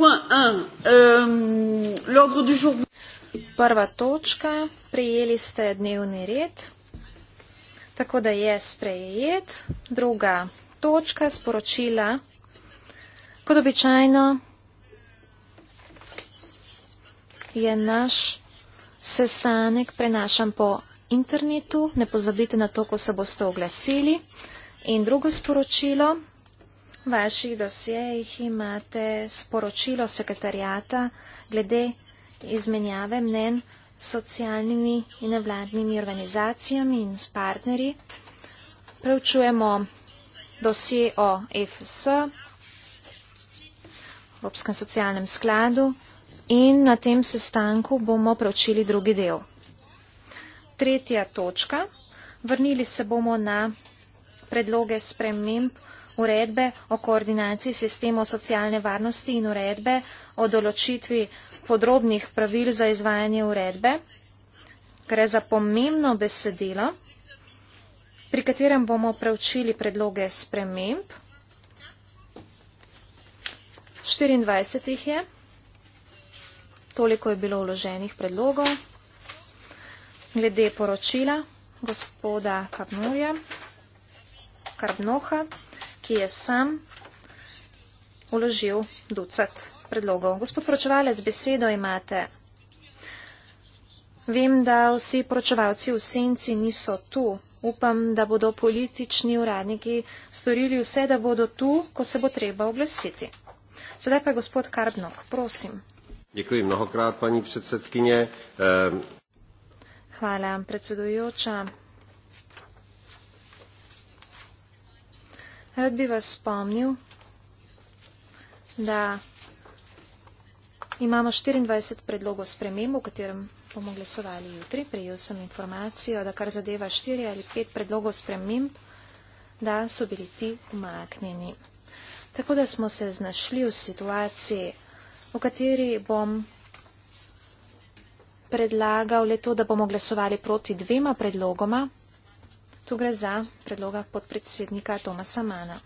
Euh, Prva točka, prijeli ste dnevni red, tako da je sprejet. Druga točka, sporočila, kot običajno je naš sestanek prenašan po internetu. Ne pozabite na to, ko se boste oglasili. In drugo sporočilo, vaših dosjejih imate sporočilo sekretarjata glede izmenjave mnen s socialnimi in nevladnimi organizacijami in s partnerji. Preučujemo dosje o FS, Evropskem socialnem skladu in na tem sestanku bomo preučili drugi del. Tretja točka. Vrnili se bomo na predloge sprememb uredbe o koordinaciji sistemov socialne varnosti in uredbe o določitvi podrobnih pravil za izvajanje uredbe. Gre za pomembno besedilo, pri katerem bomo preučili predloge sprememb. 24 jih je, toliko je bilo vloženih predlogov. Glede poročila gospoda Karbnoja, Karbnoha, ki je sam uložil ducat predlogov. Gospod poročevalec, besedo imate. Vem, da vsi poročevalci v senci niso tu. Upam, da bodo politični uradniki storili vse, da bodo tu, ko se bo treba oglasiti. Sedaj pa je gospod Karbnoh, prosim. Děkuji mnohokrát, paní předsedkyně. Ehm. Hvala, predsedujoča. Rad bi vas spomnil, da imamo 24 predlogov sprememb, v katerem bomo glasovali jutri. Prejel sem informacijo, da kar zadeva 4 ali 5 predlogov sprememb, da so bili ti umaknjeni. Tako da smo se znašli v situaciji, v kateri bom predlagal le to, da bomo glasovali proti dvema predlogoma. Tu gre za predloga podpredsednika Tomasa Mana.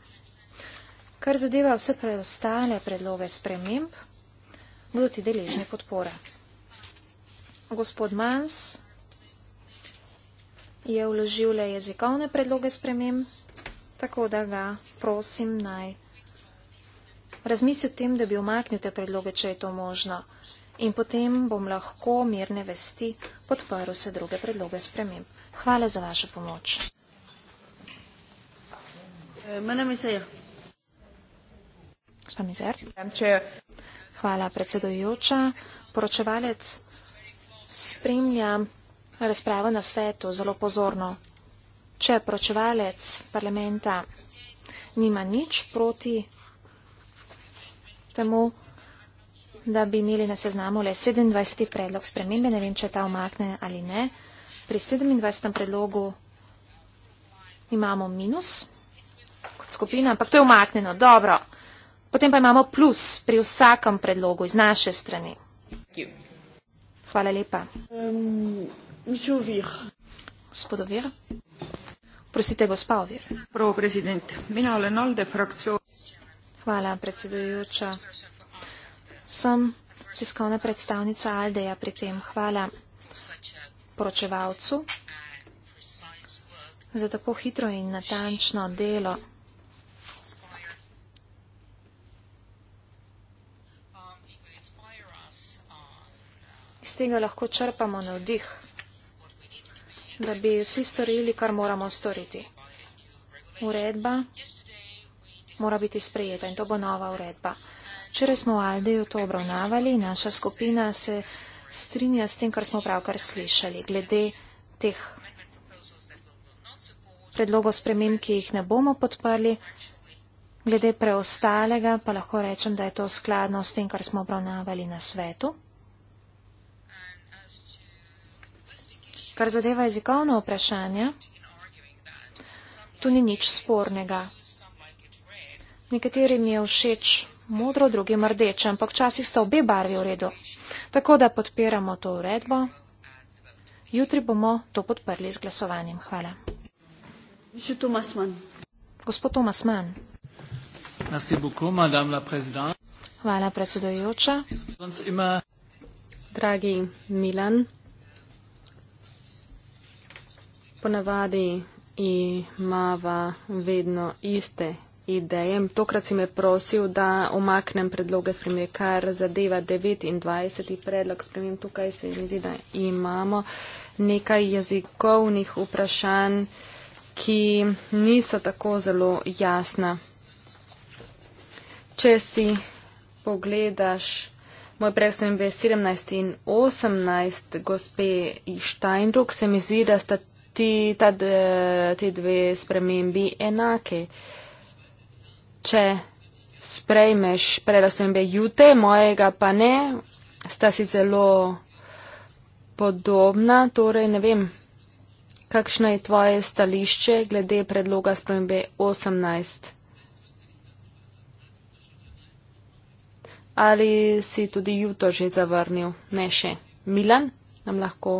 Kar zadeva vse preostale predloge sprememb, bodo ti deležne podpore. Gospod Mans je vložil le jezikovne predloge sprememb, tako da ga prosim naj razmisli o tem, da bi omaknil te predloge, če je to možno. In potem bom lahko mirne vesti podprl vse druge predloge sprememb. Hvala za vašo pomoč. Hvala, predsedujoča. Poročevalec spremlja razpravo na svetu zelo pozorno. Če poročevalec parlamenta nima nič proti temu, da bi imeli na seznamu le 27. predlog spremembe, ne vem, če ta omakne ali ne, pri 27. predlogu imamo minus kot skupina, ampak to je umaknjeno. Dobro. Potem pa imamo plus pri vsakem predlogu iz naše strani. Hvala lepa. Um, Gospod Ovir. Prosite, gospa Ovir. Hvala, predsedujoča. Sem tiskovna predstavnica Aldeja pri tem. Hvala poročevalcu za tako hitro in natančno delo. iz tega lahko črpamo na vdih, da bi vsi storili, kar moramo storiti. Uredba mora biti sprejeta in to bo nova uredba. Včeraj smo v Aldeju to obravnavali, naša skupina se strinja s tem, kar smo pravkar slišali, glede teh predlogov sprememb, ki jih ne bomo podprli. Glede preostalega pa lahko rečem, da je to skladno s tem, kar smo obravnavali na svetu. Kar zadeva jezikovno vprašanje, tu ni nič spornega. Nekaterim je všeč modro, drugim rdeče, ampak včasih sta obe barvi v redu. Tako da podpiramo to uredbo. Jutri bomo to podprli z glasovanjem. Hvala. Gospod Tomas Mann. Hvala, predsedujoča. Dragi Milan. Ponavadi imava vedno iste ideje. Tokrat si me prosil, da omaknem predloge spremembe, kar zadeva 29. predlog spremembe. Tukaj se mi zdi, da imamo nekaj jezikovnih vprašanj, ki niso tako zelo jasna. Če si pogledaš. Moj prejšnji sem bil 17 in 18, gospe Štajndruk, se mi zdi, da sta ti, ta, ti dve spremembi enake. Če sprejmeš prerasembe jute, mojega pa ne, sta si zelo podobna, torej ne vem, kakšno je tvoje stališče glede predloga spremembe 18. Ali si tudi juto že zavrnil? Ne še. Milan, nam lahko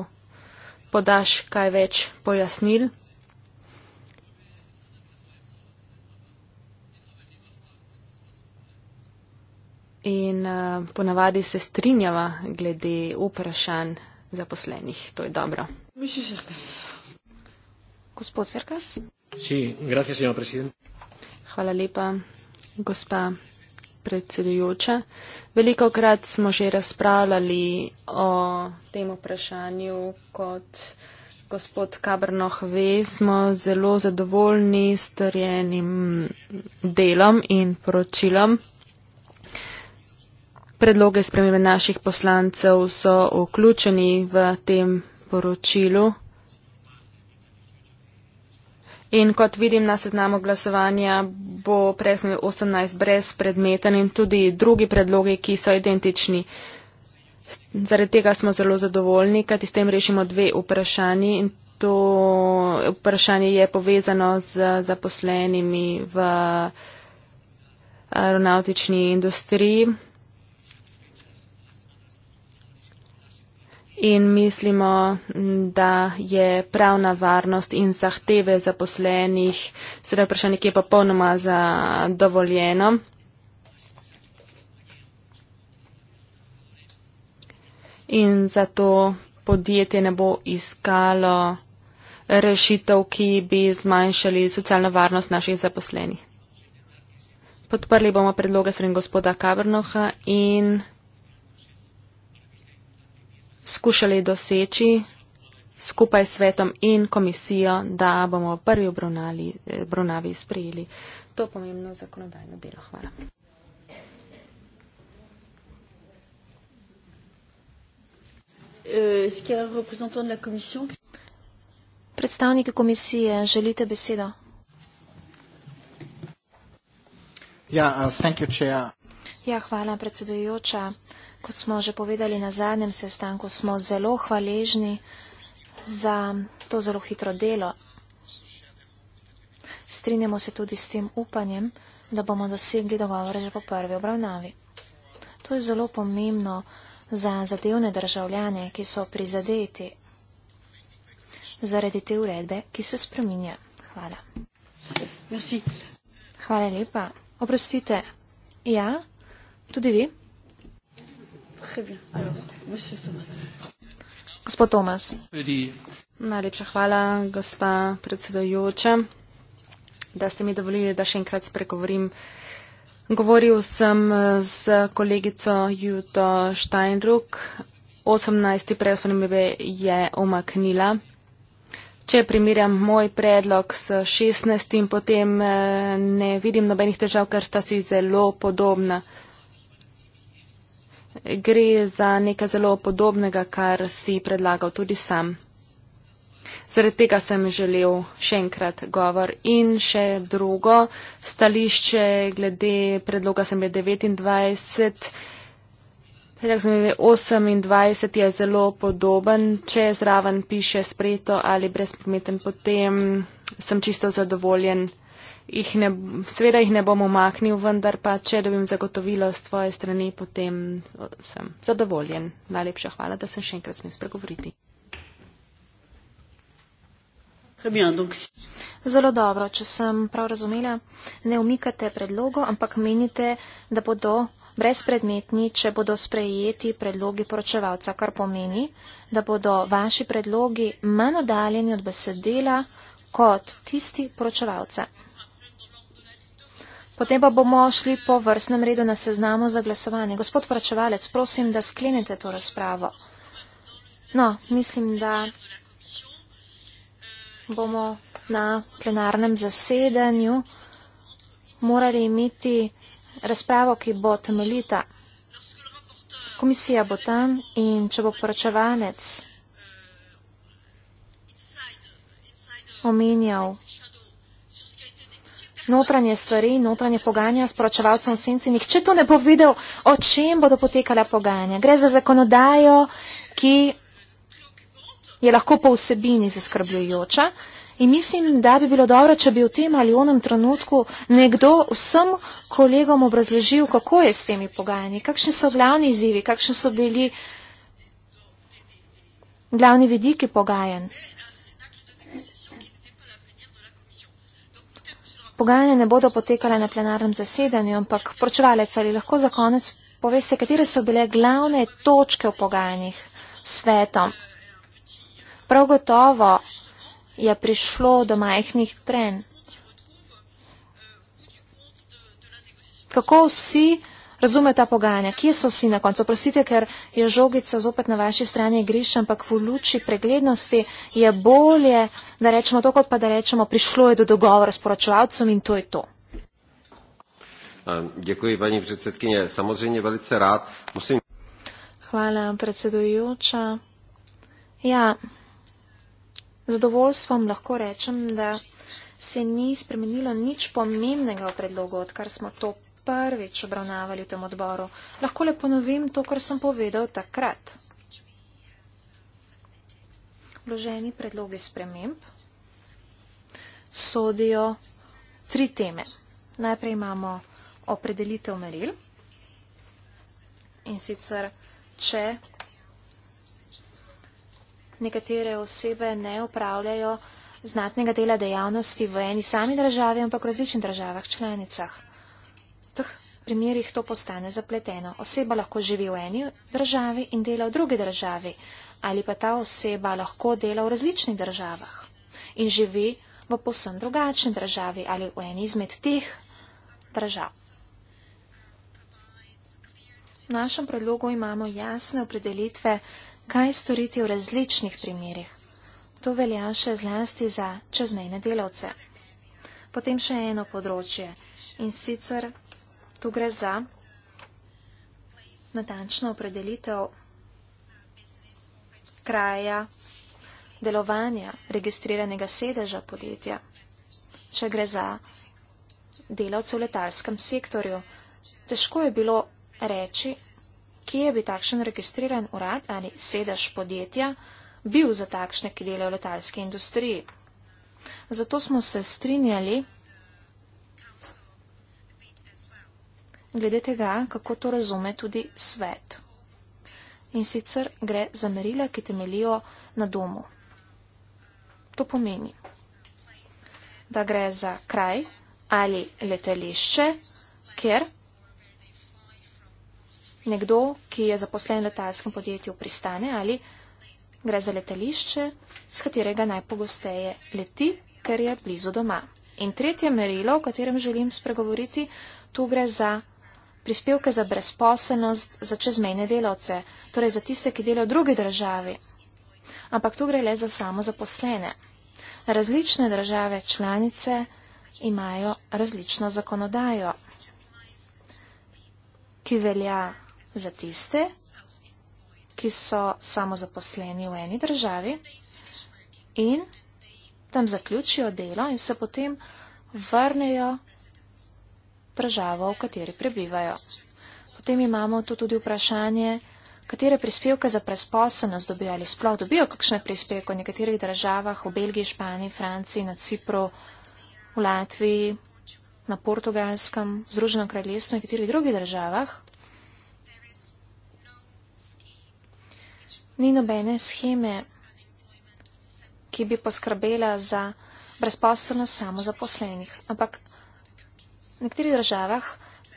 podaš kaj več pojasnil. In uh, ponavadi se strinjava glede vprašanj zaposlenih. To je dobro. Gospod Serkas. Hvala lepa, gospa predsedujoča. Veliko krat smo že razpravljali o tem vprašanju, kot gospod Kabrnoh ve, smo zelo zadovoljni s trjenim delom in poročilom. Predloge spremembe naših poslancev so vključeni v tem poročilu. In kot vidim na seznamu glasovanja, bo presnil 18 brezpredmeten in tudi drugi predlogi, ki so identični. Zaradi tega smo zelo zadovoljni, kajti s tem rešimo dve vprašanji in to vprašanje je povezano z zaposlenimi v eh, aeronautični industriji. in mislimo, da je pravna varnost in zahteve zaposlenih seveda vprašanje, ki je popolnoma zadovoljeno. In zato podjetje ne bo iskalo rešitev, ki bi zmanjšali socialno varnost naših zaposlenih. Podprli bomo predloge srednjega gospoda Kabrnoha in skušali doseči skupaj s svetom in komisijo, da bomo v prvi obravnavi sprejeli to pomembno zakonodajno delo. Hvala. Euh, Predstavniki komisije, želite besedo? Ja, eh, ja hvala predsedujoča. Kot smo že povedali na zadnjem sestanku, smo zelo hvaležni za to zelo hitro delo. Strinjamo se tudi s tem upanjem, da bomo dosegli dogovore že po prvi obravnavi. To je zelo pomembno za zadevne državljane, ki so prizadeti zaradi te uredbe, ki se spreminja. Hvala. Hvala lepa. Oprostite. Ja, tudi vi. Très bien. Alors, monsieur Thomas. Gospod Tomas. Najlepša hvala, gospa predsedojoča, da ste mi dovolili, da še enkrat spregovorim. Govoril sem z kolegico Juto Steinruck. 18. preosvojenje je omaknila. Če primerjam moj predlog s 16. potem eh, ne vidim nobenih težav, ker sta si zelo podobna gre za nekaj zelo podobnega, kar si predlagal tudi sam. Zaradi tega sem želel še enkrat govor in še drugo stališče glede predloga sem je 29. Predlog sem je 28 je zelo podoben, če zraven piše spreto ali brezpometen, potem sem čisto zadovoljen jih ne, seveda jih ne bom omaknil, vendar pa, če dobim zagotovilo z tvoje strani, potem sem zadovoljen. Najlepša hvala, da sem še enkrat smel spregovoriti. Zelo dobro, če sem prav razumela, ne umikate predlogo, ampak menite, da bodo brezpredmetni, če bodo sprejeti predlogi poročevalca, kar pomeni, da bodo vaši predlogi manj oddaljeni od besedela kot tisti poročevalca. Potem pa bomo šli po vrstnem redu na seznamo za glasovanje. Gospod poračevalec, prosim, da sklenete to razpravo. No, mislim, da bomo na plenarnem zasedanju morali imeti razpravo, ki bo temeljita. Komisija bo tam in če bo poračevalec omenjal notranje stvari, notranje pogajanja s poročevalcem v senci. Nihče to ne bo videl, o čem bodo potekala pogajanja. Gre za zakonodajo, ki je lahko po vsebini zaskrbljujoča. In mislim, da bi bilo dobro, če bi v tem ali onem trenutku nekdo vsem kolegom obrazložil, kako je s temi pogajanji, kakšni so glavni izzivi, kakšni so bili glavni vidiki pogajanj. Pogajanja ne bodo potekala na plenarnem zasedanju, ampak poročevalec ali lahko za konec poveste, katere so bile glavne točke v pogajanjih s svetom. Prav gotovo je prišlo do majhnih tren. Kako vsi razume ta pogajanja, kje so vsi na koncu. Prosite, ker je žogica zopet na vaši strani igriš, ampak v luči preglednosti je bolje, da rečemo to, kot pa da rečemo, prišlo je do dogovora s poročevalcem in to je to. Ehm, děkuji, paní předsedkyně. Samozřejmě velice rád. Musím... Hvala, predsedujoča. Ja, zadovoljstvom lahko rečem, da se ni spremenilo nič pomembnega v predlogu, odkar smo to prvič obravnavali v tem odboru. Lahko le ponovim to, kar sem povedal takrat. Vloženi predlogi sprememb sodijo tri teme. Najprej imamo opredelitev meril in sicer, če nekatere osebe ne upravljajo znatnega dela dejavnosti v eni sami državi, ampak v različnih državah članicah teh primerjih to postane zapleteno. Oseba lahko živi v eni državi in dela v drugi državi ali pa ta oseba lahko dela v različnih državah in živi v posebno drugačni državi ali v eni izmed teh držav. V našem predlogu imamo jasne opredelitve, kaj storiti v različnih primerjih. To velja še zlasti za čezmejne delavce. Potem še eno področje in sicer tu gre za natančno opredelitev kraja delovanja registriranega sedeža podjetja. Če gre za delavce v letalskem sektorju, težko je bilo reči, kje bi takšen registriran urad ali sedež podjetja bil za takšne, ki delajo v letalski industriji. Zato smo se strinjali, glede tega, kako to razume tudi svet. In sicer gre za merila, ki temelijo na domu. To pomeni, da gre za kraj ali letališče, kjer nekdo, ki je zaposlen v letalskem podjetju, pristane ali gre za letališče, z katerega najpogosteje leti, ker je blizu doma. In tretje merilo, o katerem želim spregovoriti, tu gre za prispevke za brezposelnost, za čezmejne delavce, torej za tiste, ki delajo v drugi državi. Ampak tu gre le za samo zaposlene. Različne države članice imajo različno zakonodajo, ki velja za tiste, ki so samo zaposleni v eni državi in tam zaključijo delo in se potem vrnejo državo, v kateri prebivajo. Potem imamo tu tudi vprašanje, katere prispevke za presposobnost dobijo ali sploh dobijo kakšne prispevke v nekaterih državah, v Belgiji, Španiji, Franciji, na Cipru, v Latviji, na Portugalskem, v Združenem kraljestvu in nekaterih drugih državah. Ni nobene scheme, ki bi poskrbela za brezposobnost samozaposlenih, ampak V nekaterih državah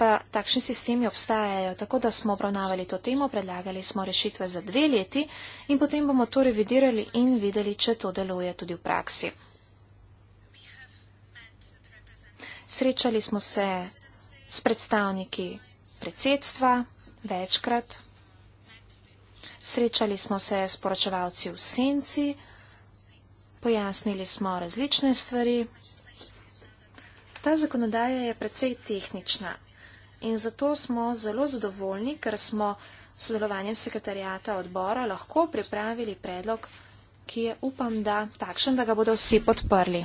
pa takšni sistemi obstajajo, tako da smo obravnavali to temo, predlagali smo rešitve za dve leti in potem bomo to revidirali in videli, če to deluje tudi v praksi. Srečali smo se s predstavniki predsedstva večkrat, srečali smo se s poročevalci v senci, pojasnili smo različne stvari, Ta zakonodaja je precej tehnična in zato smo zelo zadovoljni, ker smo s sodelovanjem sekretarijata odbora lahko pripravili predlog, ki je upam, da takšen, da ga bodo vsi podprli.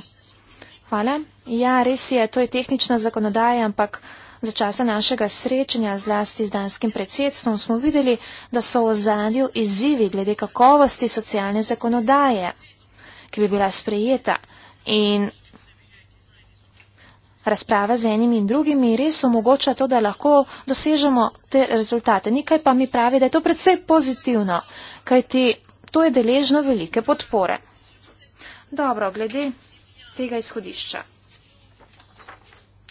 Hvala. Ja, res je, to je tehnična zakonodaja, ampak za časa našega srečanja z lasti z danskim predsedstvom smo videli, da so v zadju izzivi glede kakovosti socialne zakonodaje, ki bi bila sprejeta. In razprave z enimi in drugimi res omogoča to, da lahko dosežemo te rezultate. Nekaj pa mi pravi, da je to predvsej pozitivno, kajti to je deležno velike podpore. Dobro, glede tega izhodišča.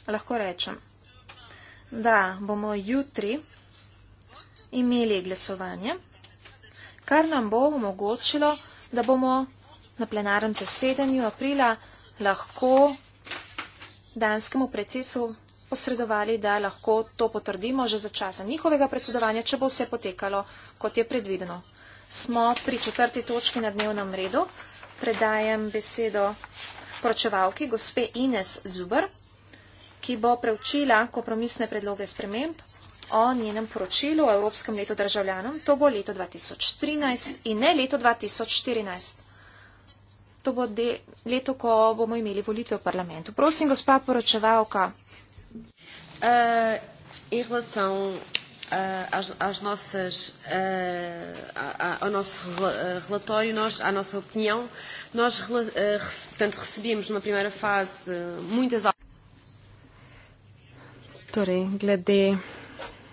Lahko rečem, da bomo jutri imeli glasovanje, kar nam bo omogočilo, da bomo na plenarnem zasedanju aprila lahko danskemu predsedstvu posredovali, da lahko to potrdimo že za časa njihovega predsedovanja, če bo vse potekalo, kot je predvideno. Smo pri četrti točki na dnevnem redu. Predajem besedo poročevalki gospe Ines Zuber, ki bo preučila kompromisne predloge sprememb o njenem poročilu o Evropskem letu državljanom. To bo leto 2013 in ne leto 2014 to bo de, leto, ko bomo imeli volitve v parlamentu. Prosim, gospa poročevalka. Uh, in glasom. Às, às nossas, uh, ao nosso eh, relatório, nós, à nossa opinião, nós uh, portanto, recebemos numa primeira fase muitas. Torej, glede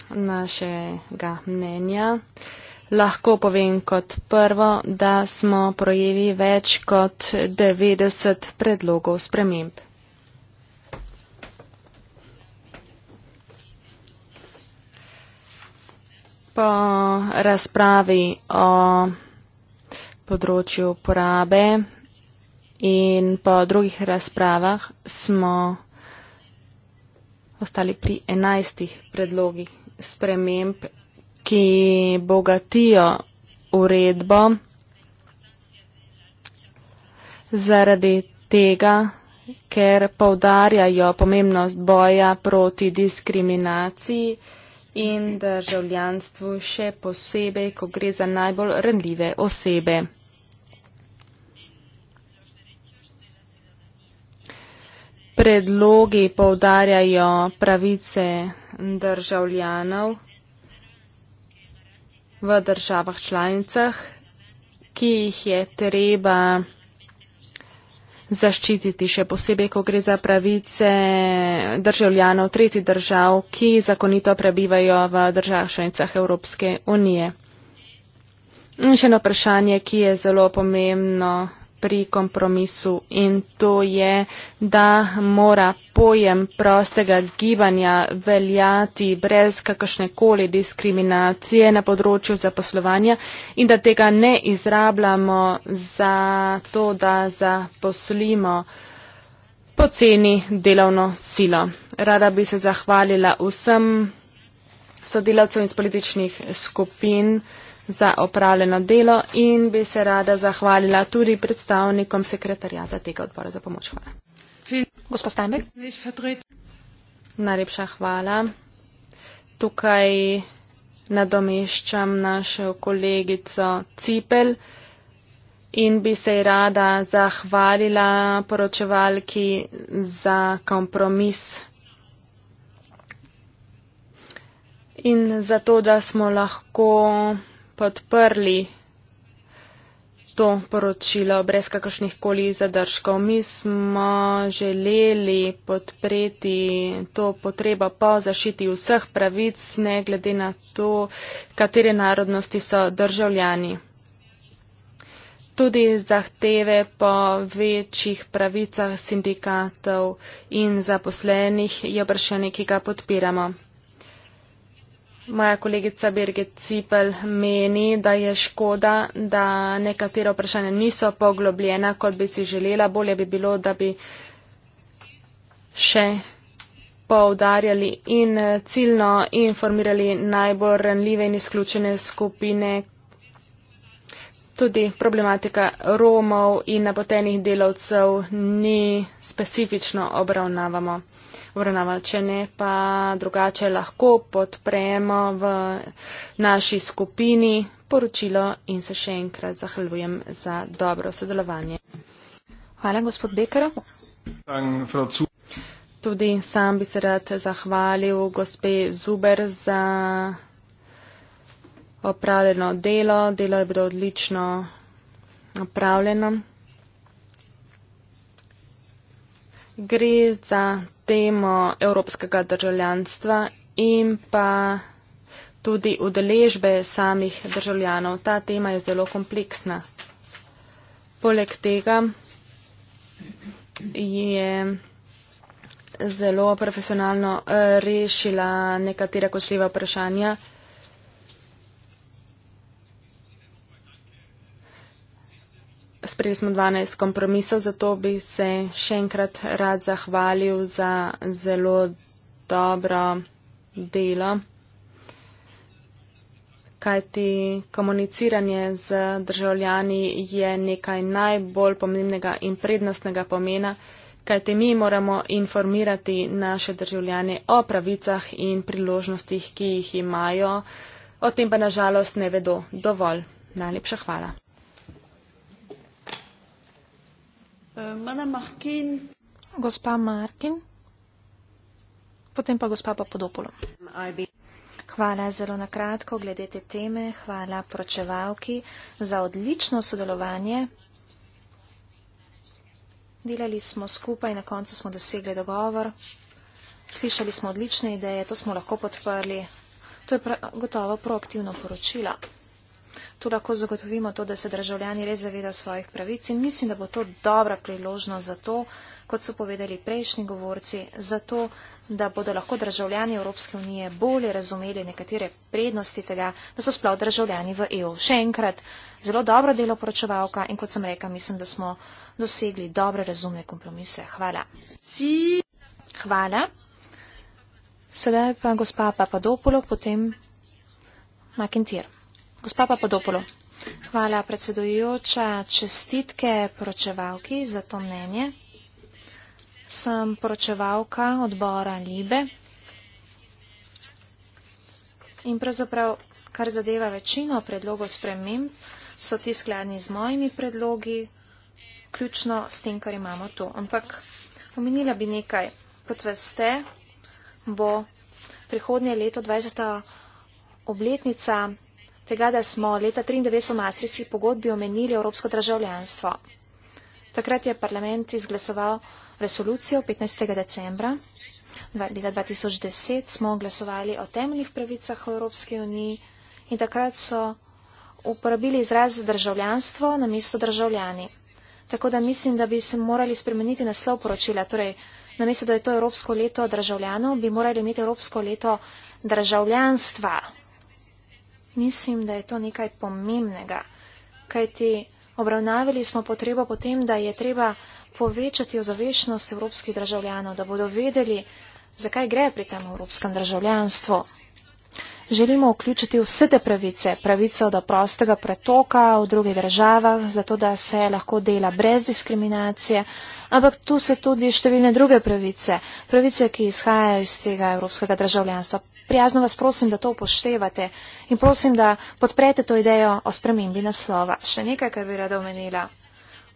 našega mnenja. Uh, Lahko povem kot prvo, da smo projevi več kot 90 predlogov sprememb. Po razpravi o področju porabe in po drugih razpravah smo ostali pri enajstih predlogih sprememb ki bogatijo uredbo zaradi tega, ker povdarjajo pomembnost boja proti diskriminaciji in državljanstvu še posebej, ko gre za najbolj renljive osebe. Predlogi povdarjajo pravice državljanov v državah članicah, ki jih je treba zaščititi, še posebej, ko gre za pravice državljanov tretjih držav, ki zakonito prebivajo v državah članicah Evropske unije. In še eno vprašanje, ki je zelo pomembno pri kompromisu in to je, da mora pojem prostega gibanja veljati brez kakršnekoli diskriminacije na področju zaposlovanja in da tega ne izrabljamo za to, da zaposlimo poceni delovno silo. Rada bi se zahvalila vsem sodelavcev iz političnih skupin za opravljeno delo in bi se rada zahvalila tudi predstavnikom sekretarjata tega odbora za pomoč. Hvala. Gospod Stanbek. Najlepša hvala. Tukaj nadomeščam našo kolegico Cipel in bi se rada zahvalila poročevalki za kompromis in za to, da smo lahko podprli to poročilo brez kakršnih koli zadržkov. Mi smo želeli podpreti to potrebo po zašiti vseh pravic, ne glede na to, katere narodnosti so državljani. Tudi zahteve po večjih pravicah sindikatov in zaposlenih je vprašanje, ki ga podpiramo. Moja kolegica Birgit Cipel meni, da je škoda, da nekatere vprašanja niso poglobljena, kot bi si želela. Bolje bi bilo, da bi še poudarjali in eh, ciljno informirali najbolj ranljive in izključene skupine, tudi problematika Romov in napotenih delavcev ni specifično obravnavamo obravnava. Če ne, pa drugače lahko podpremo v naši skupini poročilo in se še enkrat zahvaljujem za dobro sodelovanje. Hvala, gospod Beker. Tudi sam bi se rad zahvalil gospe Zuber za opravljeno delo. Delo je bilo odlično opravljeno. gre za temo evropskega državljanstva in pa tudi udeležbe samih državljanov. Ta tema je zelo kompleksna. Poleg tega je zelo profesionalno eh, rešila nekatera kočljiva vprašanja. sprejeli smo 12 kompromisov, zato bi se še enkrat rad zahvalil za zelo dobro delo. Kajti komuniciranje z državljani je nekaj najbolj pomembnega in prednostnega pomena, kajti mi moramo informirati naše državljane o pravicah in priložnostih, ki jih imajo, o tem pa nažalost ne vedo dovolj. Najlepša hvala. Eh, Markin. Gospa Markin, potem pa gospa Papadopolo. Hvala zelo na kratko glede te teme. Hvala pročevalki za odlično sodelovanje. Delali smo skupaj, na koncu smo dosegli dogovor. Slišali smo odlične ideje, to smo lahko podprli. To je gotovo proaktivno poročilo tu lahko zagotovimo to, da se državljani res zaveda svojih pravic in mislim, da bo to dobra priložnost za to, kot so povedali prejšnji govorci, za to, da bodo lahko državljani Evropske unije bolje razumeli nekatere prednosti tega, da so sploh državljani v EU. Še enkrat, zelo dobro delo poročevalka in kot sem rekla, mislim, da smo dosegli dobre razumne kompromise. Hvala. Hvala. Sedaj pa gospa Papadopolo, potem McIntyre. Gospa Papadopolo. Hvala, predsedujoča. Čestitke poročevalki za to mnenje. Sem poročevalka odbora Libe in pravzaprav, kar zadeva večino predlogov spremem, so ti skladni z mojimi predlogi, ključno s tem, kar imamo tu. Ampak omenila bi nekaj. Kot veste, bo prihodnje leto 20. obletnica tega, da smo leta 93 v Maastrici pogodbi omenili evropsko državljanstvo. Takrat je parlament izglasoval resolucijo 15. decembra. Leta 2010 smo glasovali o temeljnih pravicah v Evropski uniji in takrat so uporabili izraz državljanstvo na mesto državljani. Tako da mislim, da bi se morali spremeniti naslov poročila. Torej, namesto, da je to Evropsko leto državljanov, bi morali imeti Evropsko leto državljanstva. Mislim, da je to nekaj pomembnega, kajti obravnavali smo potrebo potem, da je treba povečati ozaveščenost evropskih državljanov, da bodo vedeli, zakaj gre pri tem evropskem državljanstvu. Želimo vključiti vse te pravice, pravico do prostega pretoka v drugih državah, zato da se lahko dela brez diskriminacije, ampak tu so tudi številne druge pravice, pravice, ki izhajajo iz tega evropskega državljanstva, prijazno vas prosim, da to upoštevate in prosim, da podprete to idejo o spremembi naslova. Še nekaj, kar bi rada omenila.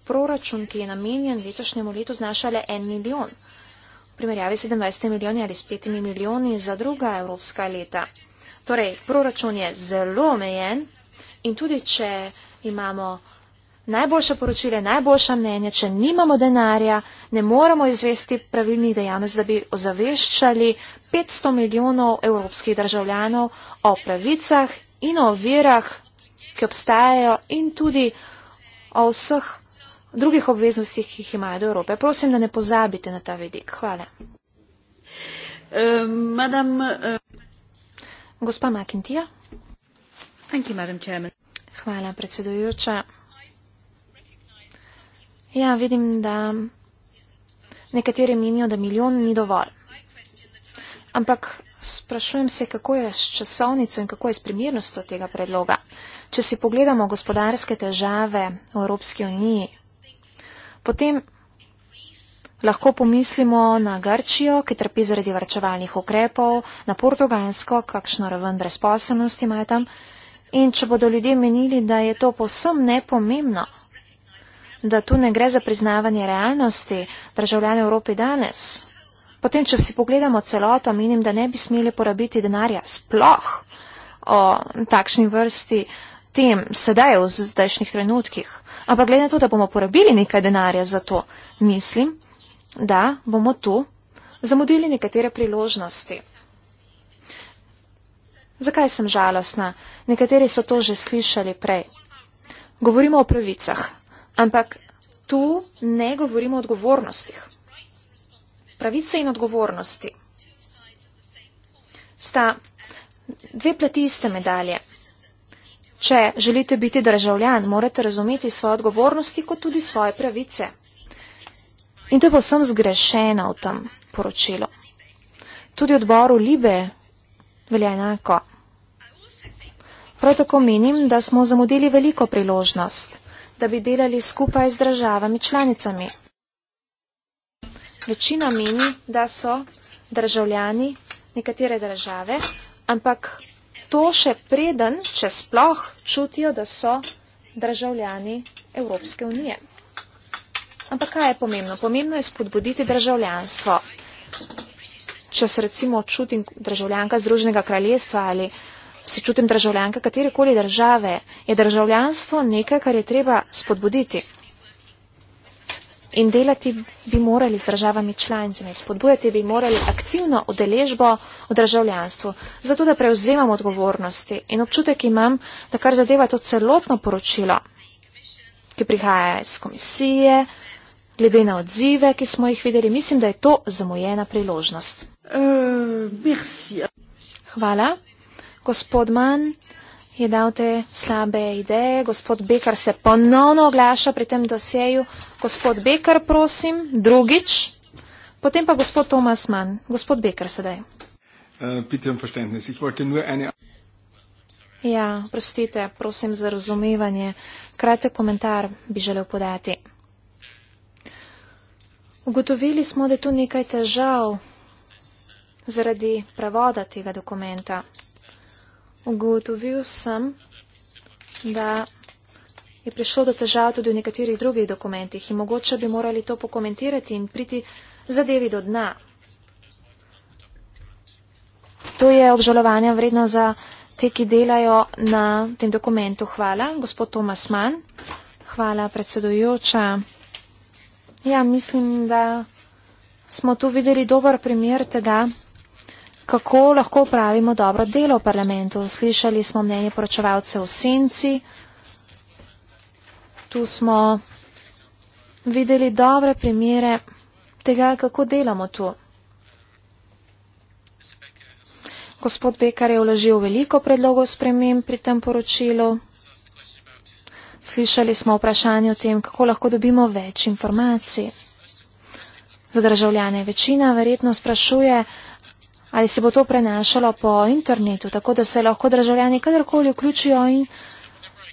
Proračun, ki je namenjen letošnjemu letu, znaša le en milijon. V primerjavi 27 milijoni ali s 5 milijoni za druga evropska leta. Torej, proračun je zelo omejen in tudi, če imamo najboljše poročile, najboljša mnenja, če nimamo denarja, ne moremo izvesti pravilnih dejavnosti, da bi ozaveščali 500 milijonov evropskih državljanov o pravicah in o verah, ki obstajajo in tudi o vseh drugih obveznostih, ki jih imajo do Evrope. Prosim, da ne pozabite na ta vidik. Hvala. Uh, madam, uh... Gospa McIntyre. Hvala, predsedujoča. Ja, vidim, da nekateri menijo, da milijon ni dovolj. Ampak sprašujem se, kako je s časovnico in kako je s primernostjo tega predloga. Če si pogledamo gospodarske težave v Evropski uniji, potem lahko pomislimo na Grčijo, ki trpi zaradi varčevalnih ukrepov, na Portugalsko, kakšno raven brezposobnosti imajo tam. In če bodo ljudje menili, da je to povsem nepomembno, da tu ne gre za priznavanje realnosti državljane Evropi danes. Potem, če si pogledamo celoto, menim, da ne bi smeli porabiti denarja sploh o takšni vrsti tem sedaj v zdajšnjih trenutkih. Ampak glede na to, da bomo porabili nekaj denarja za to, mislim, da bomo tu zamudili nekatere priložnosti. Zakaj sem žalostna? Nekateri so to že slišali prej. Govorimo o pravicah. Ampak tu ne govorimo o odgovornostih. Pravice in odgovornosti sta dve plati iste medalje. Če želite biti državljan, morate razumeti svoje odgovornosti kot tudi svoje pravice. In to je povsem zgrešeno v tem poročilu. Tudi odboru Libe velja enako. Prav tako menim, da smo zamudili veliko priložnost da bi delali skupaj z državami članicami. Večina meni, da so državljani nekatere države, ampak to še preden, če sploh čutijo, da so državljani Evropske unije. Ampak kaj je pomembno? Pomembno je spodbuditi državljanstvo. Če se recimo čutim državljanka Združenega kraljestva ali se čutim državljanka katerekoli države, je državljanstvo nekaj, kar je treba spodbuditi. In delati bi morali z državami članicami, spodbujati bi morali aktivno udeležbo v državljanstvu, zato da prevzemam odgovornosti. In občutek imam, da kar zadeva to celotno poročilo, ki prihaja iz komisije, glede na odzive, ki smo jih videli, mislim, da je to zamujena priložnost. Uh, Hvala gospod Mann je dal te slabe ideje, gospod Bekar se ponovno oglaša pri tem doseju. Gospod Bekar, prosim, drugič, potem pa gospod Tomas Mann. Gospod Bekar sedaj. Eh, um ja, prostite, prosim za razumevanje. Kratek komentar bi želel podati. Ugotovili smo, da je tu nekaj težav zaradi prevoda tega dokumenta. Ugotovil sem, da je prišlo do težav tudi v nekaterih drugih dokumentih in mogoče bi morali to pokomentirati in priti zadevi do dna. To je obžalovanja vredno za te, ki delajo na tem dokumentu. Hvala, gospod Tomas Mann. Hvala, predsedujoča. Ja, mislim, da smo tu videli dober primer tega, kako lahko pravimo dobro delo v parlamentu. Slišali smo mnenje poročevalce v senci. Tu smo videli dobre primere tega, kako delamo tu. Gospod Bekar je vložil veliko predlogov spremem pri tem poročilu. Slišali smo vprašanje o tem, kako lahko dobimo več informacij. Za državljane večina verjetno sprašuje, ali se bo to prenašalo po internetu, tako da se lahko državljani kadarkoli vključijo in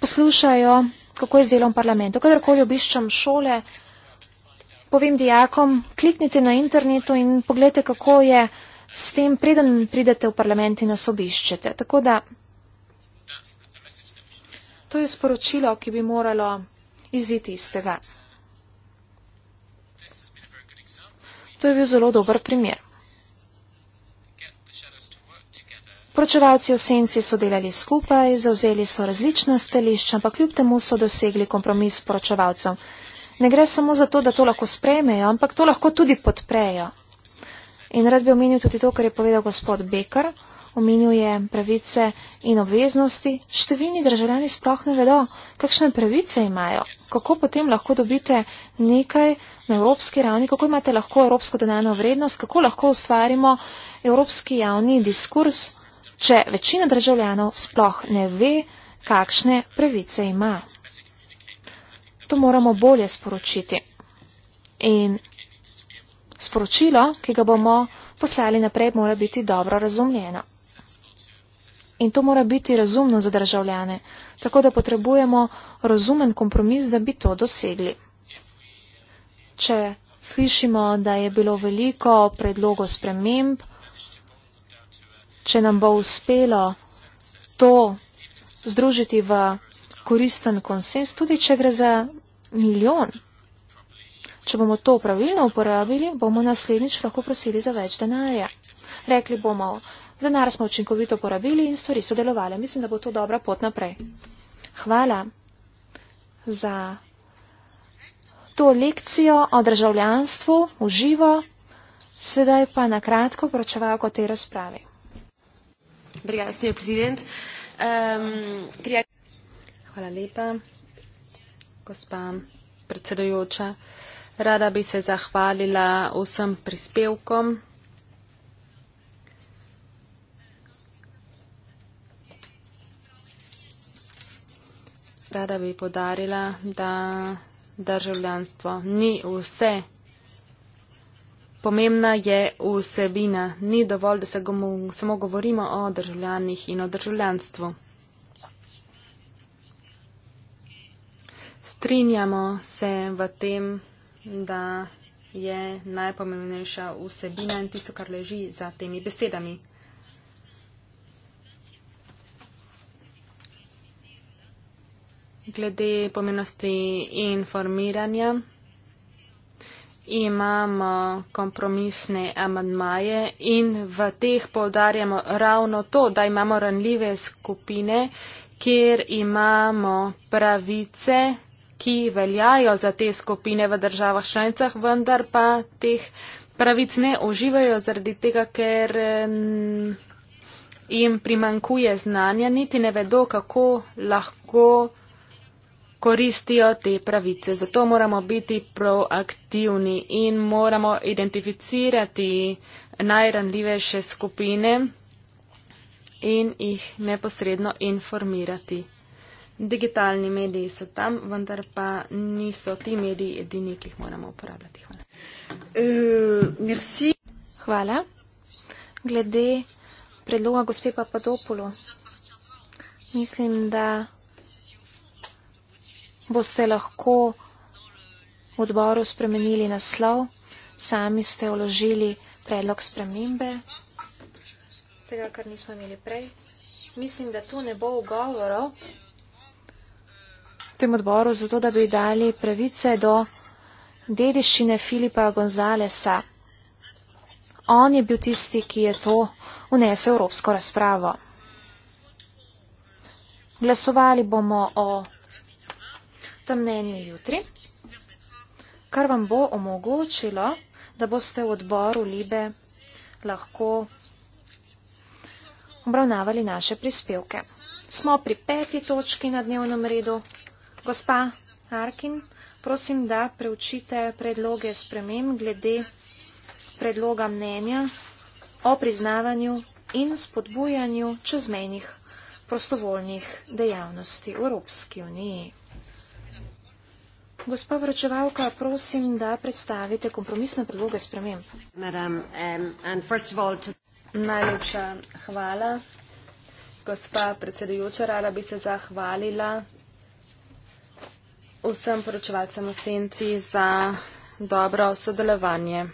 poslušajo, kako je z delom parlamentu. Kadarkoli obiščam šole, povem dijakom, kliknite na internetu in pogledajte, kako je s tem, preden pridete v parlament in nas obiščete. Tako da to je sporočilo, ki bi moralo iziti iz tega. To je bil zelo dober primer. Pročevalci v senci so delali skupaj, zauzeli so različna stališča, ampak kljub temu so dosegli kompromis s pročevalcem. Ne gre samo za to, da to lahko sprejmejo, ampak to lahko tudi podprejo. In rad bi omenil tudi to, kar je povedal gospod Bekar. Omenil je pravice in obveznosti. Številni državljani sploh ne vedo, kakšne pravice imajo. Kako potem lahko dobite nekaj na evropski ravni, kako imate lahko evropsko denarno vrednost, kako lahko ustvarimo evropski javni diskurs če večina državljanov sploh ne ve, kakšne pravice ima. To moramo bolje sporočiti. In sporočilo, ki ga bomo poslali naprej, mora biti dobro razumljeno. In to mora biti razumno za državljane. Tako da potrebujemo razumen kompromis, da bi to dosegli. Če slišimo, da je bilo veliko predlogov sprememb, če nam bo uspelo to združiti v koristen konsens, tudi če gre za milijon. Če bomo to pravilno uporabili, bomo naslednjič lahko prosili za več denarja. Rekli bomo, denar smo učinkovito porabili in stvari so delovale. Mislim, da bo to dobra pot naprej. Hvala za to lekcijo o državljanstvu v živo, sedaj pa na kratko pročeval o tej razpravi. Obrigada, senhor presidente. Um, queria... Hvala lepa, gospa predsedujoča. Rada bi se zahvalila vsem prispevkom. Rada bi podarila, da državljanstvo ni vse. Pomembna je vsebina. Ni dovolj, da se gomu, samo govorimo o državljanih in o državljanstvu. Strinjamo se v tem, da je najpomembnejša vsebina in tisto, kar leži za temi besedami. Glede pomembnosti informiranja imamo kompromisne amandmaje in v teh povdarjamo ravno to, da imamo ranljive skupine, kjer imamo pravice, ki veljajo za te skupine v državah šlencah, vendar pa teh pravic ne uživajo zaradi tega, ker jim primankuje znanja, niti ne vedo, kako lahko koristijo te pravice. Zato moramo biti proaktivni in moramo identificirati najranljivejše skupine in jih neposredno informirati. Digitalni mediji so tam, vendar pa niso ti mediji edini, ki jih moramo uporabljati. Hvala. Uh, Hvala. Glede predloga gospe Papadopolo, mislim, da boste lahko v odboru spremenili naslov, sami ste vložili predlog spremembe tega, kar nismo imeli prej. Mislim, da tu ne bo ugovorov v tem odboru, zato da bi dali pravice do dediščine Filipa Gonzalesa. On je bil tisti, ki je to unesel v evropsko razpravo. Glasovali bomo o mnenje jutri, kar vam bo omogočilo, da boste v odboru Libe lahko obravnavali naše prispevke. Smo pri peti točki na dnevnem redu. Gospa Arkin, prosim, da preučite predloge spremem glede predloga mnenja o priznavanju in spodbujanju čezmenih prostovoljnih dejavnosti v Evropski uniji. Gospa vračevalka, prosim, da predstavite kompromisne predloge sprememb. Um, Najlepša hvala. Gospa predsedujoča, rada bi se zahvalila vsem poročevalcem v senci za dobro sodelovanje.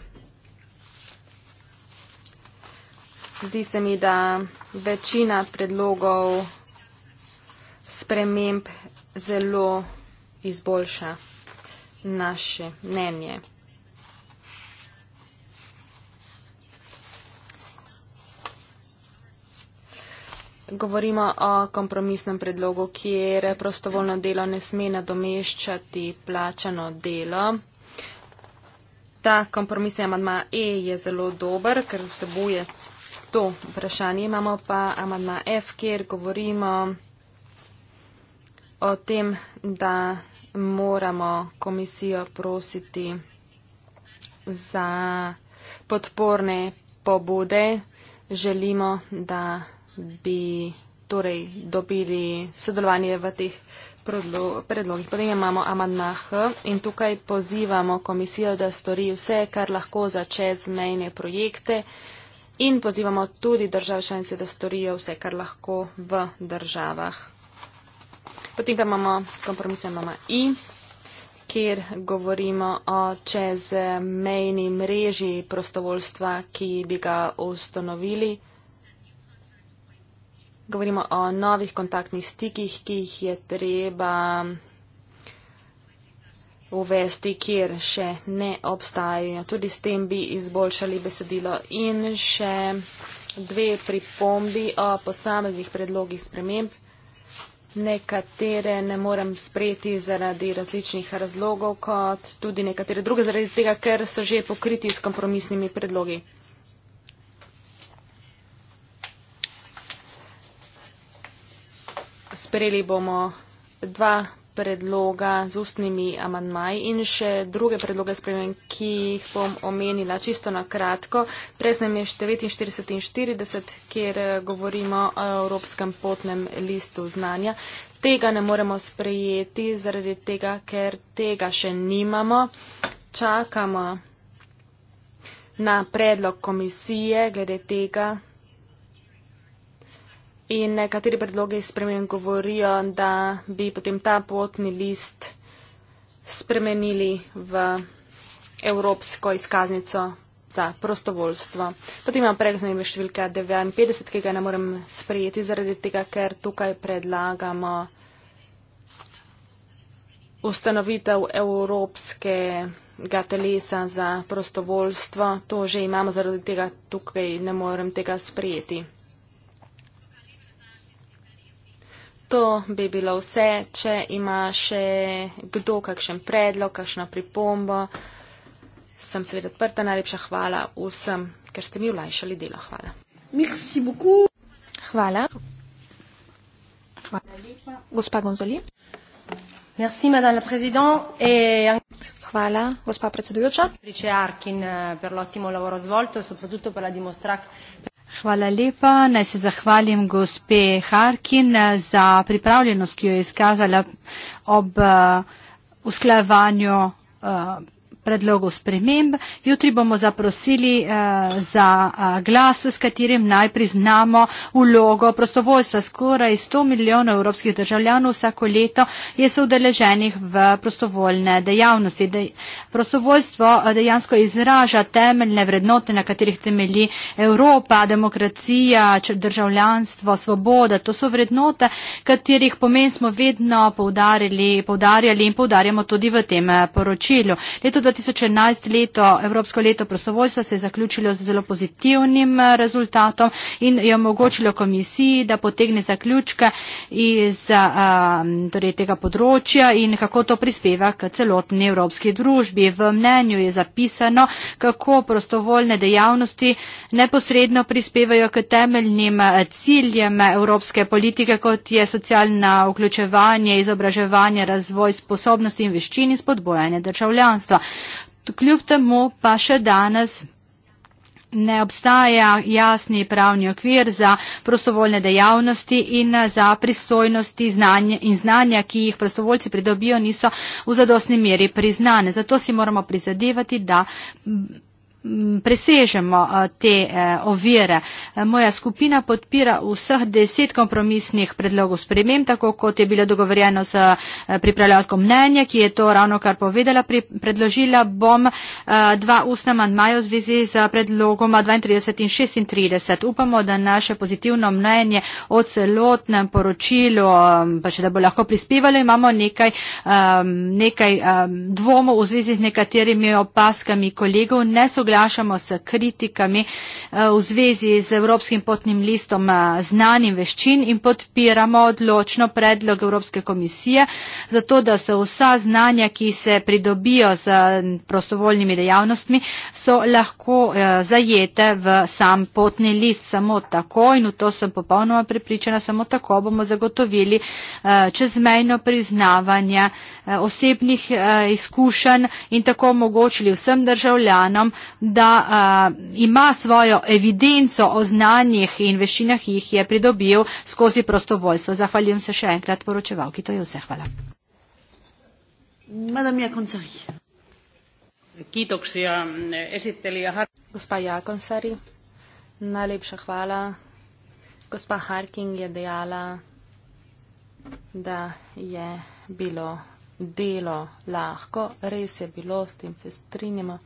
Zdi se mi, da večina predlogov sprememb zelo izboljša naše mnenje. Govorimo o kompromisnem predlogu, kjer prostovoljno delo ne sme nadomeščati plačano delo. Ta kompromisni amadma E je zelo dober, ker vsebuje to vprašanje. Imamo pa amadma F, kjer govorimo o tem, da moramo komisijo prositi za podporne pobude. Želimo, da bi torej dobili sodelovanje v teh predlogih. Potem imamo amadmah in tukaj pozivamo komisijo, da stori vse, kar lahko zače z mejne projekte in pozivamo tudi države članice, da storijo vse, kar lahko v državah. Potem pa imamo kompromise, imamo I, kjer govorimo o čezmejni mreži prostovoljstva, ki bi ga ustanovili. Govorimo o novih kontaktnih stikih, ki jih je treba uvesti, kjer še ne obstajajo. Tudi s tem bi izboljšali besedilo. In še dve pripombi o posameznih predlogih sprememb nekatere ne morem sprejeti zaradi različnih razlogov, kot tudi nekatere druge zaradi tega, ker so že pokriti s kompromisnimi predlogi. Sprejeli bomo dva predloga z ustnimi amandmaji in še druge predloge spremen, ki jih bom omenila čisto na kratko. Presnem je 49 in 40, kjer eh, govorimo o Evropskem potnem listu znanja. Tega ne moremo sprejeti zaradi tega, ker tega še nimamo. Čakamo na predlog komisije glede tega, In nekateri predlogi spremen govorijo, da bi potem ta potni list spremenili v evropsko izkaznico za prostovoljstvo. Potem imam predzname številka 59, ki ga ne morem sprejeti zaradi tega, ker tukaj predlagamo ustanovitev evropske ga telesa za prostovoljstvo. To že imamo, zaradi tega tukaj ne morem tega sprejeti. To bi bilo vse. Če ima še kdo kakšen predlog, kakšno pripombo, sem seveda odprta. Najlepša hvala vsem, ker ste mi vlajšali delo. Hvala. Merci beaucoup. Hvala. Hvala lepa. Gospa Gonzoli. Merci, madame la présidente. Hvala, gospa predsedujoča. Hvala, gospa predsedujoča. Hvala lepa. Naj se zahvalim gospe Harkin eh, za pripravljenost, ki jo je izkazala ob uh, usklajevanju. Uh, predlogov sprememb. Jutri bomo zaprosili uh, za uh, glas, s katerim naj priznamo ulogo prostovoljstva. Skoraj 100 milijonov evropskih državljanov vsako leto je se udeleženih v prostovoljne dejavnosti. Dej, prostovoljstvo eh, dejansko izraža temeljne vrednote, na katerih temelji Evropa, demokracija, državljanstvo, svoboda. To so vrednote, katerih pomen smo vedno poudarjali in poudarjamo tudi v tem poročilu. Leto 2011 leto, Evropsko leto prostovoljstva se je zaključilo z zelo pozitivnim eh, rezultatom in je omogočilo komisiji, da potegne zaključke iz eh, torej, tega področja in kako to prispeva k celotni evropski družbi. V mnenju je zapisano, kako prostovoljne dejavnosti neposredno prispevajo k temeljnim eh, ciljem evropske politike, kot je socialna vključevanje, izobraževanje, razvoj sposobnosti in veščin in spodbojanje državljanstva kljub temu pa še danes ne obstaja jasni pravni okvir za prostovoljne dejavnosti in za pristojnosti znanje in znanja, ki jih prostovoljci pridobijo, niso v zadostni meri priznane. Zato si moramo prizadevati, da presežemo eh, te eh, ovire. Eh, moja skupina podpira vseh deset kompromisnih predlogov sprememb, tako kot je bilo dogovorjeno z pripravljalko mnenja, ki je to ravno kar povedala. Predložila bom dva ustna manjmaja v zvezi z predlogoma 32 in 36. Upamo, da naše pozitivno mnenje o celotnem poročilu, pa še da bo lahko prispevalo, imamo nekaj, nekaj dvomov v zvezi z nekaterimi opaskami kolegov. Nesoglasno soglašamo s kritikami eh, v zvezi z Evropskim potnim listom eh, znanjim veščin in podpiramo odločno predlog Evropske komisije za to, da so vsa znanja, ki se pridobijo z prostovoljnimi dejavnostmi, so lahko eh, zajete v sam potni list. Samo tako in v to sem popolnoma prepričana, samo tako bomo zagotovili čezmejno priznavanje osebnih izkušenj in tako omogočili vsem državljanom da a, eh, ima svojo evidenco o znanjih in veščinah, ki jih je pridobil skozi prostovoljstvo. Zahvaljujem se še enkrat poročevalki. To je vse. Hvala. Eh, Gospa Jakonsari, najlepša hvala. Gospa Harking je dejala, da je bilo delo lahko. Res je bilo, s tem se strinjamo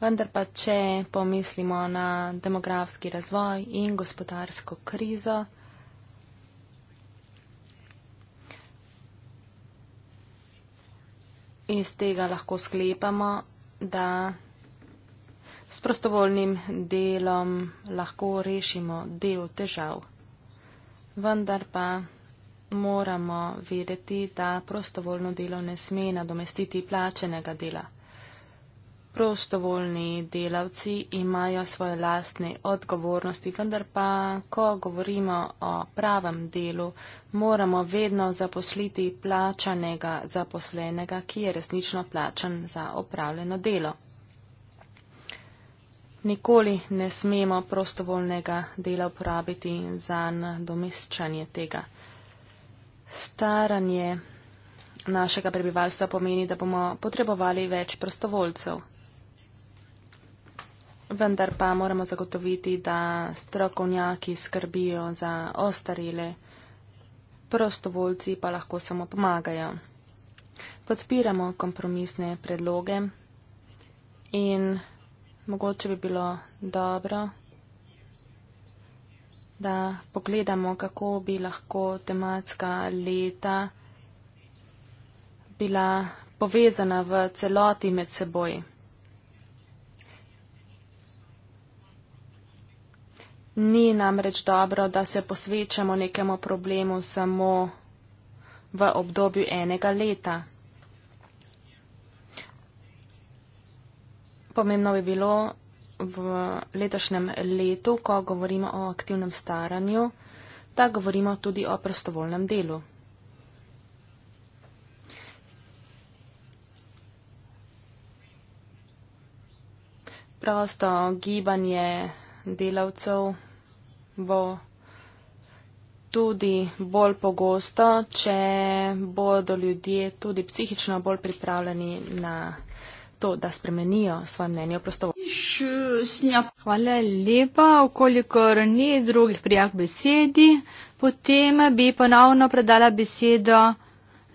vendar pa če pomislimo na demografski razvoj in gospodarsko krizo, iz tega lahko sklepamo, da s prostovoljnim delom lahko rešimo del težav. Vendar pa moramo vedeti, da prostovoljno delo ne sme nadomestiti plačenega dela prostovoljni delavci imajo svoje lastne odgovornosti, vendar pa, ko govorimo o pravem delu, moramo vedno zaposliti plačanega zaposlenega, ki je resnično plačan za opravljeno delo. Nikoli ne smemo prostovoljnega dela uporabiti za domiščanje tega. Staranje našega prebivalstva pomeni, da bomo potrebovali več prostovoljcev. Vendar pa moramo zagotoviti, da strokovnjaki skrbijo za ostarile, prostovoljci pa lahko samo pomagajo. Podpiramo kompromisne predloge in mogoče bi bilo dobro, da pogledamo, kako bi lahko tematska leta bila povezana v celoti med seboj. ni namreč dobro, da se posvečamo nekemu problemu samo v obdobju enega leta. Pomembno bi bilo v letošnjem letu, ko govorimo o aktivnem staranju, da govorimo tudi o prostovolnem delu. Prosto gibanje delavcev bo tudi bolj pogosto, če bodo ljudje tudi psihično bolj pripravljeni na to, da spremenijo svoje mnenje o prostovoljstvu. Hvala lepa, okolikor ni drugih prijak besedi, potem bi ponovno predala besedo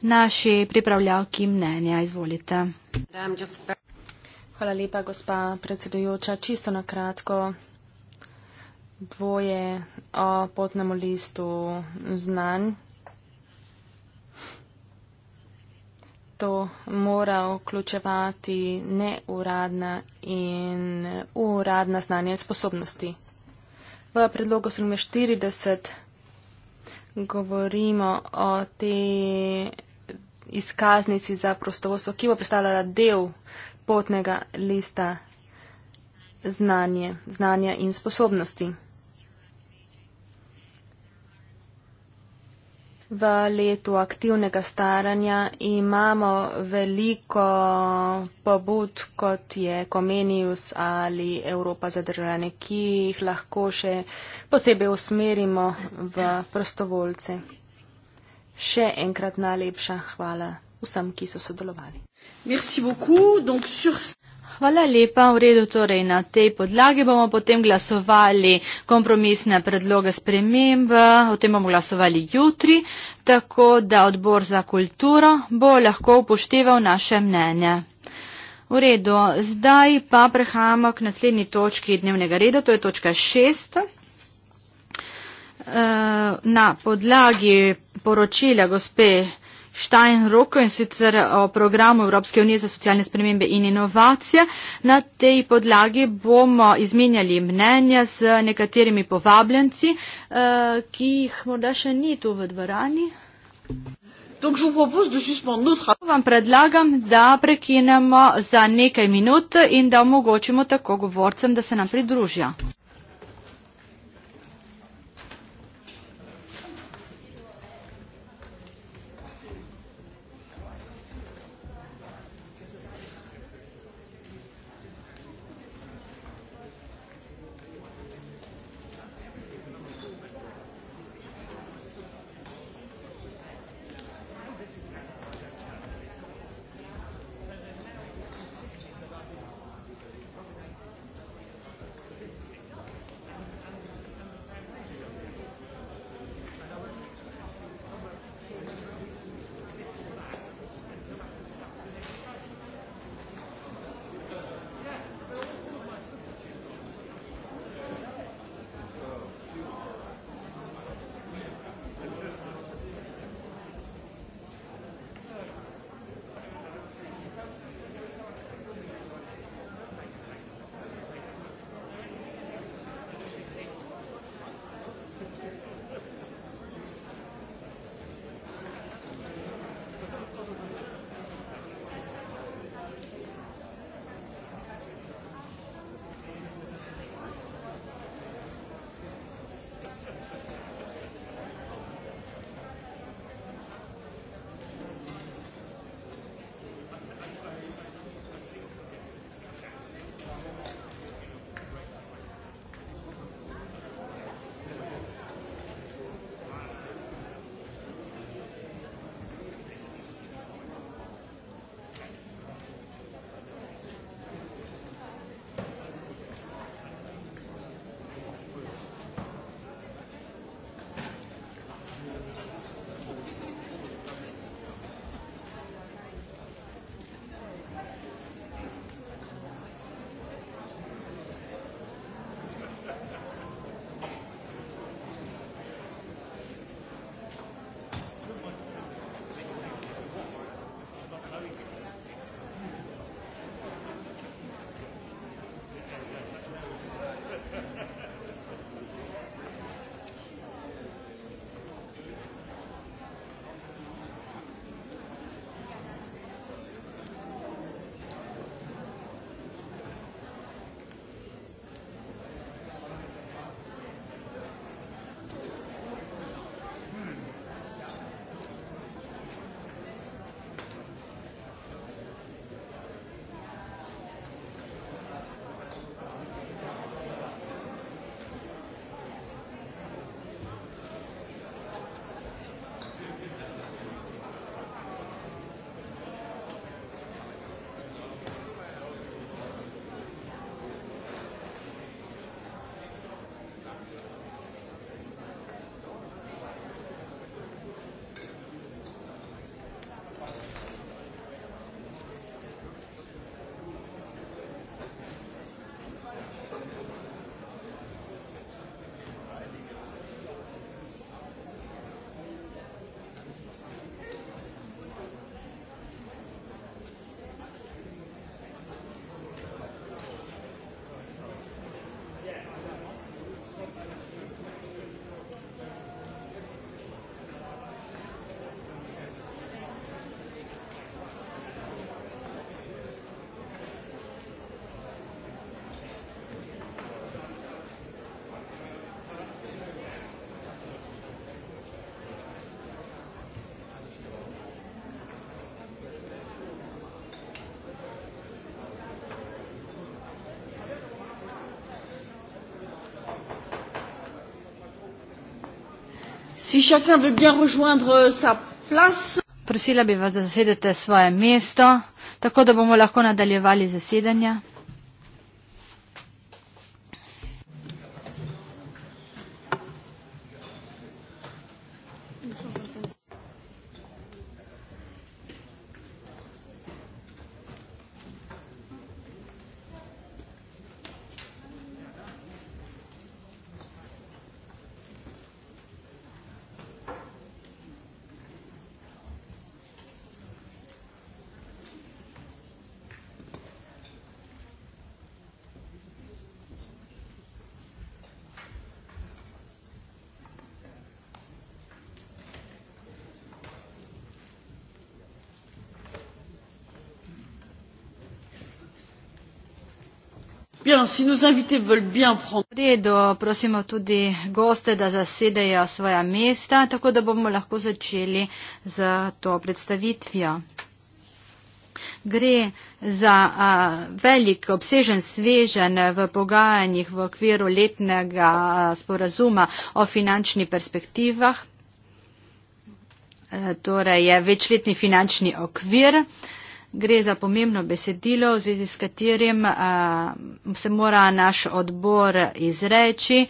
naši pripravljavki mnenja. Izvolite. Hvala lepa, gospa predsedujoča. Čisto na kratko dvoje o potnem listu znanj. To mora vključevati neuradna in uradna znanja in sposobnosti. V predlogu strunja 40 govorimo o tej izkaznici za prostovoljstvo, ki bo predstavljala del potnega lista znanje, znanja in sposobnosti. V letu aktivnega staranja imamo veliko pobud, kot je Comenius ali Evropa za državljane, ki jih lahko še posebej usmerimo v prostovoljce. Še enkrat najlepša hvala vsem, ki so sodelovali. Merci beaucoup. Donc sur Hvala lepa. V redu, torej na tej podlagi bomo potem glasovali kompromisne predloge sprememb. O tem bomo glasovali jutri, tako da odbor za kulturo bo lahko upošteval naše mnenje. V redu, zdaj pa prehajamo k naslednji točki dnevnega reda, to je točka šest. Eh, na podlagi poročila gospe Steinroko in sicer o programu Evropske unije za socialne spremembe in inovacije. Na tej podlagi bomo izmenjali mnenja z nekaterimi povabljenci, eh, ki jih morda še ni tu v dvorani. Vam predlagam, da prekinemo za nekaj minut in da omogočimo tako govorcem, da se nam pridružijo. Si chacun veut bien rejoindre euh, sa place. Prosila bi vas, da zasedete svoje mesto, tako da bomo lahko nadaljevali zasedanje. redu, prosimo tudi goste, da zasedejo svoja mesta, tako da bomo lahko začeli z to predstavitvijo. Gre za a, velik obsežen svežen v pogajanjih v okviru letnega a, sporazuma o finančnih perspektivah, e, torej je večletni finančni okvir. E, gre za pomembno besedilo, v zvezi s katerim a, eh, se mora naš odbor izreči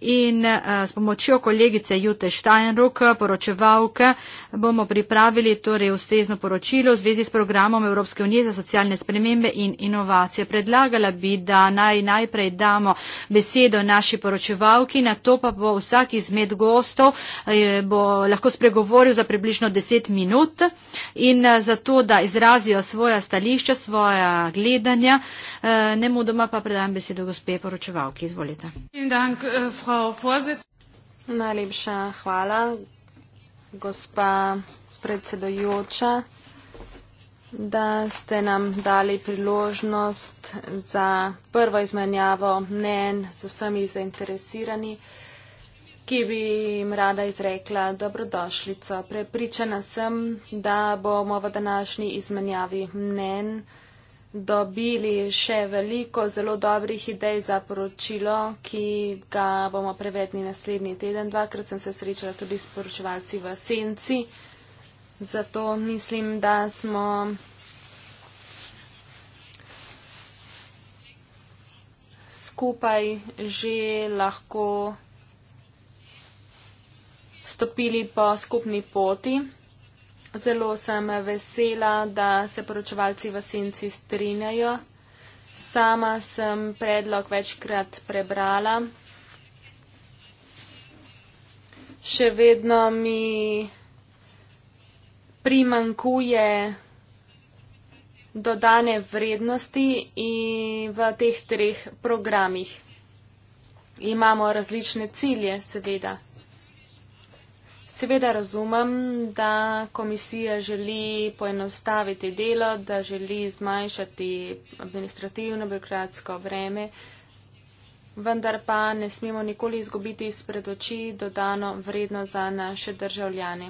in eh, s pomočjo kolegice Jute Steinruck, poročevalke, bomo pripravili torej ustrezno poročilo v zvezi s programom Evropske unije za socialne spremembe in inovacije. Predlagala bi, da naj najprej damo besedo naši poročevalki, na to pa bo vsak izmed gostov eh, bo lahko spregovoril za približno 10 minut in eh, zato, da izrazijo svoja stališča, svoja gledanja, ne mudoma pa predam besedo gospe poročevalki. Izvolite. Frau Vorsitzende. Najlepša hvala, gospa predsedojoča, da ste nam dali priložnost za prvo izmenjavo mnen z vsemi zainteresirani ki bi jim rada izrekla dobrodošlico. Prepričana sem, da bomo v današnji izmenjavi mnen dobili še veliko zelo dobrih idej za poročilo, ki ga bomo prevedli naslednji teden. Dvakrat sem se srečala tudi s poročevalci v Senci, zato mislim, da smo. Skupaj že lahko stopili po skupni poti. Zelo sem vesela, da se poročevalci v senci strinjajo. Sama sem predlog večkrat prebrala. Še vedno mi primankuje dodane vrednosti in v teh treh programih. Imamo različne cilje, seveda. Seveda razumem, da komisija želi poenostaviti delo, da želi zmanjšati administrativno birokratsko vreme, vendar pa ne smemo nikoli izgubiti izpred oči dodano vredno za naše državljane.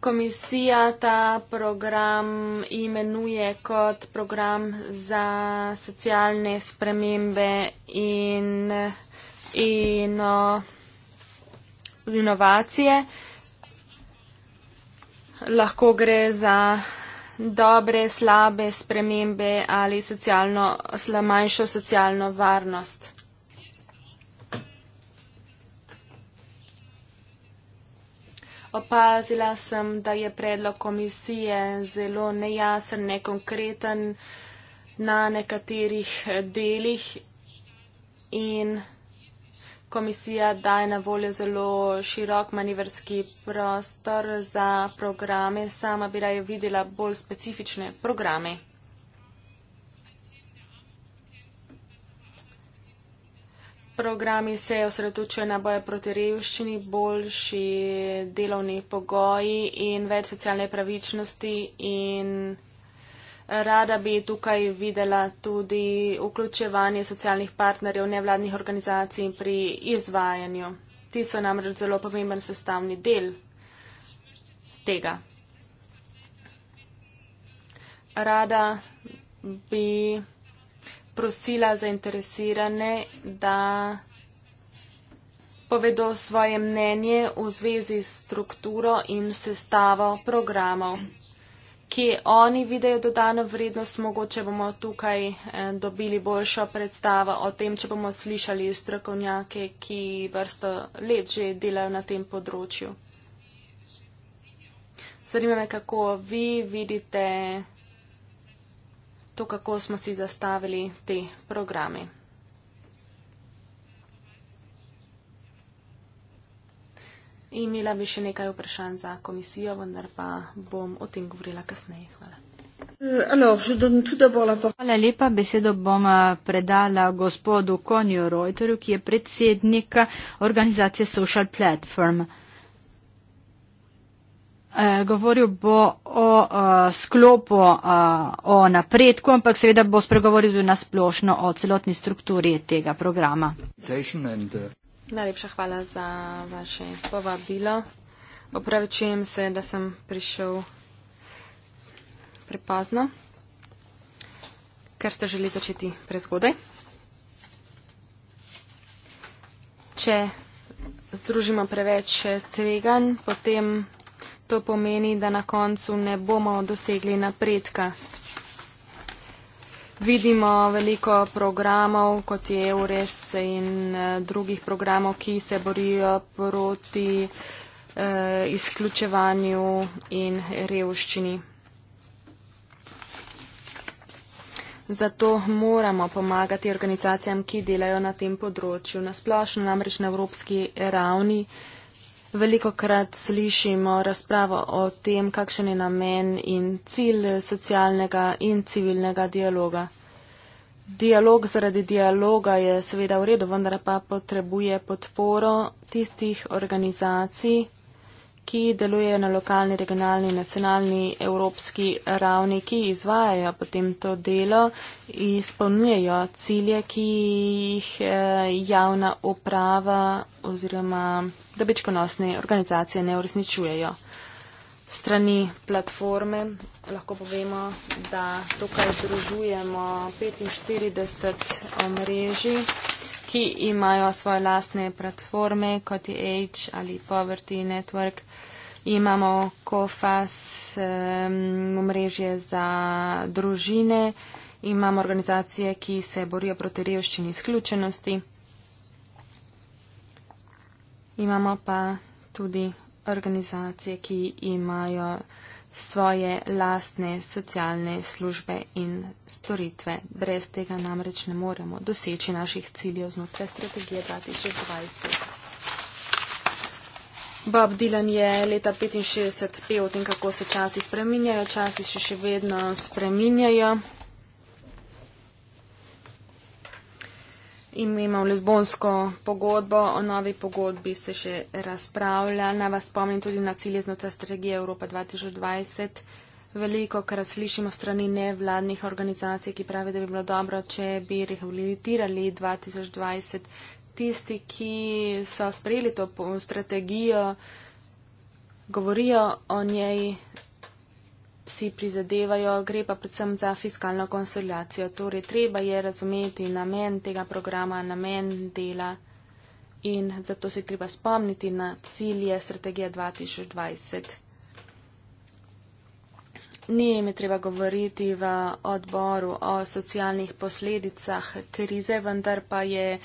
Komisija ta program imenuje kot program za socialne spremembe in in uh, inovacije. Lahko gre za dobre, slabe spremembe ali socialno, manjšo socialno varnost. Opazila sem, da je predlog komisije zelo nejasen, nekonkreten na nekaterih delih in komisija daje na voljo zelo širok manevrski prostor za programe. Sama bi raje videla bolj specifične programe. Programi se osredotočajo na boje proti revščini, boljši delovni pogoji in več socialne pravičnosti in rada bi tukaj videla tudi vključevanje socialnih partnerjev, nevladnih organizacij pri izvajanju. Ti so namreč zelo pomemben sestavni del tega. Rada bi prosila zainteresirane, da povedo svoje mnenje v zvezi s strukturo in sestavo programov kje oni vidijo dodano vrednost, mogoče bomo tukaj eh, dobili boljšo predstavo o tem, če bomo slišali strokovnjake, ki vrsto let že delajo na tem področju. Zanima me, kako vi vidite to, kako smo si zastavili te programe. In imela bi še nekaj vprašanj za komisijo, vendar pa bom o tem govorila kasneje. Hvala. Eh, Hvala lepa. Besedo bom eh, predala gospodu Konju Reuterju, ki je predsednik organizacije Social Platform. Eh, govoril bo o, o sklopu o, o napredku, ampak seveda bo spregovoril tudi na splošno o celotni strukturi tega programa. Najlepša hvala za vaše povabilo. Opravičujem se, da sem prišel prepozno, ker ste želi začeti prezgodaj. Če združimo preveč tvegan, potem to pomeni, da na koncu ne bomo dosegli napredka vidimo veliko programov, kot je EURES in eh, drugih programov, ki se borijo proti eh, izključevanju in revščini. Zato moramo pomagati organizacijam, ki delajo na tem področju. Na splošno namreč na evropski ravni eh, Veliko krat slišimo razpravo o tem, kakšen je namen in cilj socialnega in civilnega dialoga. Dialog zaradi dialoga je seveda v redu, vendar pa potrebuje podporo tistih organizacij, ki delujejo na lokalni, regionalni, nacionalni, evropski ravni, ki izvajajo potem to delo in spolnjujejo cilje, ki jih eh, javna uprava oziroma dobičkonosne organizacije ne uresničujejo. Strani platforme lahko povemo, da tukaj združujemo 45 omrežij ki imajo svoje lastne platforme, kot je Age ali Poverty Network. Imamo COFAS, um, mrežje za družine, imamo organizacije, ki se borijo proti revščini izključenosti. Imamo pa tudi organizacije, ki imajo svoje lastne socialne službe in storitve. Brez tega namreč ne moremo doseči naših ciljev znotraj strategije 2020. Bob Dylan je leta 65 pel o tem, kako se časi spreminjajo, časi še še vedno spreminjajo. imel lezbonsko pogodbo, o novi pogodbi se še razpravlja. Naj vas spomnim tudi na cilje znotraj strategije Evropa 2020. Veliko, kar slišimo strani nevladnih organizacij, ki pravi, da bi bilo dobro, če bi rehabilitirali 2020. Tisti, ki so sprejeli to strategijo, govorijo o njej si prizadevajo, gre pa predvsem za fiskalno konsolidacijo. Torej, treba je razumeti namen tega programa, namen dela in zato se treba spomniti na cilje strategije 2020. Nije mi treba govoriti v odboru o socialnih posledicah krize, vendar pa je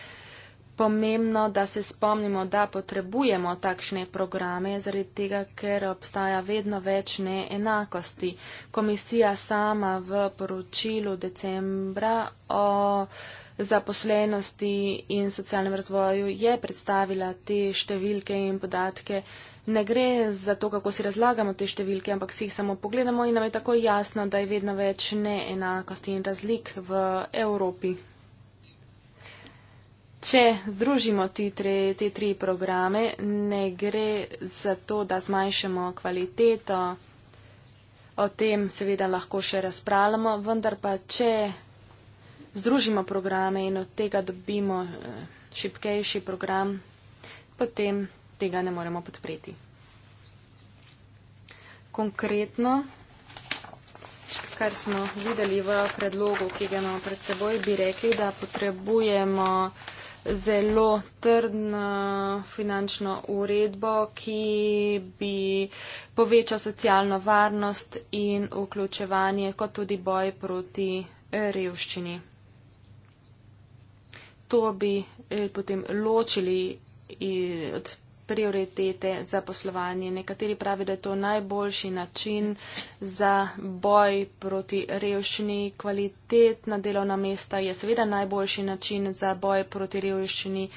pomembno, da se spomnimo, da potrebujemo takšne programe, zaradi tega, ker obstaja vedno več neenakosti. Komisija sama v poročilu decembra o zaposlenosti in socialnem razvoju je predstavila te številke in podatke. Ne gre za to, kako si razlagamo te številke, ampak si jih samo pogledamo in nam je tako jasno, da je vedno več neenakosti in razlik v Evropi če združimo ti tre, te tri programe, ne gre za to, da zmanjšamo kvaliteto. O tem seveda lahko še razpravljamo, vendar pa, če združimo programe in od tega dobimo eh, šipkejši program, potem tega ne moremo podpreti. Konkretno, kar smo videli v predlogu, ki ga imamo pred seboj, bi rekli, da potrebujemo zelo trdno finančno uredbo, ki bi povečal socialno varnost in vključevanje, kot tudi boj proti revščini. To bi eh, potem ločili od prioritete za poslovanje. Nekateri pravi, da je to najboljši način za boj proti revščini. Kvalitetna delovna mesta je seveda najboljši način za boj proti revščini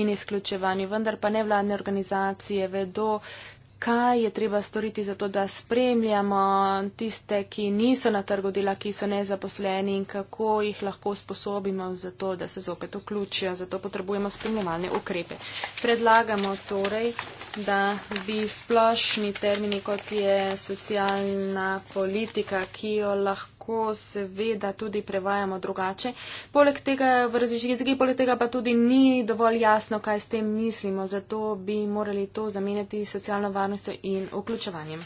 in izključevanju. Vendar pa nevladne organizacije vedo, kaj je treba storiti za to, da spremljamo tiste, ki niso na trgu dela, ki so nezaposleni in kako jih lahko sposobimo za to, da se zopet vključijo. Zato potrebujemo spremljevalne ukrepe. Predlagamo torej, da bi splošni termini, kot je socialna politika, ki jo lahko lahko seveda tudi prevajamo drugače. Poleg tega v različnih jezikih, poleg tega pa tudi ni dovolj jasno, kaj s tem mislimo, zato bi morali to zamenjati s socialno varnostjo in vključevanjem.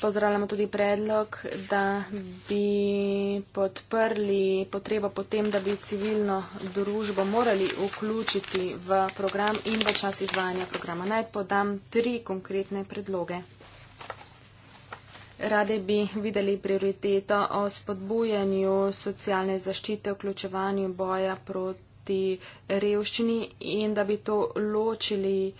Pozdravljamo tudi predlog, da bi podprli potrebo potem, da bi civilno družbo morali vključiti v program in v čas izvajanja programa. Naj podam tri konkretne predloge. Rade bi videli prioriteto o spodbujanju socialne zaščite, vključevanju boja proti revščini in da bi to ločili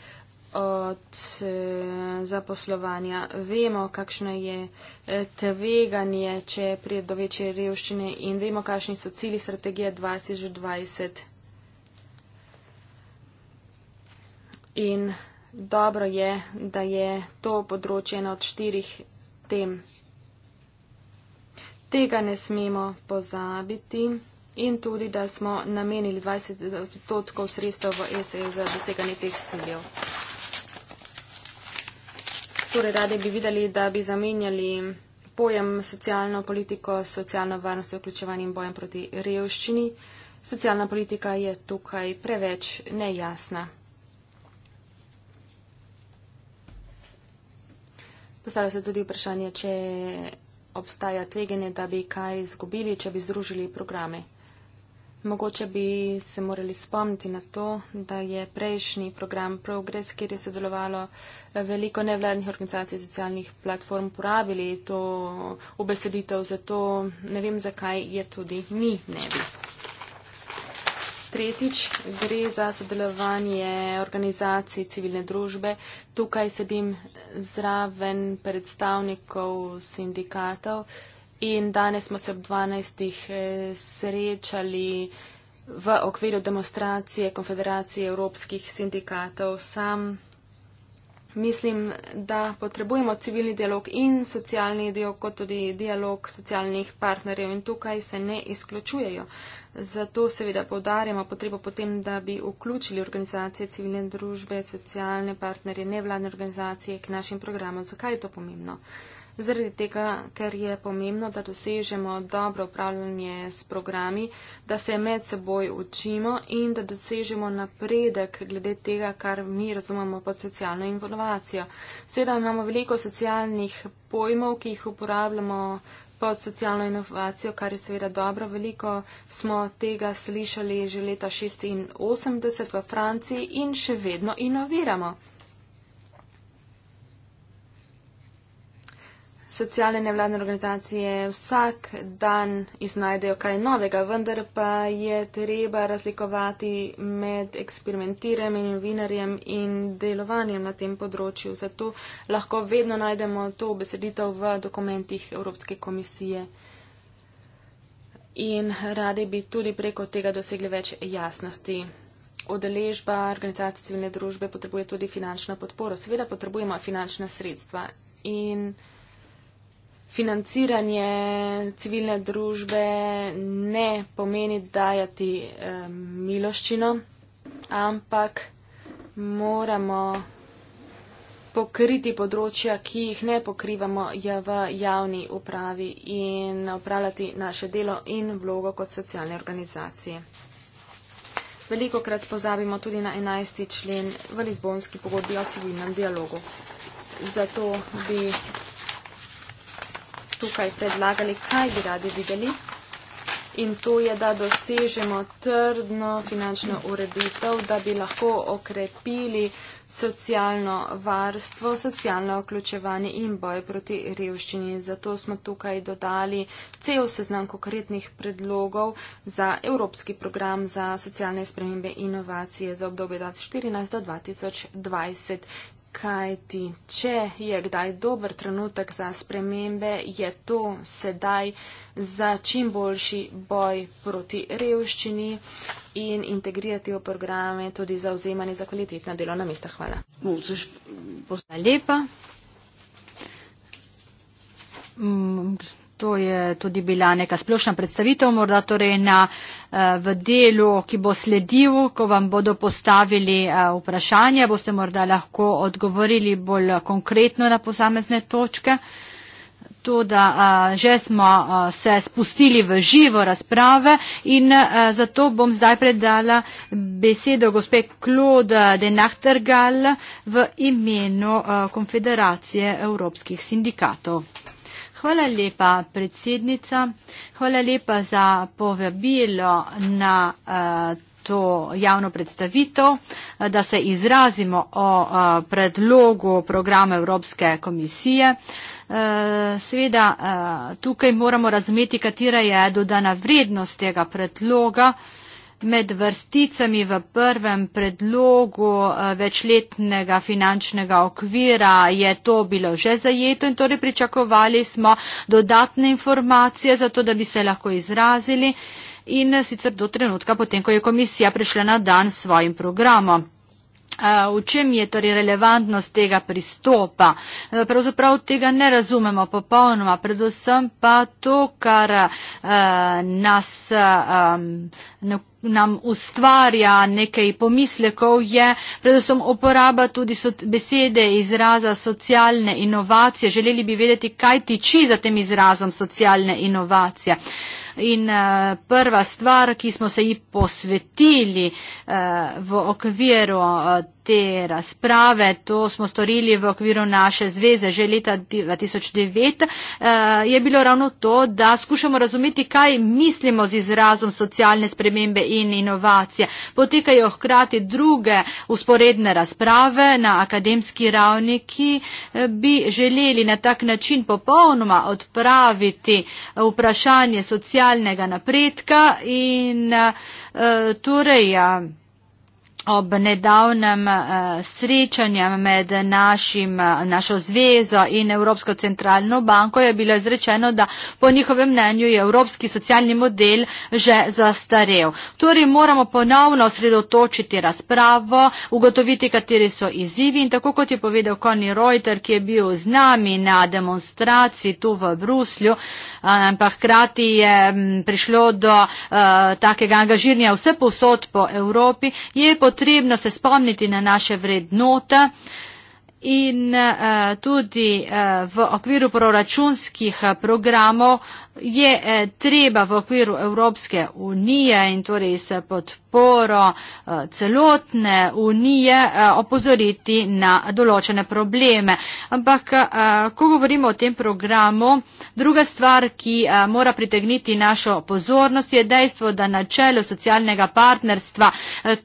od eh, zaposlovanja. Vemo, kakšno je eh, tveganje, če prije do večje revščine in vemo, kakšni so cili strategije 2020. In dobro je, da je to področje eno od štirih tem. Tega ne smemo pozabiti in tudi, da smo namenili 20 odstotkov sredstev v SEO za doseganje teh ciljev. Torej, radi bi videli, da bi zamenjali pojem socialno politiko, socialno varnost, vključevanje in bojem proti revščini. Socialna politika je tukaj preveč nejasna. Postavlja se tudi vprašanje, če obstaja tveganje, da bi kaj izgubili, če bi združili programe. Mogoče bi se morali spomniti na to, da je prejšnji program Progress, kjer je sodelovalo veliko nevladnih organizacij socialnih platform, porabili to obeseditev, zato ne vem, zakaj je tudi mi ne bi. Tretjič gre za sodelovanje organizacij civilne družbe. Tukaj sedim zraven predstavnikov sindikatov in danes smo se ob 12. Eh, srečali v okviru demonstracije Konfederacije evropskih sindikatov. Sam Mislim, da potrebujemo civilni dialog in socialni dialog, kot tudi dialog socialnih partnerjev in tukaj se ne izključujejo. Zato seveda povdarjamo potrebo potem, da bi vključili organizacije civilne družbe, socialne partnerje, nevladne organizacije k našim programom. Zakaj je to pomembno? Uh, zaradi tega, ker je pomembno, da dosežemo dobro upravljanje s programi, da se med seboj učimo in da dosežemo napredek glede tega, kar mi razumemo pod socialno inovacijo. Sedaj imamo veliko socialnih pojmov, ki jih uporabljamo pod socialno inovacijo, kar je seveda dobro. Veliko smo tega slišali že leta 1986 v Franciji in še vedno inoviramo. socialne nevladne organizacije vsak dan iznajdejo kaj novega, vendar pa je treba razlikovati med eksperimentiranjem in novinarjem in delovanjem na tem področju. Zato lahko vedno najdemo to beseditev v dokumentih Evropske komisije. In radi bi tudi preko tega dosegli več jasnosti. Odeležba organizacije civilne družbe potrebuje tudi finančno podporo. Seveda potrebujemo finančna sredstva. In financiranje civilne družbe ne pomeni dajati um, miloščino, ampak moramo pokriti področja, ki jih ne pokrivamo v javni upravi in upravljati naše delo in vlogo kot socialne organizacije. Veliko krat pozabimo tudi na 11. člen v Lizbonski pogodbi o civilnem dialogu. Zato bi tukaj predlagali, kaj bi radi videli. In to je, da dosežemo trdno finančno ureditev, da bi lahko okrepili socialno varstvo, socialno vključevanje in boj proti revščini. Zato smo tukaj dodali cel seznam konkretnih predlogov za Evropski program za socialne spremembe in inovacije za obdobje 2014 do 2020. Kaj ti, če je kdaj dober trenutek za spremembe, je to sedaj za čim boljši boj proti revščini in integrirati v programe tudi za vzemanje za kvalitetna delovna mesta. Hvala. Hvala lepa. To je tudi bila neka splošna predstavitev, morda torej na, eh, v delu, ki bo sledil, ko vam bodo postavili eh, vprašanja, boste morda lahko odgovorili bolj konkretno na posamezne točke. To, da eh, že smo se spustili v živo razprave in zato bom zdaj predala besedo gospe Claude Denachtergal v imenu Konfederacije evropskih sindikatov. Hvala lepa, predsednica. Hvala lepa za povabilo na eh, to javno predstavitev, eh, da se izrazimo o eh, predlogu programa Evropske komisije. Seveda tukaj moramo razumeti, katera je dodana vrednost tega predloga med vrsticami v prvem predlogu eh, večletnega finančnega okvira je to bilo že zajeto in torej pričakovali smo dodatne informacije za to, da bi se lahko izrazili in eh, sicer do trenutka potem, ko je komisija prišla na dan s svojim programom. Eh, v čem je torej relevantnost tega pristopa? Pravzaprav tega ne razumemo popolnoma, predvsem pa to, kar nas nekako nam ustvarja nekaj pomislekov, je predvsem uporaba tudi besede izraza socialne inovacije. Želeli bi vedeti, kaj tiči za tem izrazom socialne inovacije. In eh, prva stvar, ki smo se ji posvetili eh, v okviru eh, te razprave, to smo storili v okviru naše zveze že leta 2009, je bilo ravno to, da skušamo razumeti, kaj mislimo z izrazom socialne spremembe in inovacije. Potekajo hkrati druge usporedne razprave na akademski ravni, ki bi želeli na tak način popolnoma odpraviti vprašanje socialne socialnega napredka in uh, torej, ja, ob nedavnem eh, srečanju med našim, eh, našo zvezo in Evropsko centralno banko je bilo izrečeno, da po njihovem mnenju je evropski socialni model že zastarel. Torej moramo ponovno osredotočiti razpravo, ugotoviti, kateri so izzivi in tako kot je povedal Connie Reuter, ki je bil z nami na demonstraciji tu v Bruslju, eh, ampak hkrati je mm, prišlo do uh, takega angažiranja vse posod po Evropi, je potrebno potrebno se spomniti na naše vrednote in eh, tudi eh, v okviru proračunskih eh, programov je treba v okviru Evropske unije in torej s podporo podporo eh, celotne unije eh, opozoriti na določene probleme. Ampak, eh, ko govorimo o tem programu, druga stvar, ki mora pritegniti našo pozornost, je dejstvo, da na čelu socialnega partnerstva,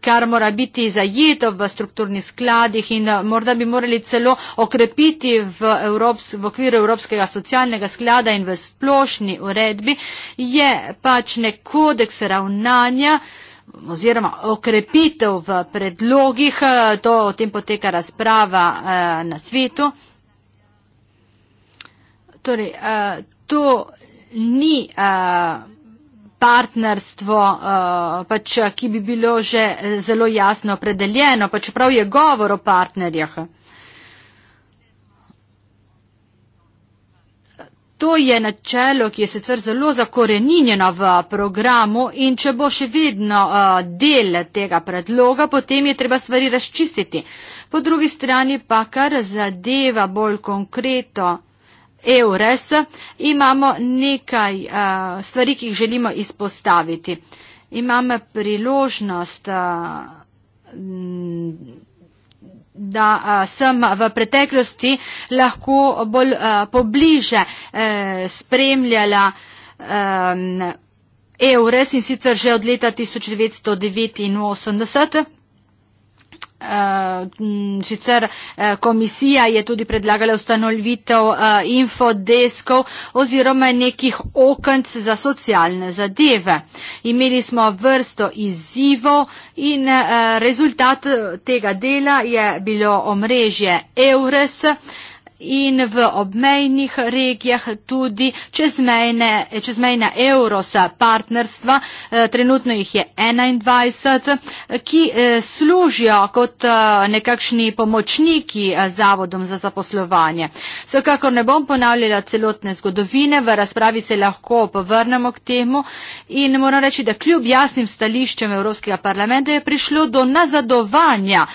kar mora biti zajeto v strukturnih skladih in morda bi morali celo okrepiti v, Evrops, v okviru Evropskega socialnega sklada in v splošni uredbi, je pač nek kodeks ravnanja, oziroma okrepitev v predlogih, eh, to o tem poteka razprava eh, na svetu. Torej, eh, to ni partnerstvo, pač, ki bi bilo že zelo jasno opredeljeno, pač prav je govor o partnerjah. To je načelo, ki je sicer zelo zakoreninjeno v programu in če bo še vedno uh, del tega predloga, potem je treba stvari razčistiti. Po drugi strani pa, kar zadeva bolj konkreto EURES, imamo nekaj uh, stvari, ki jih želimo izpostaviti. Imamo priložnost uh, da a, sem v preteklosti lahko bolj a, pobliže a, e, spremljala a, EURES in sicer že od leta 1989. Eh, sicer eh, komisija je tudi predlagala ustanovitev eh, infodeskov oziroma nekih okenc za socialne zadeve. Imeli smo vrsto izzivov in rezultat tega dela je bilo omrežje EURES in v obmejnih regijah tudi čezmejne, čezmejna Eurosa partnerstva, eh, trenutno jih je 21, ki eh, služijo kot eh, nekakšni pomočniki zavodom za zaposlovanje. Vsekakor ne bom ponavljala celotne zgodovine, v razpravi se lahko povrnemo k temu in moram reči, da kljub jasnim stališčem Evropskega parlamenta je prišlo do nazadovanja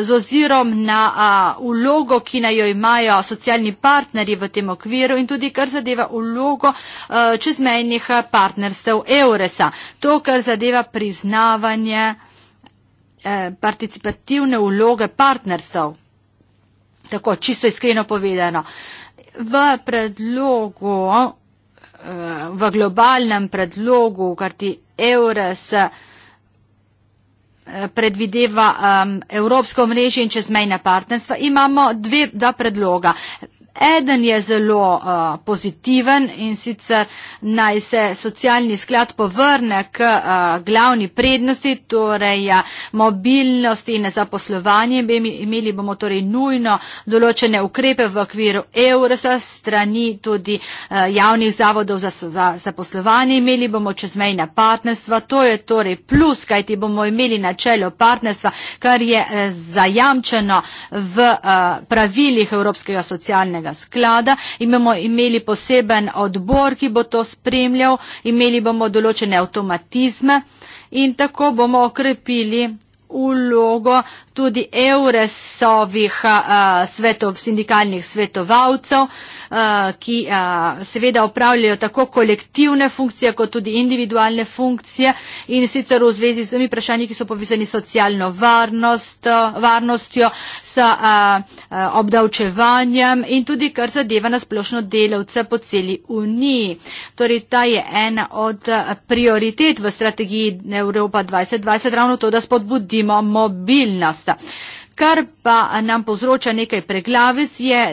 z ozirom na ulogo, ki na jo imajo delujejo socialni partnerji v tem okviru in tudi kar zadeva vlogo eh, čezmejnih eh, partnerstv Euresa. To, kar zadeva priznavanje eh, participativne vloge partnerstv. Tako, čisto iskreno povedano. V predlogu, v globalnem predlogu, kar ti Eures predvideva um, evropsko mrežje in čezmejna partnerstva, imamo dve, dva predloga. Eden je zelo uh, pozitiven in sicer naj se socialni sklad povrne k uh, glavni prednosti, torej ja, mobilnosti in zaposlovanje. Imeli bomo torej nujno določene ukrepe v okviru Eurosa strani tudi uh, javnih zavodov za, za zaposlovanje. Imeli bomo čezmejna partnerstva. To je torej plus, kajti bomo imeli načelo partnerstva, kar je uh, zajamčeno v uh, pravilih Evropskega socialnega razvojna sklada. Imamo imeli poseben odbor, ki bo to spremljal, imeli bomo določene avtomatizme in tako bomo okrepili vlogo tudi Euresovih eh, svetov, sindikalnih svetovalcev, eh, ki eh, seveda upravljajo tako kolektivne funkcije kot tudi individualne funkcije in sicer v zvezi z vsemi vprašanji, ki so povezani s socialno varnost, varnostjo, s obdavčevanjem in tudi kar zadeva nasplošno delavce po celi Uniji. Torej, ta je ena od prioritet v strategiji Evropa 2020, ravno to, da spodbudimo recimo mobilnost. Kar pa nam povzroča nekaj preglavic je,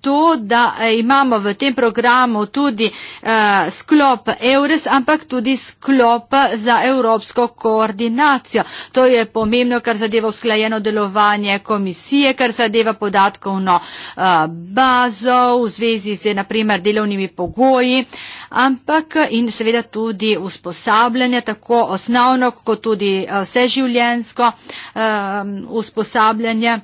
to, da eh, imamo v tem programu tudi uh, sklop EURES, ampak tudi sklop za evropsko koordinacijo. To je pomembno, kar zadeva usklajeno delovanje komisije, kar zadeva podatkovno uh, bazo v zvezi z naprimer delovnimi pogoji, ampak in seveda tudi usposabljanje, tako osnovno kot tudi uh, vseživljenjsko uh, usposabljanje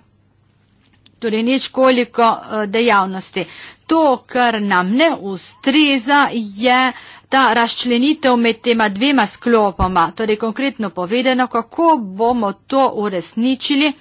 torej nič koliko eh, dejavnosti. To, kar nam ne ustreza, je ta razčlenitev med tema dvema sklopoma, torej konkretno povedano, kako bomo to uresničili.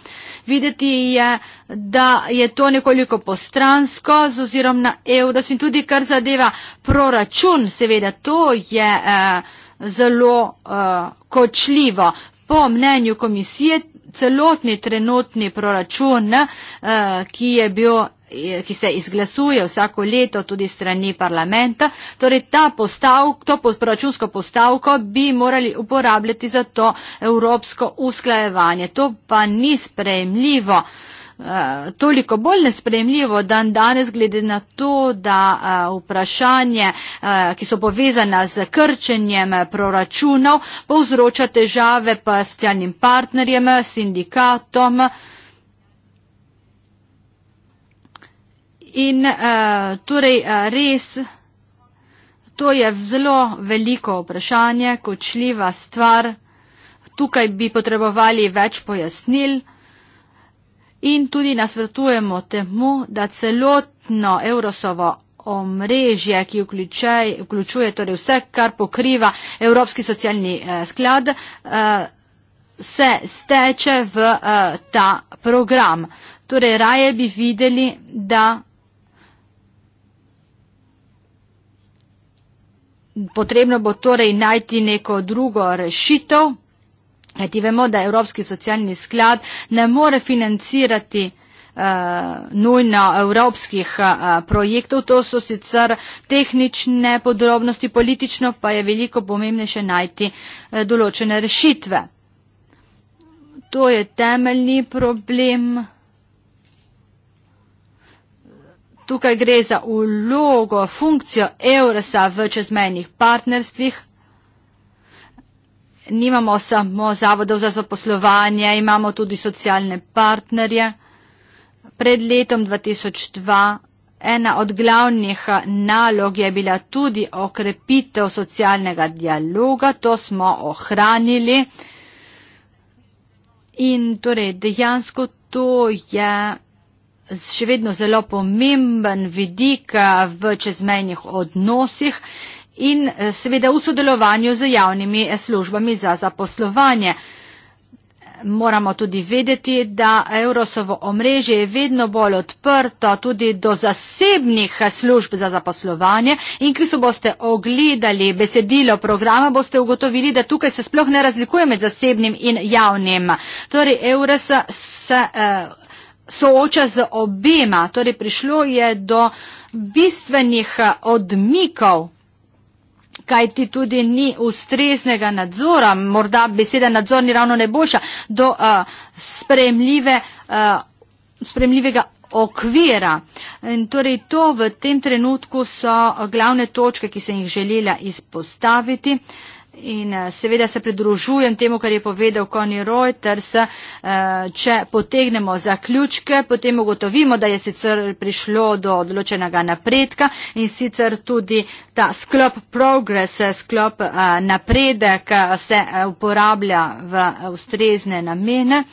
Videti je, da je to nekoliko postransko z ozirom na evros in tudi kar zadeva proračun, seveda to je eh, zelo eh, kočljivo. Po mnenju komisije celotni trenutni proračun, eh, ki je bil eh, ki se izglasuje vsako leto tudi strani parlamenta. Torej, ta postavk, to proračunsko postavko bi morali uporabljati za to evropsko usklajevanje. To pa ni sprejemljivo. Eh, toliko bolj nespremljivo dan danes, glede na to, da eh, vprašanje, eh, ki so povezana z krčenjem proračunov, povzroča težave pa socialnim partnerjem, sindikatom. In torej res. To je zelo veliko vprašanje, kočljiva stvar. Tukaj bi potrebovali več pojasnil in tudi nasvetujemo temu, da celotno Eurosovo omrežje, ki vključuje, vključuje torej vse, kar pokriva Evropski socialni eh, sklad, eh, se steče v eh, ta program. Torej, raje bi videli, da potrebno bo torej najti neko drugo rešitev. Kajti vemo, da Evropski socialni sklad ne more financirati eh, nujno evropskih eh, projektov. To so sicer tehnične podrobnosti, politično pa je veliko pomembnejše najti eh, določene rešitve. To je temeljni problem. Tukaj gre za ulogo, funkcijo Eurosa v čezmejnih partnerstvih nimamo samo zavodov za zaposlovanje, imamo tudi socialne partnerje. Pred letom 2002 ena od glavnih nalog je bila tudi okrepitev socialnega dialoga, to smo ohranili. In torej dejansko to je še vedno zelo pomemben vidik v čezmejnih odnosih in eh, seveda v sodelovanju z javnimi eh, službami za zaposlovanje. Moramo tudi vedeti, da Eurosovo omrežje je vedno bolj odprto tudi do zasebnih eh, služb za zaposlovanje in ki so boste ogledali besedilo programa, boste ugotovili, da tukaj se sploh ne razlikuje med zasebnim in javnim. Torej Euros se sooča z obema, torej prišlo je do bistvenih odmikov kaj ti tudi ni ustreznega nadzora, morda beseda nadzor ni ravno najboljša, do eh, spremljive, eh, spremljivega okvira. In torej to v tem trenutku so glavne točke, ki sem jih želela izpostaviti. In eh, seveda se pridružujem temu, kar je povedal Connie Reuters, eh, če potegnemo zaključke, potem ugotovimo, da je sicer prišlo do odločenega napredka in sicer tudi ta sklop progress, eh, sklop napredek se uporablja v ustrezne namene.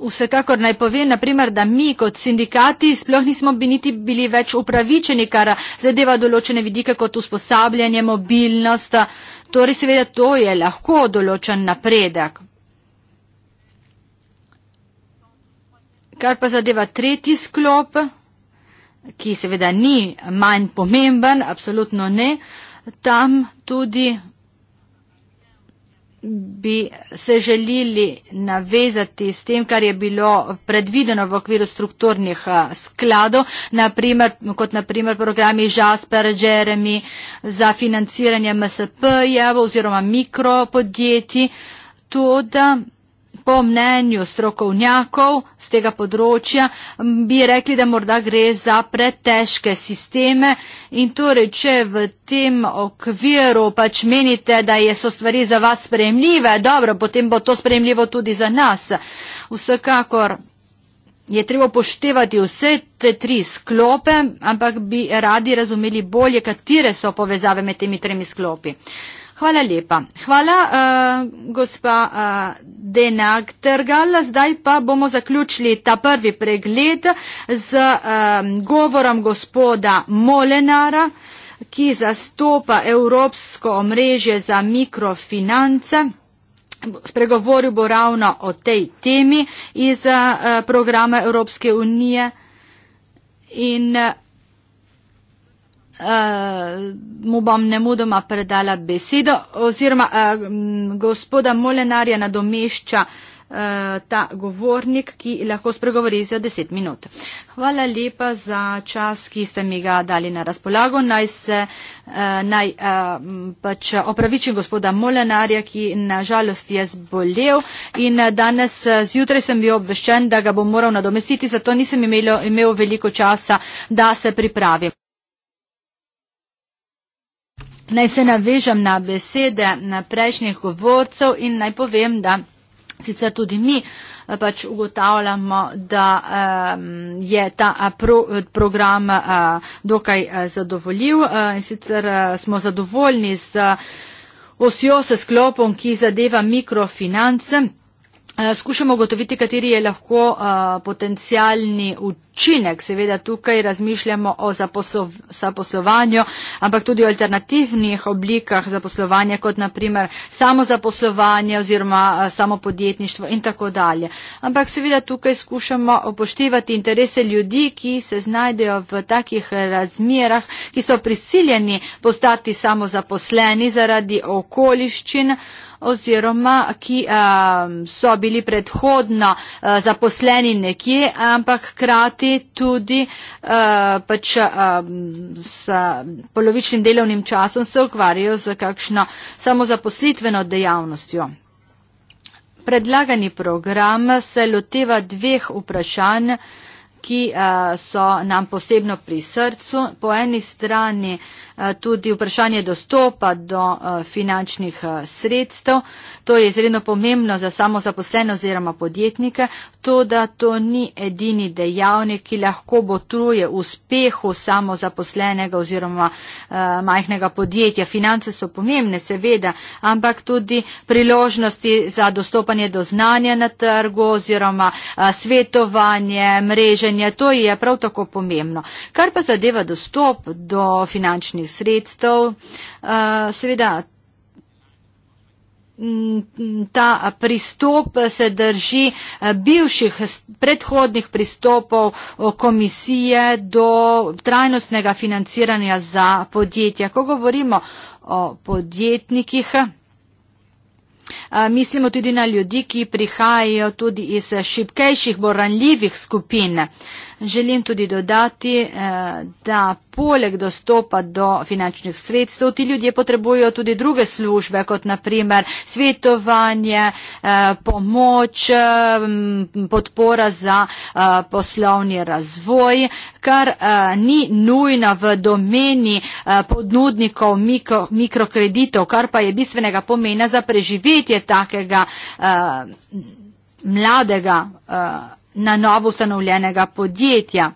Vsekakor naj pove, naprimer, da mi kot sindikati sploh nismo biti bili več upravičeni, kar zadeva določene vidike kot usposabljanje, mobilnost. Torej, seveda, to je lahko določen napredek. Kar pa zadeva tretji sklop, ki seveda ni manj pomemben, absolutno ne, tam tudi bi se želili navezati s tem, kar je bilo predvideno v okviru strukturnih skladov, naprimer, kot naprimer programi Jasper, Jeremy za financiranje MSP-jev oziroma mikropodjetij. Tudi po mnenju strokovnjakov z tega področja bi rekli, da morda gre za pretežke sisteme in torej, če v tem okviru pač menite, da je so stvari za vas sprejemljive, dobro, potem bo to sprejemljivo tudi za nas. Vsekakor je treba poštevati vse te tri sklope, ampak bi radi razumeli bolje, katere so povezave med temi tremi sklopi. Hvala lepa. Hvala, uh, gospa uh, Denak Trgal. Zdaj pa bomo zaključili ta prvi pregled z um, govorom gospoda Molenara, ki zastopa Evropsko omrežje za mikrofinance. Spregovoril bo ravno o tej temi iz uh, programa Evropske unije. In, uh, uh, mu bom nemudoma predala besedo oziroma uh, gospoda Molenarja nadomešča eh, ta govornik, ki lahko spregovori za deset minut. Hvala lepa za čas, ki ste mi ga dali na razpolago. Naj se naj, pač opravičim gospoda Molenarja, ki na žalost je zbolel in danes zjutraj sem bil obveščen, da ga bom moral nadomestiti, zato nisem imel, imel veliko časa, da se pripravim. Naj se navežem na besede na prejšnjih govorcev in naj povem, da sicer tudi mi eh, pač ugotavljamo, da je ta eh, eh, program dokaj zadovoljiv in sicer smo zadovoljni z osjo se sklopom, ki zadeva mikrofinance. Eh, skušamo ugotoviti, kateri je lahko uh, potencialni učinek. Seveda tukaj razmišljamo o zaposlov, zaposlovanju, ampak tudi o alternativnih oblikah zaposlovanja, kot naprimer samozaposlovanje oziroma uh, samopodjetništvo in tako dalje. Ampak seveda tukaj skušamo upoštevati interese ljudi, ki se znajdejo v takih razmerah, ki so prisiljeni postati samozaposleni zaradi okoliščin. Uh, oziroma ki um, so bili predhodno uh, zaposleni nekje, ampak krati tudi uh, pač um, s polovičnim delovnim časom se ukvarjajo z kakšno samozaposlitveno dejavnostjo. Predlagani program se loteva dveh vprašanj, ki uh, so nam posebno pri srcu. Po eni strani uh, Eh, tudi vprašanje dostopa do eh, finančnih eh, sredstev. To je izredno pomembno za samozaposleno oziroma podjetnike, to, da to ni edini dejavnik, ki lahko botruje uspehu samozaposlenega oziroma majhnega podjetja. Finance so pomembne, seveda, ampak tudi priložnosti za dostopanje do znanja na trgu oziroma svetovanje, mreženje, to je prav tako pomembno. Kar pa zadeva dostop do finančnih sredstev. Eh, seveda, mm, mm, ta pristop se drži eh, bivših predhodnih pristopov eh, komisije do trajnostnega financiranja za podjetja. Ko govorimo o podjetnikih, mislimo tudi na ljudi, ki prihajajo tudi iz šipkejših, boranljivih skupin. Želim tudi dodati, eh, da poleg dostopa do finančnih sredstev ti ljudje potrebujo tudi druge službe, kot naprimer svetovanje, eh, pomoč, eh, podpora za poslovni razvoj, kar ni nujno v domeni podnudnikov mikro, mikrokreditov, kar pa je bistvenega pomena za preživetje takega mladega na novo ustanovljenega podjetja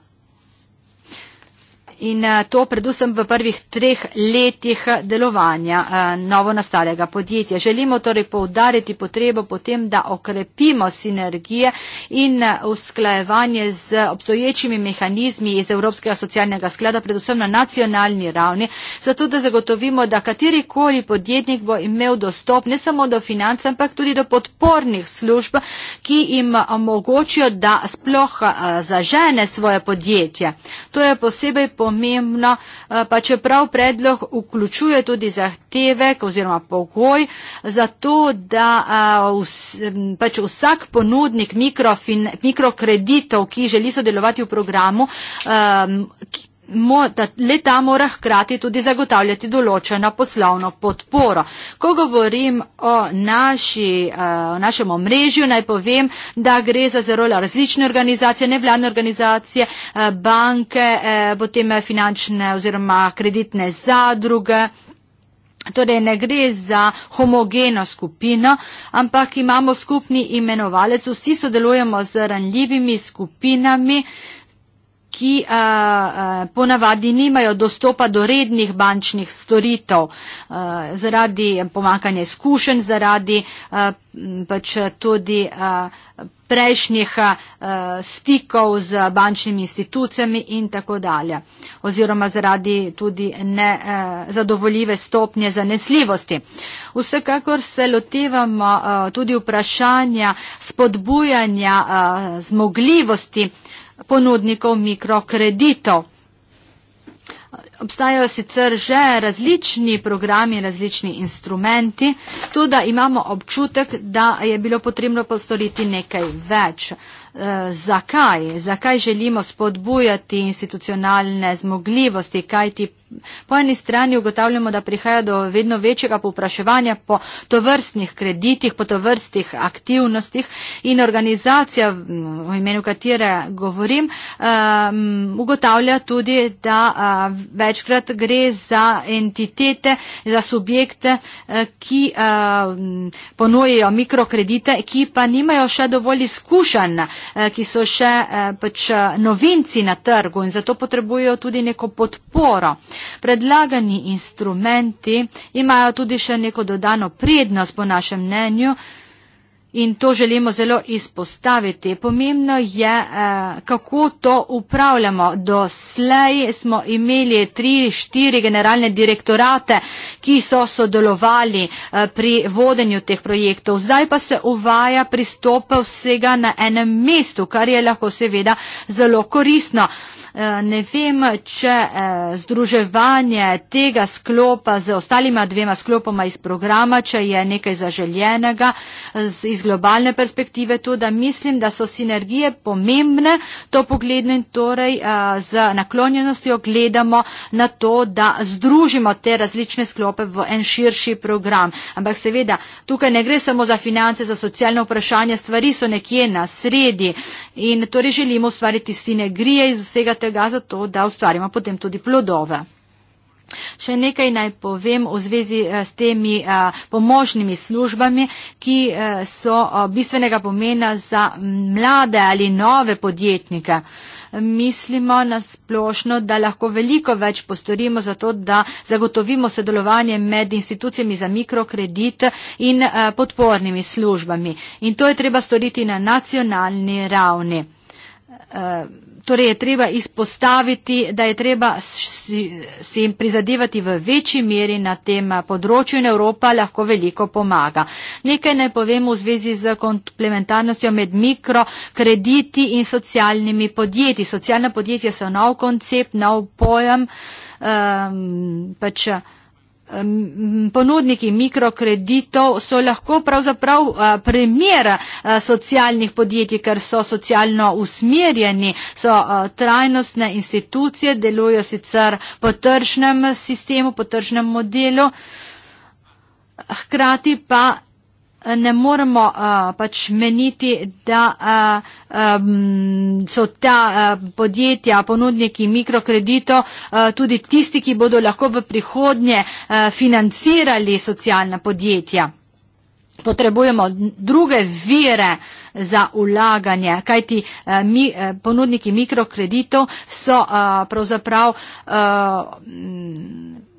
in eh, to predvsem v prvih treh letih eh, delovanja eh, novo nastalega podjetja. Želimo torej poudariti potrebo potem, da okrepimo sinergije in usklajevanje z obstoječimi mehanizmi iz Evropskega socialnega sklada, predvsem na nacionalni ravni, zato da zagotovimo, da katerikoli podjetnik bo imel dostop ne samo do financ, ampak tudi do podpornih služb, ki jim omogočijo, da sploh zažene svoje podjetje. To je posebej pomembno pomembno, eh, pa čeprav predlog vključuje tudi zahtevek oziroma pogoj za to, da eh, pač vsak ponudnik mikrokreditov, ki želi sodelovati v programu, eh, da leta mora hkrati tudi zagotavljati določeno poslovno podporo. Ko govorim o, naši, eh, o našem omrežju, naj povem, da gre za zelo različne organizacije, nevladne organizacije, eh, banke, eh, potem finančne oziroma kreditne zadruge. Torej ne gre za homogeno skupino, ampak imamo skupni imenovalec, vsi sodelujemo z ranljivimi skupinami ki uh, uh, ponavadi nimajo dostopa do rednih bančnih storitev uh, zaradi pomankanja izkušenj, zaradi uh, pač tudi uh, prejšnjih uh, stikov z bančnimi institucijami in tako dalje. Oziroma zaradi tudi nezadovoljive uh, stopnje zanesljivosti. Vsekakor se lotevamo uh, tudi vprašanja spodbujanja uh, zmogljivosti uh, ponudnikov mikrokreditov. Obstajajo sicer že različni programi, različni instrumenti, tudi imamo občutek, da je bilo potrebno postoriti nekaj več. E, zakaj? Zakaj želimo spodbujati institucionalne zmogljivosti, kajti Po eni strani ugotavljamo, da prihaja do vedno večjega popraševanja po tovrstnih kreditih, po tovrstnih aktivnostih in organizacija, v imenu katere govorim, um, ugotavlja tudi, da uh, večkrat gre za entitete, za subjekte, eh, ki uh, ponujejo mikrokredite, ki pa nimajo še dovolj izkušenj, eh, ki so še uh, pač novinci na trgu in zato potrebujejo tudi neko podporo. Predlagani instrumenti imajo tudi še neko dodano prednost, po našem mnenju, in to želimo zelo izpostaviti. Pomembno je, eh, kako to upravljamo. Doslej smo imeli tri, štiri generalne direktorate, ki so sodelovali eh, pri vodenju teh projektov. Zdaj pa se uvaja pristope vsega na enem mestu, kar je lahko seveda zelo koristno. Eh, ne vem, če združevanje tega sklopa z ostalima dvema sklopoma iz programa, če je nekaj zaželjenega. Iz iz globalne perspektive, to, da mislim, da so sinergije pomembne, to pogledno in torej eh, z naklonjenostjo gledamo na to, da združimo te različne sklope v en širši program. Ampak seveda, tukaj ne gre samo za finance, za socialno vprašanje, stvari so nekje na sredi in torej želimo ustvariti sinergije iz vsega tega, zato da ustvarimo potem tudi plodove. Še nekaj naj povem v zvezi eh, s temi eh, pomožnimi službami, ki eh, so bistvenega pomena za mm, mlade ali nove podjetnike. Mislimo nasplošno, da lahko veliko več postorimo za to, da zagotovimo sodelovanje med institucijami za mikrokredit in podpornimi službami. In to je treba storiti na nacionalni ravni torej je treba izpostaviti, da je treba si, si jim prizadevati v večji meri na tem eh, področju in Evropa lahko veliko pomaga. Nekaj naj ne povem v zvezi z komplementarnostjo med mikrokrediti in socialnimi podjetji. Socialna podjetja so nov koncept, nov pojem. Um, pač, ponudniki mikrokreditov so lahko pravzaprav primer socialnih podjetij, ker so socialno usmerjeni, so trajnostne institucije, delujo sicer po tržnem sistemu, po tržnem modelu, hkrati pa ne moremo uh, pač meniti, da uh, um, so ta uh, podjetja, ponudniki mikrokredito, uh, tudi tisti, ki bodo lahko v prihodnje uh, financirali socialna podjetja. Potrebujemo druge vire za ulaganje, kajti eh, mi, eh, ponudniki mikrokreditov so eh, pravzaprav eh,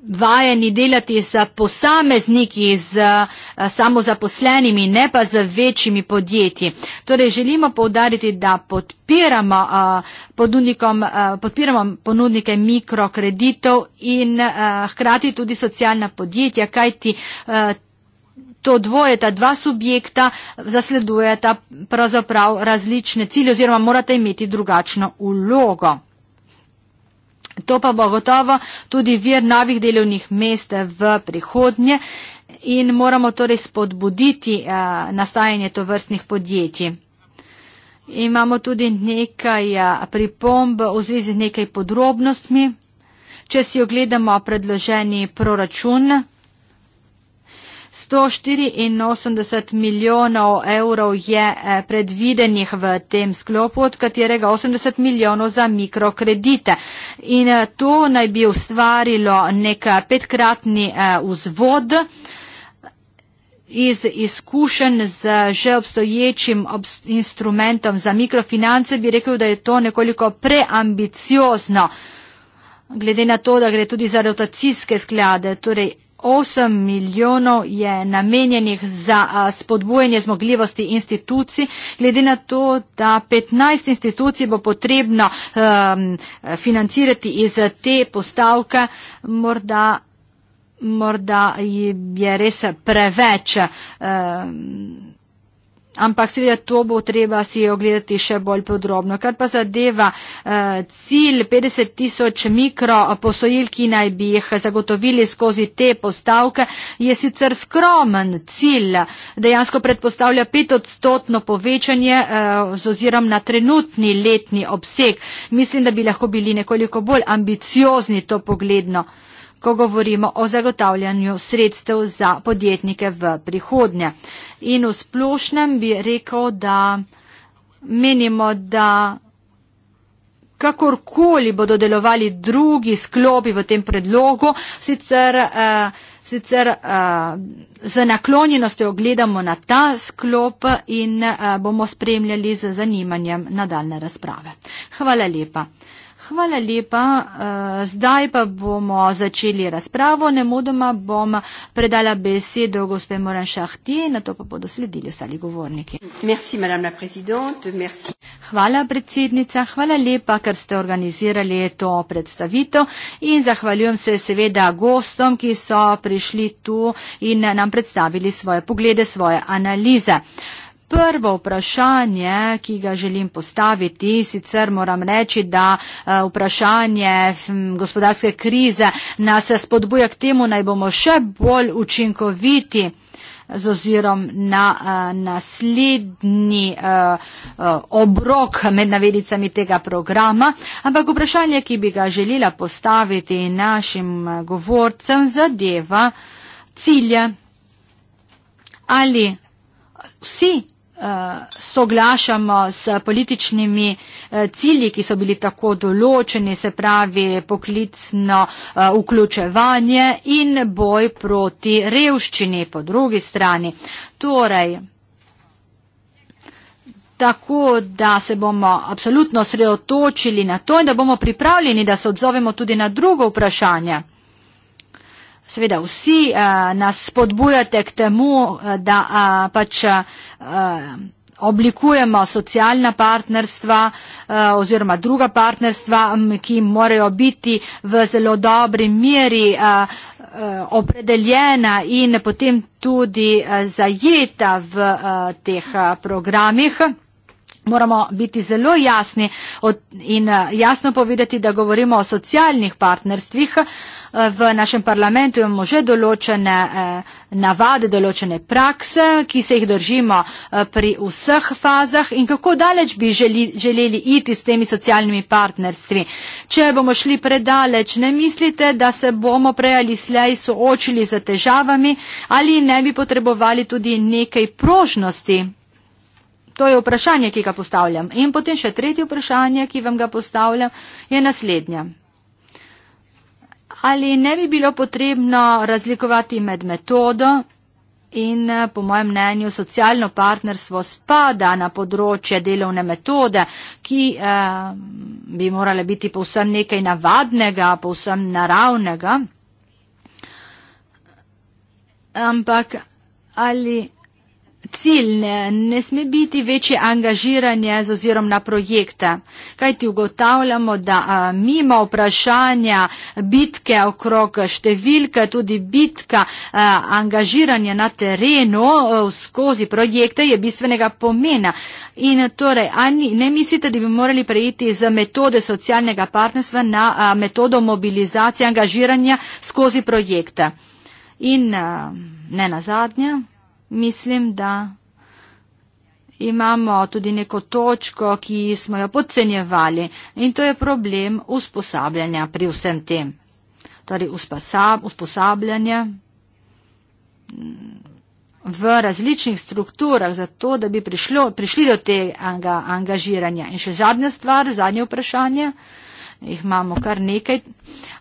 vajeni delati z posamezniki, z eh, samozaposlenimi, ne pa z večjimi podjetji. Torej želimo povdariti, da podpiramo, eh, ponudnikom, eh, podpiramo ponudnike mikrokreditov in hkrati tudi socialna podjetja, kajti to dvoje, ta dva subjekta zasledujeta pravzaprav različne cilje oziroma morate imeti drugačno ulogo. To pa bo gotovo tudi vir novih delovnih mest v prihodnje in moramo torej spodbuditi eh, nastajanje tovrstnih podjetij. Imamo tudi nekaj eh, pripomb v zvezi z nekaj podrobnostmi. Če si ogledamo predloženi proračun, 184 milijonov evrov je eh, predvidenih v tem sklopu, od katerega 80 milijonov za mikrokredite. In eh, to naj bi ustvarilo nek eh, petkratni vzvod iz izkušenj z že obstoječim instrumentom za mikrofinance, bi rekel, da je to nekoliko preambiciozno, glede na to, da gre tudi za rotacijske sklade, torej 8 milijonov je namenjenih za spodbujanje zmogljivosti institucij. Glede na to, da 15 institucij bo potrebno um, financirati iz te postavke, morda, morda je res preveč. Um, Ampak seveda to bo treba si ogledati še bolj podrobno. Kar pa zadeva eh, cilj 50 tisoč mikroposojil, eh, ki naj bi jih zagotovili skozi te postavke, je sicer skromen cilj. Dejansko predpostavlja pet odstotno povečanje eh, z ozirom na trenutni letni obseg. Mislim, da bi lahko bili nekoliko bolj ambiciozni to pogledno ko govorimo o zagotavljanju sredstev za podjetnike v prihodnje. In v splošnem bi rekel, da menimo, da kakorkoli bodo delovali drugi sklopi v tem predlogu, sicer, eh, sicer eh, z naklonjenostjo gledamo na ta sklop in eh, bomo spremljali z zanimanjem nadaljne razprave. Hvala lepa. Hvala lepa. Eh, zdaj pa bomo začeli razpravo. Nemudoma bom predala besedo gospe Moran Šahti, na to pa bodo sledili ostali govorniki. Merci, Merci. Hvala, predsednica. Hvala lepa, ker ste organizirali to predstavitev in zahvaljujem se seveda gostom, ki so prišli tu in nam predstavili svoje poglede, svoje analize prvo vprašanje, ki ga želim postaviti, sicer moram reči, da eh, vprašanje hm, gospodarske krize nas spodbuja k temu, naj bomo še bolj učinkoviti z ozirom na a, eh, naslednji a, eh, a, obrok med navedicami tega programa, ampak vprašanje, ki bi ga želela postaviti našim govorcem, zadeva cilje ali vsi Eh, soglašamo s političnimi eh, cilji, ki so bili tako določeni, se pravi poklicno eh, vključevanje in boj proti revščini po drugi strani. Torej, tako da se bomo absolutno sredotočili na to in da bomo pripravljeni, da se odzovemo tudi na drugo vprašanje seveda vsi a, eh, nas spodbujate k temu, eh, da a, eh, pač a, oblikujemo socialna partnerstva a, oziroma druga partnerstva, ki morajo biti v zelo dobri meri a, a, opredeljena in potem tudi a, zajeta v a, teh a, programih. Moramo biti zelo jasni in eh, jasno povedati, da govorimo o socialnih partnerstvih. Eh, v našem parlamentu imamo že določene eh, navade, določene prakse, ki se jih držimo pri vseh fazah in kako daleč bi želeli iti s temi socialnimi partnerstvi. Če bomo šli predaleč, ne mislite, da se bomo prej ali slej soočili z težavami ali ne bi potrebovali tudi nekaj prožnosti To je vprašanje, ki ga postavljam. In potem še tretje vprašanje, ki vam ga postavljam, je naslednja. Ali ne bi bilo potrebno razlikovati med metodo in, po mojem mnenju, socialno partnerstvo spada na področje delovne metode, ki eh, bi morale biti povsem nekaj navadnega, povsem naravnega. Ampak ali. Cilj ne, ne sme biti večje angažiranje z ozirom na projekte, kajti ugotavljamo, da a, mimo vprašanja bitke okrog številke, tudi bitka a, angažiranja na terenu a, skozi projekte je bistvenega pomena. In torej, ani, ne mislite, da bi morali preiti iz metode socialnega partnerstva na a, metodo mobilizacije angažiranja skozi projekte. In a, ne nazadnje. Mislim, da imamo tudi neko točko, ki smo jo podcenjevali in to je problem usposabljanja pri vsem tem. Torej usposabljanje mm, v različnih strukturah za to, da bi prišlo, prišli do tega angažiranja. In še zadnja stvar, zadnje vprašanje. Uh, jih imamo kar nekaj,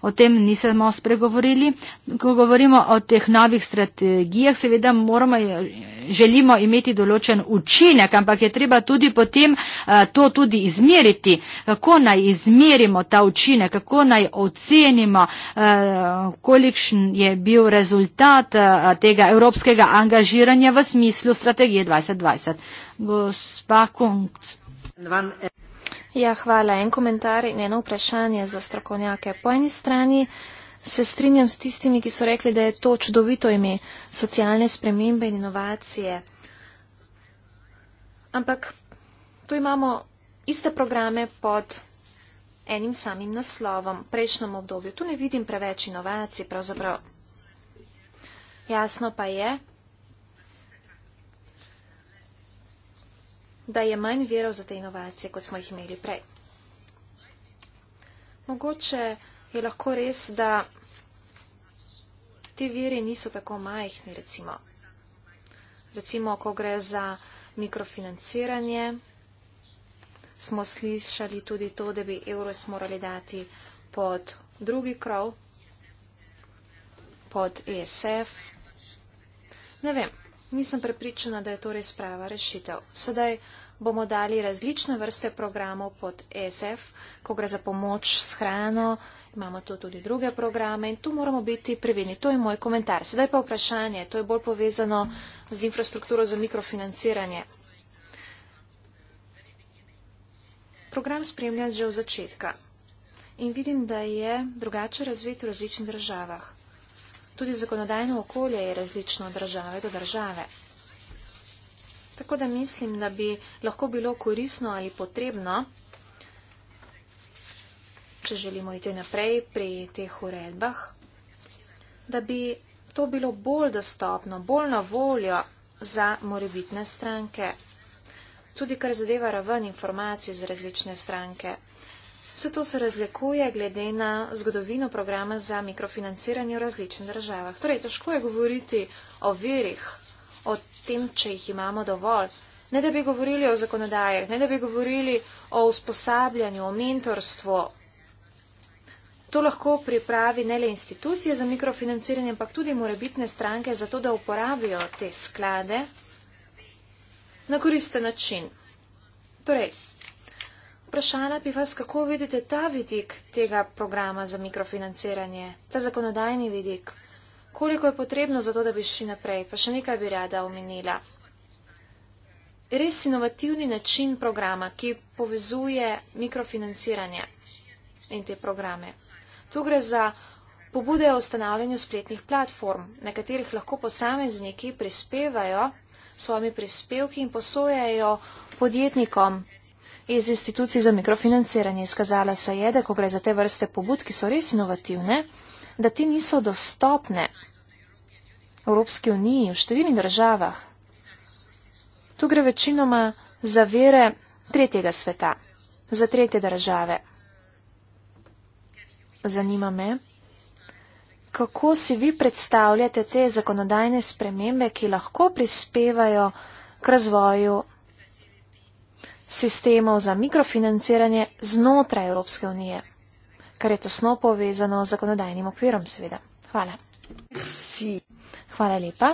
o tem nismo spregovorili. Ko govorimo o teh novih strategijah, seveda moramo, želimo imeti določen učinek, ampak je treba tudi potem eh, to tudi izmeriti. Kako naj izmerimo ta učinek, kako naj ocenimo, eh, kolikšen je bil rezultat eh, tega evropskega angažiranja v smislu strategije 2020. Gospa Kunc. Ja, hvala. En komentar in eno vprašanje za strokovnjake. Po eni strani se strinjam s tistimi, ki so rekli, da je to čudovito ime socialne spremembe in inovacije. Ampak tu imamo iste programe pod enim samim naslovom v prejšnjem obdobju. Tu ne vidim preveč inovacij, pravzaprav. Jasno pa je, da je manj verov za te inovacije, kot smo jih imeli prej. Mogoče je lahko res, da te viri niso tako majhni, recimo. Recimo, ko gre za mikrofinanciranje, smo slišali tudi to, da bi evro morali dati pod drugi krov, pod ESF. Ne vem nisem prepričana, da je to res prava rešitev. Sedaj bomo dali različne vrste programov pod e SF, ko gre za pomoč s hrano, imamo tu tudi druge programe in tu moramo biti previdni. To je moj komentar. Sedaj pa vprašanje, to je bolj povezano z infrastrukturo za mikrofinanciranje. Program spremljam že od začetka in vidim, da je drugače razvit v različnih državah. Tudi zakonodajno okolje je različno od države do države. Tako da mislim, da bi lahko bilo korisno ali potrebno, če želimo iti naprej pri teh uredbah, da bi to bilo bolj dostopno, bolj na voljo za morebitne stranke. Tudi kar zadeva raven informacij za različne stranke, Vse to se razlikuje glede na zgodovino programa za mikrofinanciranje v različnih državah. Torej, težko je govoriti o virih, o tem, če jih imamo dovolj. Ne da bi govorili o zakonodaji, ne da bi govorili o usposabljanju, o mentorstvu. To lahko pripravi ne le institucije za mikrofinanciranje, ampak tudi morebitne stranke za to, da uporabijo te sklade na koriste način. Torej, vprašanja bi vas, kako vidite ta vidik tega programa za mikrofinanciranje, ta zakonodajni vidik? Koliko je potrebno za to, da bi šli naprej? Pa še nekaj bi rada omenila. Res inovativni način programa, ki povezuje mikrofinanciranje in te programe. Tu gre za pobude o ustanavljanju spletnih platform, na katerih lahko posamezniki prispevajo svojimi prispevki in posojajo podjetnikom iz institucij za mikrofinanciranje. Izkazala se je, da ko gre za te vrste pobud, ki so res inovativne, da ti niso dostopne v Evropski uniji, v številnih državah. Tu gre večinoma za vere tretjega sveta, za tretje države. Zanima me, kako si vi predstavljate te zakonodajne spremembe, ki lahko prispevajo k razvoju sistemov za mikrofinanciranje znotraj Evropske unije, kar je tesno povezano z zakonodajnim okvirom, seveda. Hvala. Hvala lepa.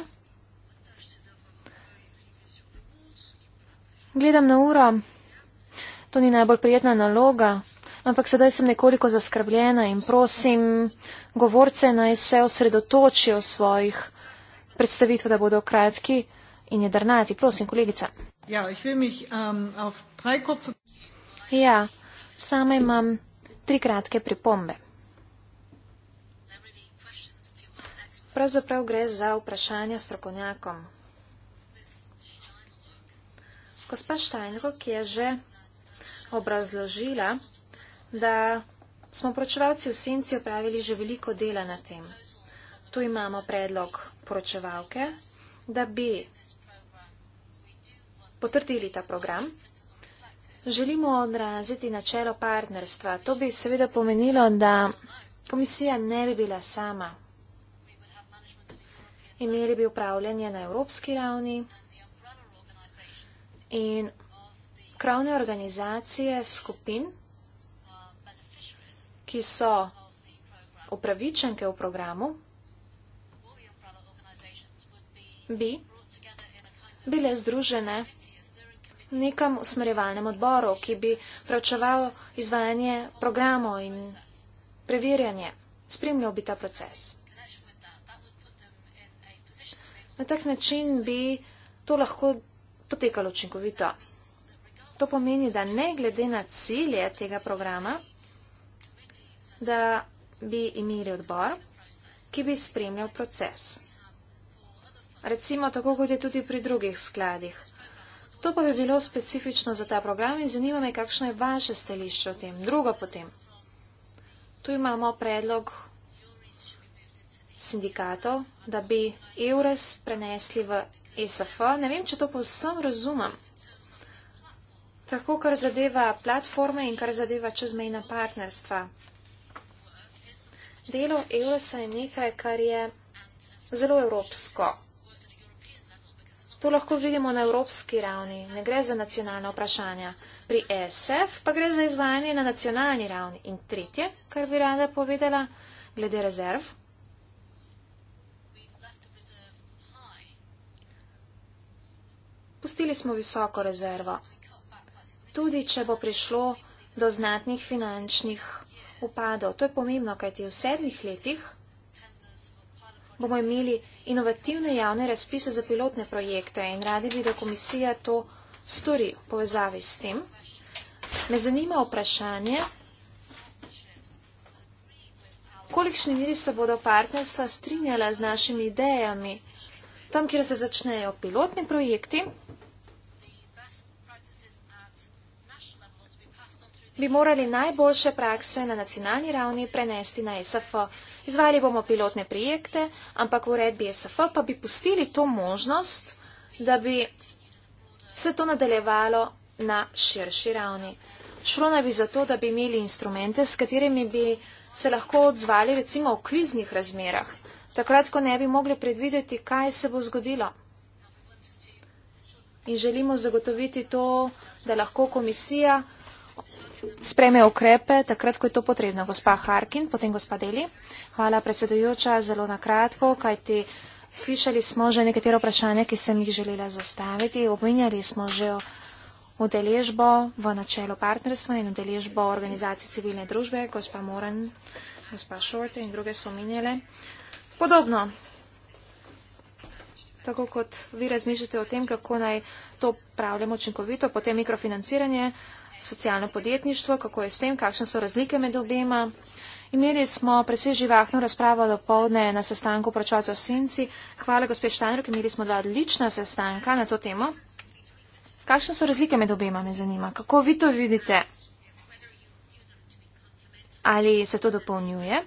Gledam na uro. To ni najbolj prijetna naloga, ampak sedaj sem nekoliko zaskrbljena in prosim govorce naj se osredotočijo svojih predstavitev, da bodo kratki in jedrnati. Prosim, kolegica. Ja, ich will mich um, auf drei kurze. Ja, same imam tri kratke pripombe. Pravzaprav gre za vprašanje strokovnjakom. Gospa Štajnko, ki je že obrazložila, da smo poročevalci v senci opravili že veliko dela na tem. Tu imamo predlog poročevalke, da bi potrdili ta program. Želimo odraziti načelo partnerstva. To bi seveda pomenilo, da komisija ne bi bila sama. Imeli bi upravljanje na evropski ravni in kravne organizacije skupin, ki so upravičenke v programu, bi bile združene v programu nekem usmerjevalnem odboru, ki bi pravčeval izvajanje programov in preverjanje. Spremljal bi ta proces. Na tak način bi to lahko potekalo učinkovito. To pomeni, da ne glede na cilje tega programa, da bi imeli odbor, ki bi spremljal proces. Recimo tako, kot je tudi pri drugih skladih to pa bi bilo specifično za ta program in zanima me, kakšno je vaše stališče o tem. Drugo potem. Tu imamo predlog sindikatov, da bi EURES prenesli v ESF. Ne vem, če to povsem razumem. Tako, kar zadeva platforme in kar zadeva čezmejna partnerstva. Delo EURES-a je nekaj, kar je zelo evropsko. To lahko vidimo na evropski ravni, ne gre za nacionalna vprašanja. Pri ESF pa gre za izvajanje na nacionalni ravni. In tretje, kar bi rada povedala, glede rezerv. Pustili smo visoko rezervo. Tudi, če bo prišlo do znatnih finančnih upadov. To je pomembno, kajti v sedmih letih bomo imeli inovativne javne razpise za pilotne projekte in radi bi, da komisija to stori v povezavi s tem. Me zanima vprašanje, kolikšni miri se bodo partnerstva strinjala z našimi idejami, tam, kjer se začnejo pilotni projekti, bi morali najboljše prakse na nacionalni ravni prenesti na SF. Izvali bomo pilotne projekte, ampak v uredbi SF pa bi pustili to možnost, da bi se to nadaljevalo na širši ravni. Šlo naj bi za to, da bi imeli instrumente, s katerimi bi se lahko odzvali recimo v kriznih razmerah, takrat, ko ne bi mogli predvideti, kaj se bo zgodilo. In želimo zagotoviti to, da lahko komisija spreme okrepe takrat, ko je to potrebno. Gospa Harkin, potem gospa Deli. Hvala, predsedujoča, zelo na kratko, kajti slišali smo že nekatero vprašanja, ki sem jih želela zastaviti. Obvinjali smo že udeležbo v načelu partnerstva in udeležbo organizacije civilne družbe, gospa Moran, gospa Šorte in druge so omenjale. Podobno, tako kot vi razmišljate o tem, kako naj to pravljamo učinkovito, potem mikrofinanciranje, socialno podjetništvo, kako je s tem, kakšne so razlike med obema. Imeli smo precej živahno razpravo do povdne na sestanku pročvacov Sinci. Hvala, gospod Štanjer, imeli smo dva odlična sestanka na to temo. Kakšne so razlike med obema, me zanima. Kako vi to vidite? Ali se to dopolnjuje?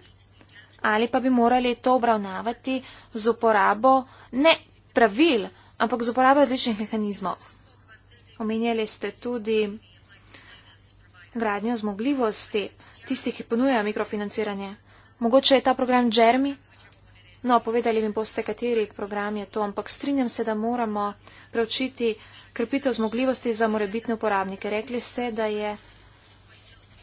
Ali pa bi morali to obravnavati z uporabo ne pravil, ampak z uporabo različnih mehanizmov. Omenjali ste tudi gradnjo zmogljivosti tistih, ki ponujajo mikrofinanciranje. Mogoče je ta program Jeremy? No, povedali mi boste, kateri program je to, ampak strinjam se, da moramo preučiti krepitev zmogljivosti za morebitne uporabnike. Rekli ste, da je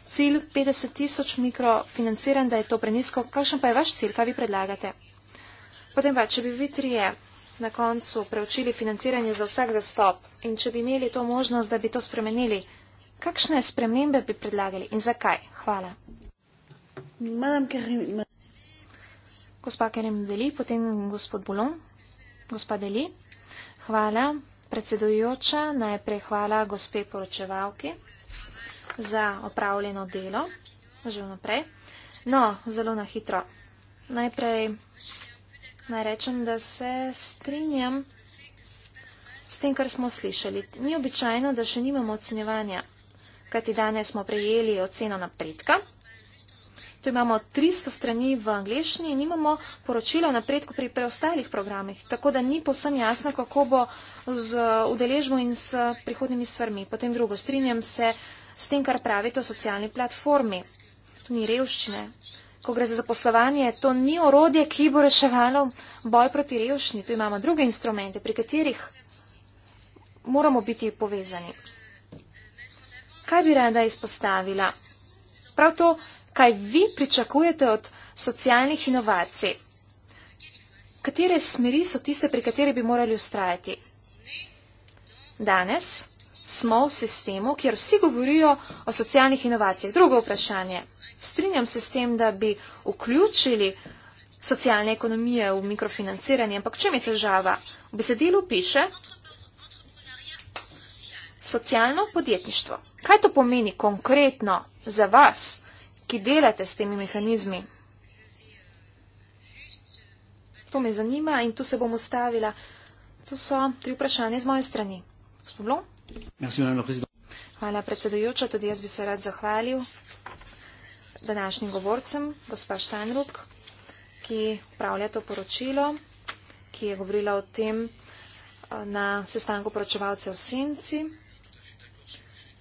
cilj 50 tisoč mikrofinanciran, da je to prenisko. Kakšen pa je vaš cilj? Kaj vi predlagate? Potem pa, če bi vi trije na koncu preučili financiranje za vsak dostop in če bi imeli to možnost, da bi to spremenili, kakšne spremembe bi predlagali in zakaj? Hvala. Gospa Kerim Deli, potem gospod Bulon. Gospa Deli, hvala. Predsedujoča, najprej hvala gospe poročevalki za opravljeno delo. Že vnaprej. No, zelo na hitro. Najprej naj rečem, da se strinjam s tem, kar smo slišali. Ni običajno, da še nimamo ocenjevanja, kajti danes smo prejeli oceno napredka. Tu imamo 300 strani v angliščini in imamo poročilo o napredku pri preostalih programih, tako da ni posem jasno, kako bo z udeležbo in s prihodnimi stvarmi. Potem drugo, strinjam se s tem, kar pravite o socialni platformi. Tu ni revščine ko gre za zaposlovanje, to ni orodje, ki bo reševalo boj proti revščini. Tu imamo druge instrumente, pri katerih moramo biti povezani. Kaj bi rada izpostavila? Prav to, kaj vi pričakujete od socialnih inovacij. Katere smeri so tiste, pri kateri bi morali ustrajati? Danes smo v sistemu, kjer vsi govorijo o socialnih inovacijah. Drugo vprašanje strinjam se s tem, da bi vključili socialne ekonomije v mikrofinanciranje, ampak čem je težava? V besedilu piše socialno podjetništvo. Kaj to pomeni konkretno za vas, ki delate s temi mehanizmi? To me zanima in tu se bom ustavila. To so tri vprašanje z moje strani. Gospod Blom? Hvala, predsedujoča. Tudi jaz bi se rad zahvalil današnjim govorcem, gospa Štenruk, ki pravlja to poročilo, ki je govorila o tem eh, na sestanku poročevalcev v Senci.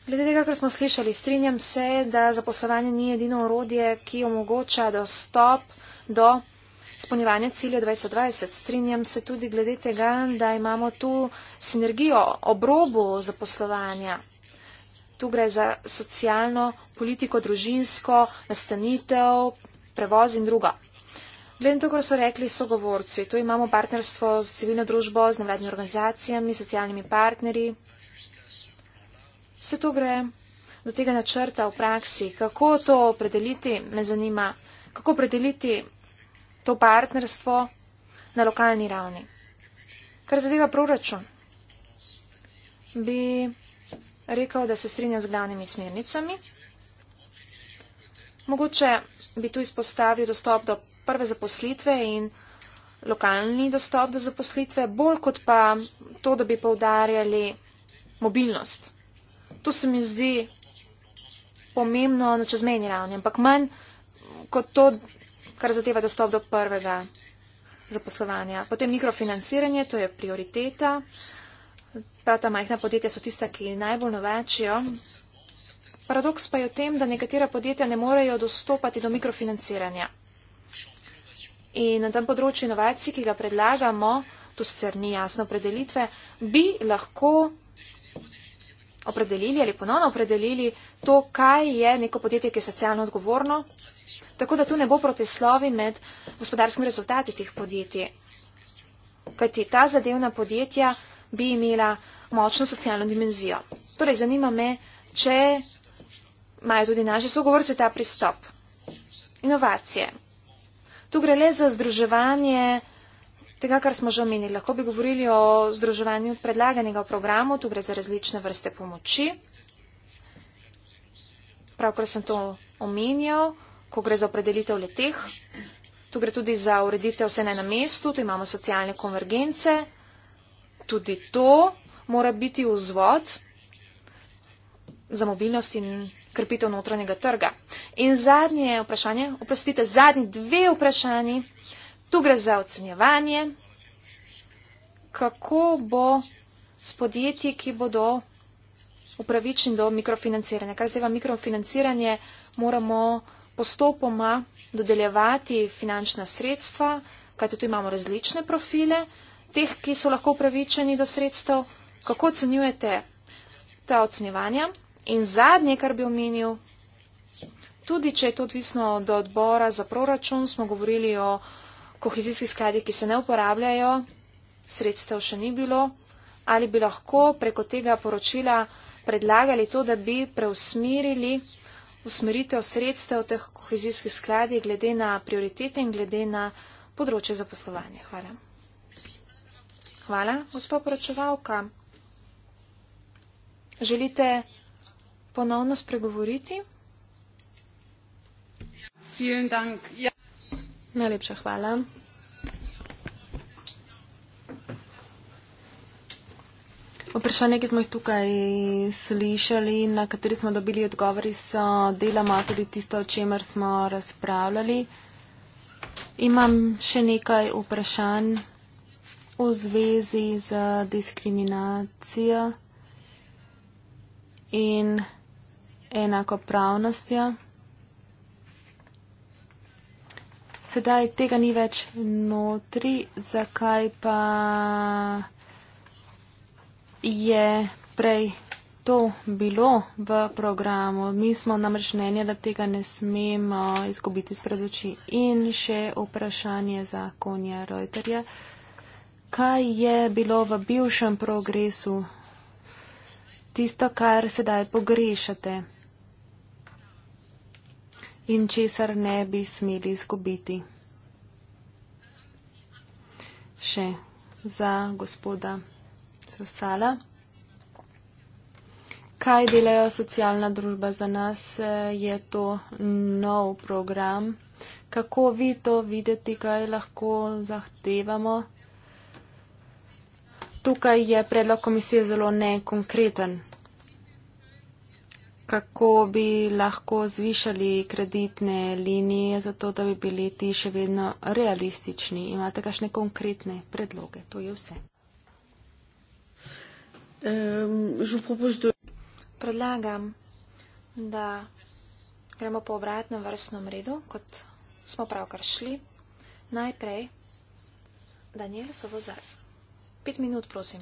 Glede tega, kar smo slišali, strinjam se, da zaposlovanje ni edino orodje, ki omogoča dostop do izpolnjevanja cilja 2020. Strinjam se tudi glede tega, da imamo tu sinergijo obrobu zaposlovanja. Tu gre za socialno politiko, družinsko, nastanitev, prevoz in drugo. Glede na to, kar so rekli sogovorci, tu imamo partnerstvo z civilno družbo, z nevladnimi organizacijami, socialnimi partnerji. Vse to gre do tega načrta v praksi. Kako to opredeliti, me zanima. Kako opredeliti to partnerstvo na lokalni ravni? Kar zadeva proračun, bi rekel, da se strinja z glavnimi smernicami. Mogoče bi tu izpostavil dostop do prve zaposlitve in lokalni dostop do zaposlitve, bolj kot pa to, da bi povdarjali mobilnost. To se mi zdi pomembno na čezmeni ravni, ampak manj kot to, kar zadeva dostop do prvega zaposlovanja. Potem mikrofinanciranje, to je prioriteta. Uh, prav ta majhna podjetja so tista, ki najbolj novačijo. Paradoks pa je v tem, da nekatera podjetja ne morejo dostopati do mikrofinanciranja. In na tem področju inovacij, ki ga predlagamo, tu sicer ni jasno opredelitve, bi lahko opredelili ali ponovno opredelili to, kaj je neko podjetje, ki je socialno odgovorno, tako da tu ne bo proteslovi med gospodarskimi rezultati teh podjetij. Kajti ta zadevna podjetja bi imela močno socialno dimenzijo. Torej, zanima me, če imajo tudi naše sogovorce ta pristop. Inovacije. Tu gre le za združevanje tega, kar smo že omenili. Lahko bi govorili o združevanju predlaganega v programu, tu gre za različne vrste pomoči. Pravkar sem to omenjal, ko gre za opredelitev leteh. Tu gre tudi za ureditev vse ne na mestu, tu imamo socialne konvergence tudi to mora biti vzvod za mobilnost in krepitev notranjega trga. In zadnje vprašanje, oprostite, zadnji dve vprašanji, tu gre za ocenjevanje, kako bo s podjetji, ki bodo upravičeni do mikrofinanciranja. Kar zdaj mikrofinanciranje, moramo postopoma dodeljevati finančna sredstva, kajti tu imamo različne profile teh, ki so lahko upravičeni do sredstev, kako ocenjujete ta ocenjevanja? In zadnje, kar bi omenil, tudi če je to odvisno od odbora za proračun, smo govorili o kohezijskih skladih, ki se ne uporabljajo, sredstev še ni bilo, ali bi lahko preko tega poročila predlagali to, da bi preusmerili usmeritev sredstev teh kohezijskih skladih glede na prioritete in glede na področje zaposlovanja. Hvala. Hvala, gospod poročevalka. Želite ponovno spregovoriti? Ja. Najlepša hvala. Vprašanje, ki smo jih tukaj slišali, na kateri smo dobili odgovori, so deloma tudi tisto, o čemer smo razpravljali. Imam še nekaj vprašanj v zvezi z diskriminacijo in enakopravnostjo. Sedaj tega ni več notri, zakaj pa je prej to bilo v programu. Mi smo namreč mnenje, da tega ne smemo izgubiti spred oči. In še vprašanje za konja Reuterja kaj je bilo v bivšem progresu tisto, kar sedaj pogrešate in česar ne bi smeli izgubiti. Še za gospoda Sosala. Kaj delajo socialna družba za nas? Je to nov program? Kako vi to videti, kaj lahko zahtevamo? tukaj je predlog komisije zelo nekonkreten. Kako bi lahko zvišali kreditne linije, zato da bi bili ti še vedno realistični? Imate kakšne konkretne predloge? To je vse. Predlagam, da gremo po obratnem vrstnem redu, kot smo pravkar šli. Najprej Daniel Sovozar. Pet minut, prosim.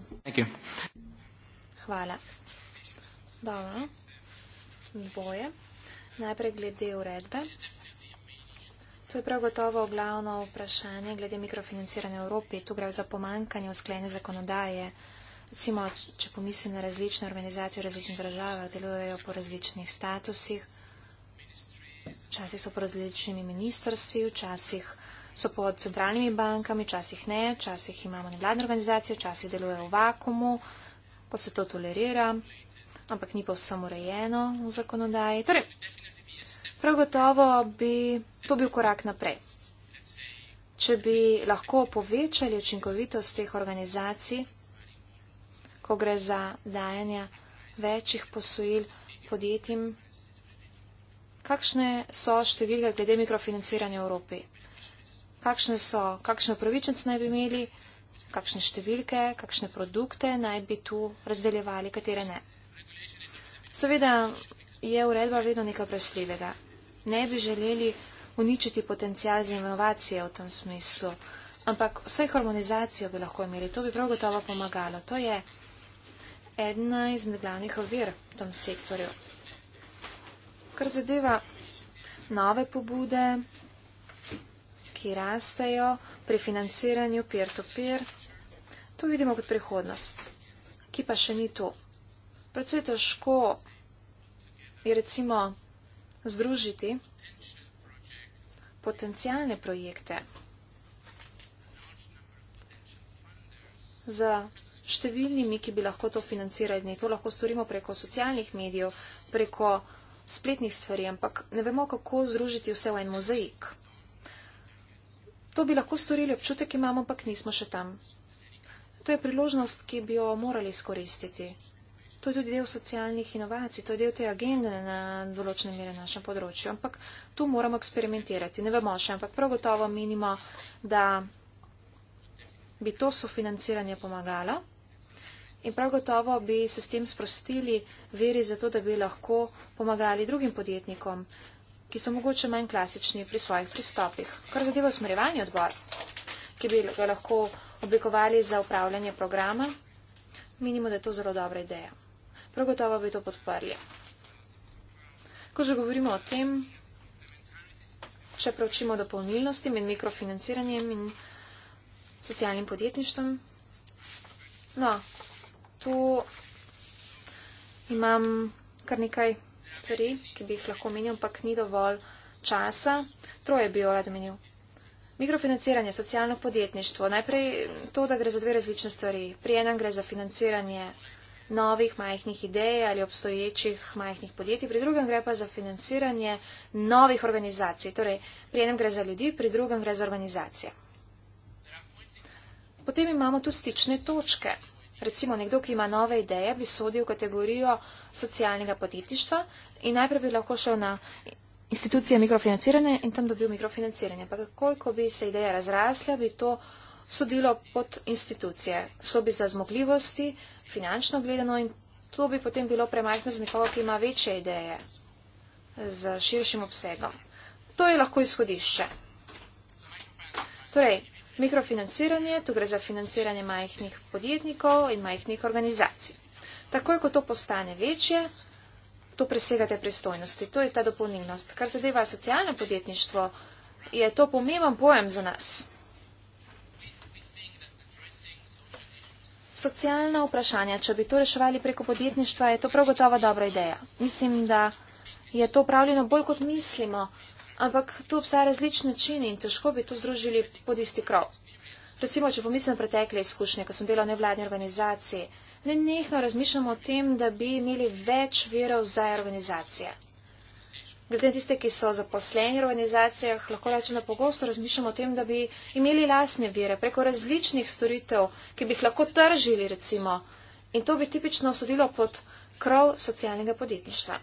Hvala. Dobro. Boje. Najprej glede uredbe. To je prav gotovo glavno vprašanje glede mikrofinanciranja v Evropi. Tu gre za pomankanje usklene zakonodaje. Recimo, če pomislim na različne organizacije v različnih državah, delujejo po različnih statusih, včasih so po različnimi ministrstvi, včasih so pod centralnimi bankami, včasih ne, včasih imamo nevladne organizacije, včasih delujejo v vakumu, ko se to tolerira, ampak ni pa vsem urejeno v zakonodaji. Torej, prav gotovo bi to bil korak naprej. Če bi lahko povečali učinkovitost teh organizacij, ko gre za dajanje večjih posojil podjetjem, kakšne so številke glede mikrofinanciranja v Evropi? kakšne so, kakšne upravičence naj bi imeli, kakšne številke, kakšne produkte naj bi tu razdeljevali, katere ne. Seveda je uredba vedno nekaj prešljivega. Ne bi želeli uničiti potencijal za inovacije v tem smislu, ampak vsaj harmonizacijo bi lahko imeli, to bi prav gotovo pomagalo. To je ena izmed glavnih ovir v tem sektorju. Kar zadeva nove pobude, ki rastejo pri financiranju peer-to-peer, to vidimo kot prihodnost, ki pa še ni tu. Predvsej težko je recimo združiti potencijalne projekte za številnimi, ki bi lahko to financirali. To lahko storimo preko socialnih medijev, preko spletnih stvari, ampak ne vemo, kako združiti vse v en mozaik. To bi lahko storili občutek imamo, ampak nismo še tam. To je priložnost, ki bi jo morali izkoristiti. To je tudi del socialnih inovacij, to je del te agende na določene mere na našem področju. Ampak tu moramo eksperimentirati. Ne vemo še, ampak prav gotovo menimo, da bi to sofinanciranje pomagalo. In prav gotovo bi se s tem sprostili veri za to, da bi lahko pomagali drugim podjetnikom, ki so mogoče manj klasični pri svojih pristopih. Kar zadeva usmerjevanje odbor, ki bi ga lahko oblikovali za upravljanje programa, menimo, da je to zelo dobra ideja. Prav gotovo bi to podprli. Ko že govorimo o tem, če preučimo dopolnilnosti med mikrofinanciranjem in socialnim podjetništvom, no, tu imam kar nekaj stvari, ki bi jih lahko menil, ampak ni dovolj časa. Troje je bil odmenil. Mikrofinanciranje, socialno podjetništvo. Najprej to, da gre za dve različne stvari. Pri enem gre za financiranje novih majhnih idej ali obstoječih majhnih podjetij, pri drugem gre pa za financiranje novih organizacij. Torej, pri enem gre za ljudi, pri drugem gre za organizacije. Potem imamo tu stične točke recimo nekdo, ki ima nove ideje, bi sodil v kategorijo socialnega podjetništva in najprej bi lahko šel na institucije mikrofinanciranja in tam dobil mikrofinanciranje. Pa takoj, ko bi se ideja razrasla, bi to sodilo pod institucije. Šlo bi za zmogljivosti, finančno gledano in to bi potem bilo premajhno za nekoga, ki ima večje ideje z širšim obsegom. To je lahko izhodišče. Torej, Mikrofinanciranje, tu gre za financiranje majhnih podjetnikov in majhnih organizacij. Takoj, ko to postane večje, to presegate pristojnosti. To je ta dopolnilnost. Kar zadeva socialno podjetništvo, je to pomemben pojem za nas. Socialna vprašanja, če bi to reševali preko podjetništva, je to prav gotovo dobra ideja. Mislim, da je to upravljeno bolj kot mislimo. Ampak tu obstajajo različni načini in težko bi to združili pod isti krov. Recimo, če pomislim pretekle izkušnje, ko sem delal v nevladni organizaciji, ne nehno razmišljamo o tem, da bi imeli več verov za organizacije. Glede tiste, ki so zaposleni v organizacijah, lahko rečem, da pogosto razmišljamo o tem, da bi imeli lasne vere preko različnih storitev, ki bi jih lahko tržili, recimo. In to bi tipično sodilo pod krov socialnega podjetništva.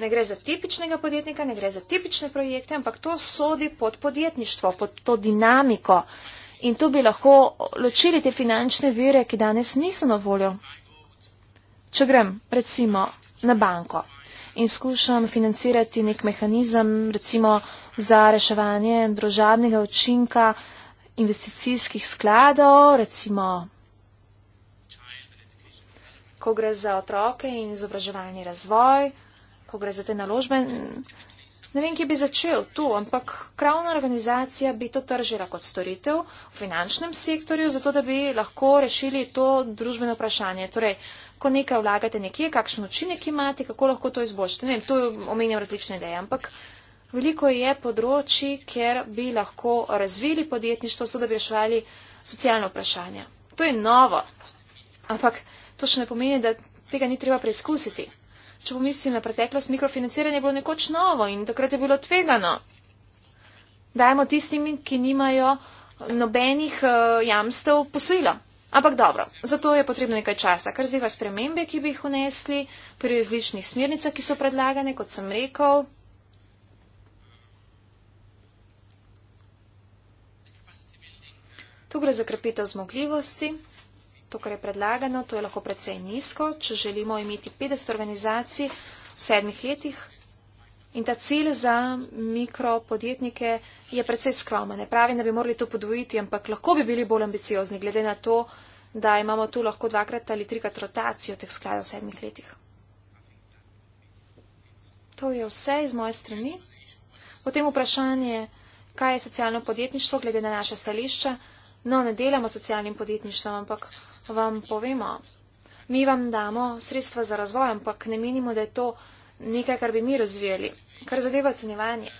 Ne gre za tipičnega podjetnika, ne gre za tipične projekte, ampak to sodi pod podjetništvo, pod to dinamiko. In tu bi lahko ločili te finančne vire, ki danes niso na voljo. Če grem recimo na banko in skušam financirati nek mehanizem recimo za reševanje družabnega učinka investicijskih skladov, recimo ko gre za otroke in izobraževalni razvoj, ko gre za te naložbe. Ne vem, kje bi začel tu, ampak kravna organizacija bi to tržila kot storitev v finančnem sektorju, zato da bi lahko rešili to družbeno vprašanje. Torej, ko nekaj vlagate nekje, kakšen učinek imate, kako lahko to izboljšate. Ne vem, tu omenjam različne ideje, ampak veliko je področji, kjer bi lahko razvili podjetništvo, zato da bi rešvali socialno vprašanje. To je novo, ampak to še ne pomeni, da tega ni treba preizkusiti. Če pomislim na preteklost, mikrofinanciranje je bilo nekoč novo in takrat je bilo tvegano. Dajmo tistim, ki nimajo eh, nobenih eh, jamstev posojila. Ampak dobro, zato je potrebno nekaj časa, kar zdaj spremembe, ki bi jih unesli pri različnih smernicah, ki so predlagane, kot sem rekel. Tu gre za krepitev zmogljivosti. To, kar je predlagano, to je lahko predvsej nizko, če želimo imeti 50 organizacij v sedmih letih. In ta cilj za mikropodjetnike je predvsej skromen. Ne pravim, da bi morali to podvojiti, ampak lahko bi bili bolj ambiciozni, glede na to, da imamo tu lahko dvakrat ali trikrat rotacijo teh skladov v sedmih letih. To je vse iz moje strani. Potem vprašanje, kaj je socialno podjetništvo, glede na naše stališča. No, ne delamo socialnim podjetništvom, ampak vam povemo. Mi vam damo sredstva za razvoj, ampak ne menimo, da je to nekaj, kar bi mi razvijali, kar zadeva ocenjevanje.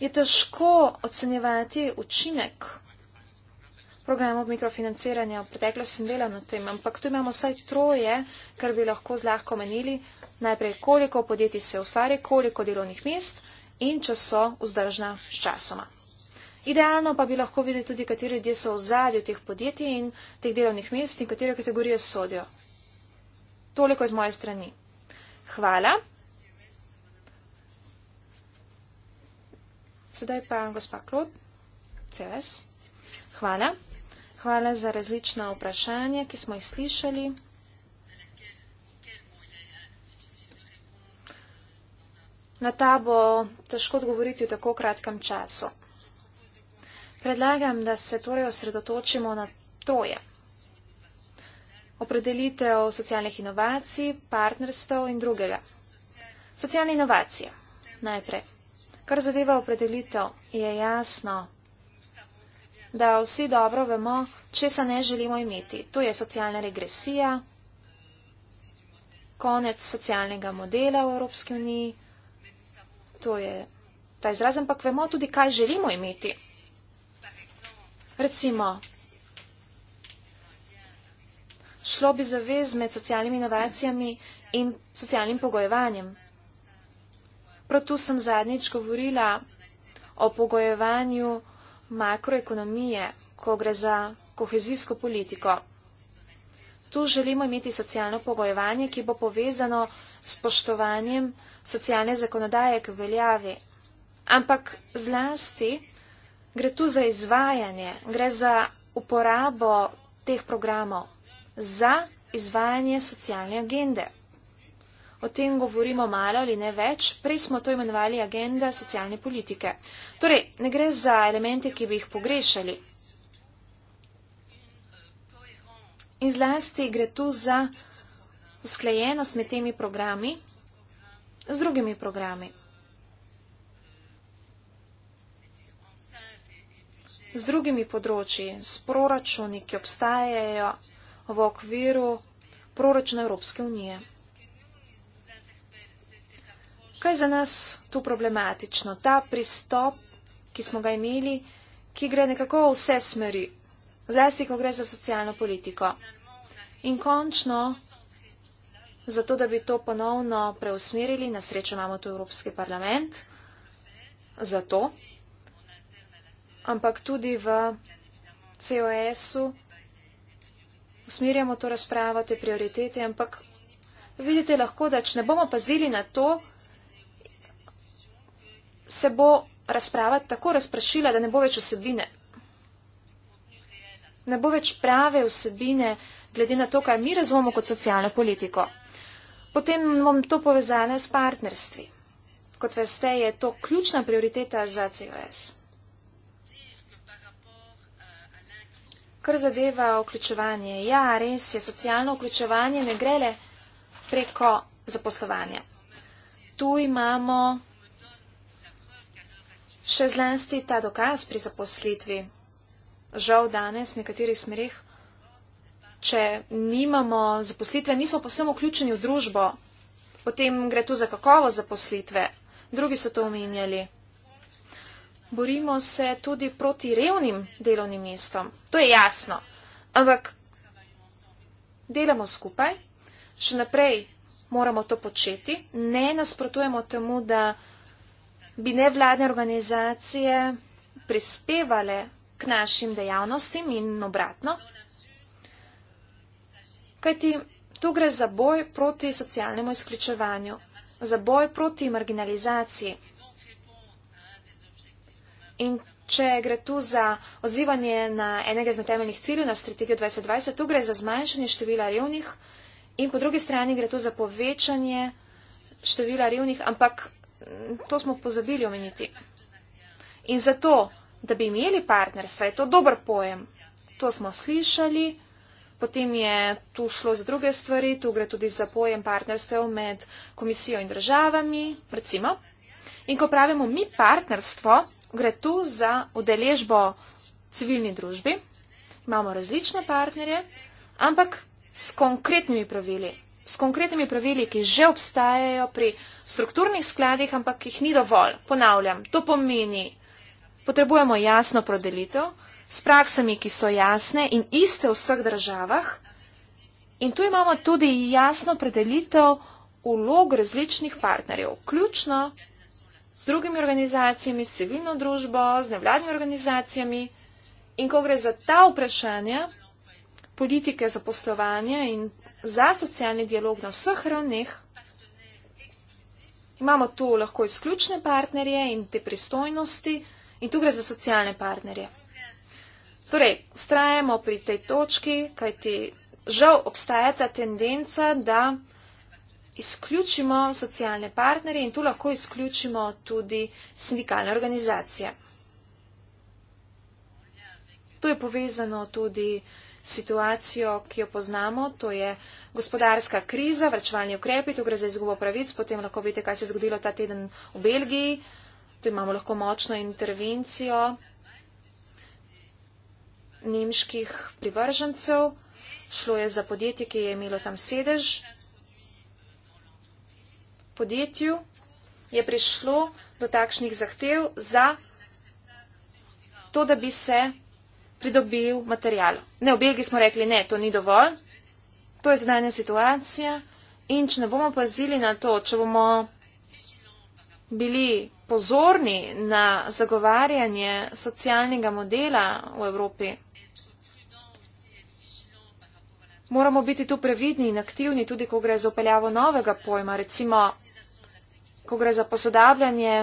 Je težko ocenjevati učinek programov mikrofinanciranja. V preteklosti sem delal na tem, ampak tu imamo vsaj troje, kar bi lahko zlahko menili. Najprej, koliko podjetij se ustvari, koliko delovnih mest in če so vzdržna s časoma. Idealno pa bi lahko videli tudi, kateri ljudje so v zadju teh podjetij in teh delovnih mest in katere kategorije sodijo. Toliko iz moje strani. Hvala. Sedaj pa gospa Klod, CVS. Hvala. Hvala za različna vprašanja, ki smo jih slišali. Na ta bo težko odgovoriti v tako kratkem času. Predlagam, da se torej osredotočimo na toje. Opredelitev socialnih inovacij, partnerstv in drugega. Socialne inovacije. Najprej. Kar zadeva opredelitev, je jasno, da vsi dobro vemo, če se ne želimo imeti. To je socialna regresija, konec socialnega modela v Evropski uniji. To je ta izraz, ampak vemo tudi, kaj želimo imeti. Recimo, šlo bi za vez med socialnimi inovacijami in socialnim pogojevanjem. Prav tu sem zadnjič govorila o pogojevanju makroekonomije, ko gre za kohezijsko politiko. Tu želimo imeti socialno pogojevanje, ki bo povezano s poštovanjem socialne zakonodaje k veljavi. Ampak zlasti Gre tu za izvajanje, gre za uporabo teh programov, za izvajanje socialne agende. O tem govorimo malo ali ne več, prej smo to imenovali agenda socialne politike. Torej, ne gre za elemente, ki bi jih pogrešali. In zlasti gre tu za usklajenost med temi programi z drugimi programi. z drugimi področji, s proračuni, ki obstajajo v okviru proračuna Evropske unije. Kaj je za nas tu problematično? Ta pristop, ki smo ga imeli, ki gre nekako v vse smeri, zlasti, ko gre za socialno politiko. In končno, zato, da bi to ponovno preusmerili, na srečo imamo tu Evropski parlament, zato ampak tudi v COS-u usmerjamo to razpravo, te prioritete, ampak vidite lahko, da če ne bomo pazili na to, se bo razprava tako razprašila, da ne bo več vsebine. Ne bo več prave vsebine, glede na to, kaj mi razumemo kot socialno politiko. Potem bom to povezala s partnerstvi. Kot veste, je to ključna prioriteta za COS. kar zadeva vključevanje. Ja, res je, socialno vključevanje ne gre le preko zaposlovanja. Tu imamo še zlasti ta dokaz pri zaposlitvi. Žal danes v nekaterih smerih, če nimamo zaposlitve, nismo posebno vključeni v družbo. Potem gre tu za kakovo zaposlitve. Drugi so to omenjali borimo se tudi proti revnim delovnim mestom. To je jasno. Ampak delamo skupaj, še naprej moramo to početi. Ne nasprotujemo temu, da bi nevladne organizacije prispevale k našim dejavnostim in obratno. Kajti tu gre za boj proti socialnemu izključevanju, za boj proti marginalizaciji. In če gre tu za odzivanje na enega izmed temeljnih ciljev na strategijo 2020, tu gre za zmanjšanje števila revnih in po drugi strani gre tu za povečanje števila revnih, ampak to smo pozabili omeniti. In zato, da bi imeli partnerstva, je to dober pojem. To smo slišali, potem je tu šlo za druge stvari, tu gre tudi za pojem partnerstev med komisijo in državami, recimo. In ko pravimo mi partnerstvo, gre tu za udeležbo civilni družbi, imamo različne partnerje, ampak s konkretnimi pravili, s konkretnimi pravili, ki že obstajajo pri strukturnih skladih, ampak jih ni dovolj. Ponavljam, to pomeni, potrebujemo jasno prodelitev s praksami, ki so jasne in iste v vseh državah. In tu imamo tudi jasno predelitev ulog različnih partnerjev, ključno z drugimi organizacijami, s civilno družbo, z nevladnimi organizacijami. In ko gre za ta vprašanja, politike za poslovanje in za socialni dialog na vseh ravneh, imamo tu lahko izključne partnerje in te pristojnosti in tu gre za socialne partnerje. Torej, ustrajamo pri tej točki, kajti žal obstaja ta tendenca, da izključimo socialne partnerje in tu lahko izključimo tudi sindikalne organizacije. To je povezano tudi s situacijo, ki jo poznamo, to je gospodarska kriza, vrčevalni ukrepi, tu gre za izgubo pravic, potem lahko vidite, kaj se je zgodilo ta teden v Belgiji, tu imamo lahko močno intervencijo nemških privržencev, šlo je za podjetje, ki je imelo tam sedež podjetju je prišlo do takšnih zahtev za to, da bi se pridobil material. Ne, obegi smo rekli, ne, to ni dovolj. To je zdajna situacija in če ne bomo pazili na to, če bomo bili pozorni na zagovarjanje socialnega modela v Evropi, moramo biti tu previdni in aktivni, tudi ko gre za upeljavo novega pojma, recimo, ko gre za posodabljanje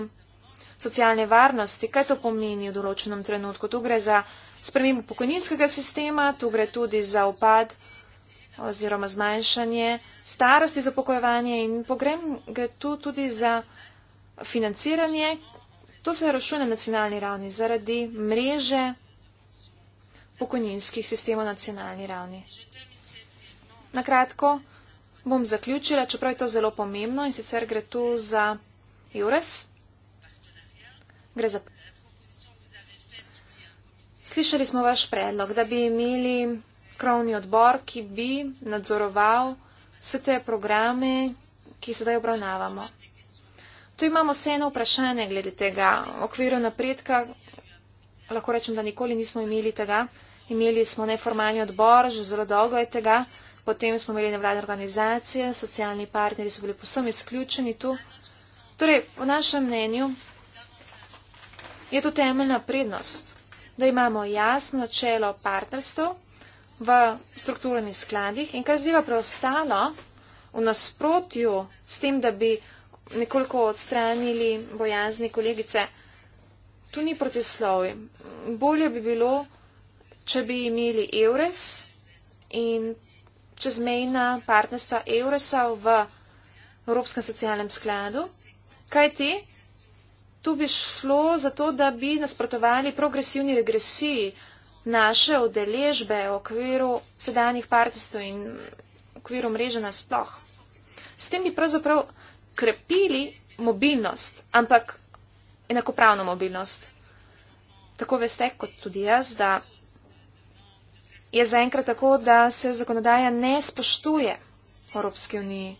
socialne varnosti, kaj to pomeni v določenem trenutku. Tu gre za spremembo pokojninskega sistema, tu gre tudi za upad oziroma zmanjšanje starosti za pokojevanje in pogrem gre tu tudi za financiranje. To se rešuje na nacionalni ravni zaradi mreže pokojninskih sistemov na nacionalni ravni. Na kratko bom zaključila, čeprav je to zelo pomembno in sicer gre tu za EURES. Gre za. Slišali smo vaš predlog, da bi imeli krovni odbor, ki bi nadzoroval vse te programe, ki sedaj obravnavamo. Tu imamo vseeno vprašanje glede tega okviru napredka. Lahko rečem, da nikoli nismo imeli tega. Imeli smo neformalni odbor, že zelo dolgo je tega potem smo imeli nevladne organizacije, socialni partnerji so bili posebno izključeni tu. Torej, po našem mnenju je to temeljna prednost, da imamo jasno načelo partnerstva v strukturnih skladih in kar zdaj pa preostalo v nasprotju s tem, da bi nekoliko odstranili bojazni kolegice, tu ni protislovi. Bolje bi bilo, če bi imeli EURES in čezmejna partnerstva Eurosa v Evropskem socialnem skladu. Kaj ti? Tu bi šlo za to, da bi nasprotovali progresivni regresiji naše udeležbe v okviru sedanjih partnerstv in v okviru mreže nasploh. S tem bi pravzaprav krepili mobilnost, ampak enakopravno mobilnost. Tako veste, kot tudi jaz, da je zaenkrat tako, da se zakonodaja ne spoštuje v Evropski uniji.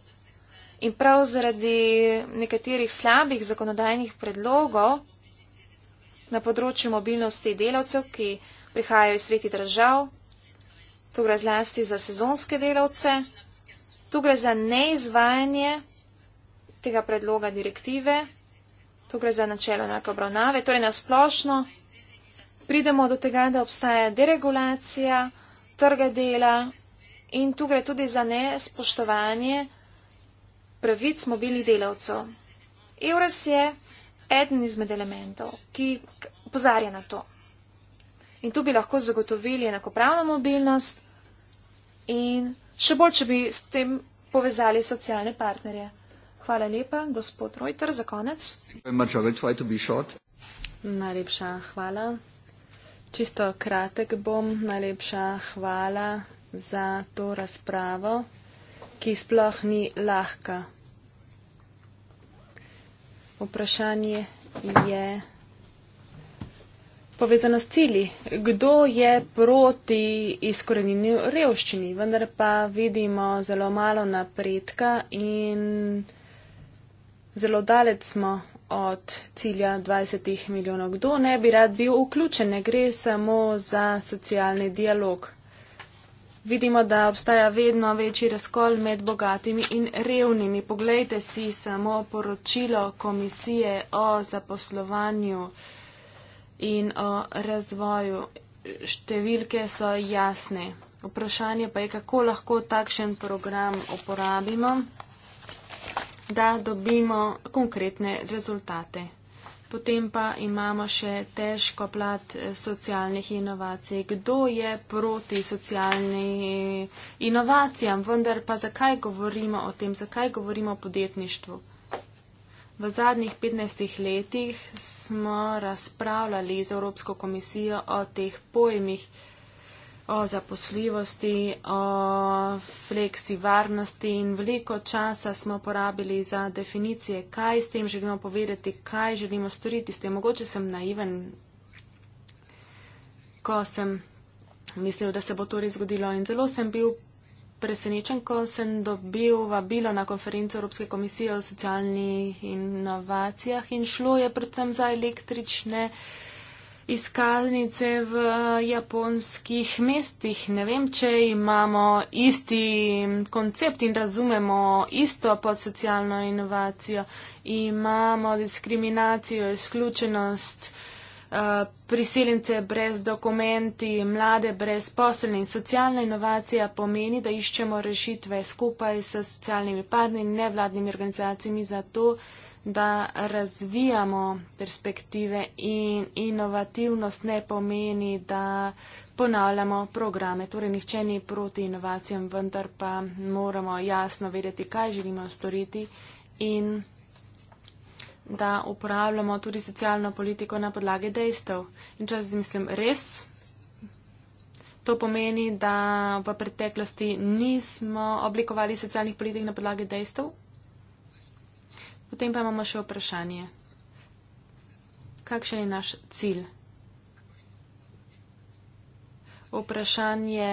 In prav zaradi nekaterih slabih zakonodajnih predlogov na področju mobilnosti delavcev, ki prihajajo iz tretjih držav, tu gre zlasti za sezonske delavce, tu gre za neizvajanje tega predloga direktive, tu gre za načelo enake obravnave, torej na splošno pridemo do tega, da obstaja deregulacija trga dela in tu gre tudi za nespoštovanje pravic mobilnih delavcev. Evras je eden izmed elementov, ki pozarja na to. In tu bi lahko zagotovili enakopravno mobilnost in še bolj, če bi s tem povezali socialne partnerje. Hvala lepa, gospod Reuter, za konec. Najlepša hvala. Čisto kratek bom. Najlepša hvala za to razpravo, ki sploh ni lahka. Vprašanje je povezano s cili. Kdo je proti izkoreninju revščini? Vendar pa vidimo zelo malo napredka in zelo daleč smo od cilja 20 milijonov. Kdo ne bi rad bil vključen, ne gre samo za socialni dialog. Vidimo, da obstaja vedno večji razkol med bogatimi in revnimi. Poglejte si samo poročilo komisije o zaposlovanju in o razvoju. Številke so jasne. Vprašanje pa je, kako lahko takšen program uporabimo da dobimo konkretne rezultate. Potem pa imamo še težko plat eh, socialnih inovacij. Kdo je proti socialnim eh, inovacijam, vendar pa zakaj govorimo o tem, zakaj govorimo o podjetništvu? V zadnjih 15 letih smo razpravljali z Evropsko komisijo o teh pojmih, o zaposljivosti, o fleksi varnosti in veliko časa smo porabili za definicije, kaj s tem želimo povedati, kaj želimo storiti s tem. Mogoče sem naiven, ko sem mislil, da se bo to res zgodilo in zelo sem bil presenečen, ko sem dobil vabilo na konferenco Evropske komisije o socialnih inovacijah in šlo je predvsem za električne izkaznice v japonskih mestih. Ne vem, če imamo isti koncept in razumemo isto pod socialno inovacijo. Imamo diskriminacijo, izključenost, eh, prisiljence brez dokumenti, mlade brez poselni. Socialna inovacija pomeni, da iščemo rešitve skupaj s socialnimi partnerji in nevladnimi organizacijami za to, da razvijamo perspektive in inovativnost ne pomeni, da ponavljamo programe. Torej, nihče ni proti inovacijam, vendar pa moramo jasno vedeti, kaj želimo storiti in da upravljamo tudi socialno politiko na podlagi dejstev. In če jaz mislim res, to pomeni, da v preteklosti nismo oblikovali socialnih politik na podlagi dejstev, Potem pa imamo še vprašanje, kakšen je naš cilj? Vprašanje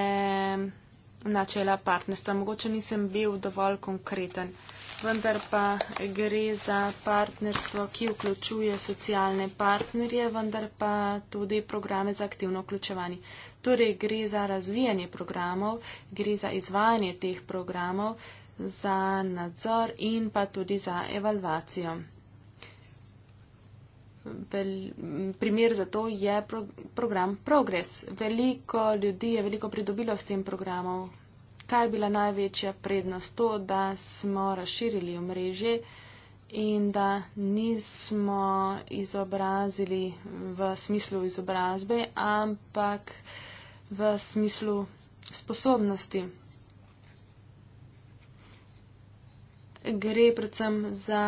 načela partnerstva. Mogoče nisem bil dovolj konkreten, vendar pa gre za partnerstvo, ki vključuje socialne partnerje, vendar pa tudi programe za aktivno vključevanje. Torej gre za razvijanje programov, gre za izvajanje teh programov, za nadzor in pa tudi za evalvacijo. Bel, primer za to je pro, program Progress. Veliko ljudi je veliko pridobilo s tem programom. Kaj je bila največja prednost? To, da smo razširili omrežje in da nismo izobrazili v smislu izobrazbe, ampak v smislu sposobnosti. gre predvsem za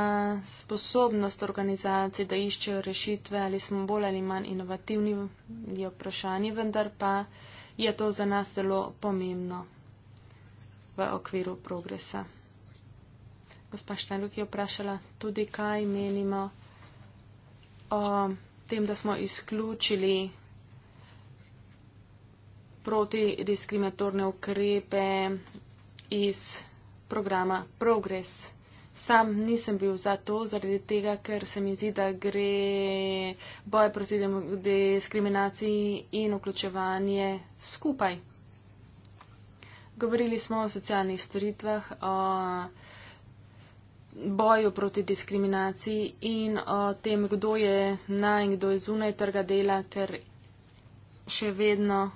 sposobnost organizacij, da iščejo rešitve ali smo bolj ali manj inovativni, je vprašanje, vendar pa je to za nas zelo pomembno v okviru progresa. Gospa Štenduk je vprašala tudi, kaj menimo o tem, da smo izključili protidiskriminatorne ukrepe iz programa Progress. Sam nisem bil za to, zaradi tega, ker se mi zdi, da gre boj proti diskriminaciji in vključevanje skupaj. Govorili smo o socialnih storitvah, o boju proti diskriminaciji in o tem, kdo je naj in kdo je zunaj trga dela, ker še vedno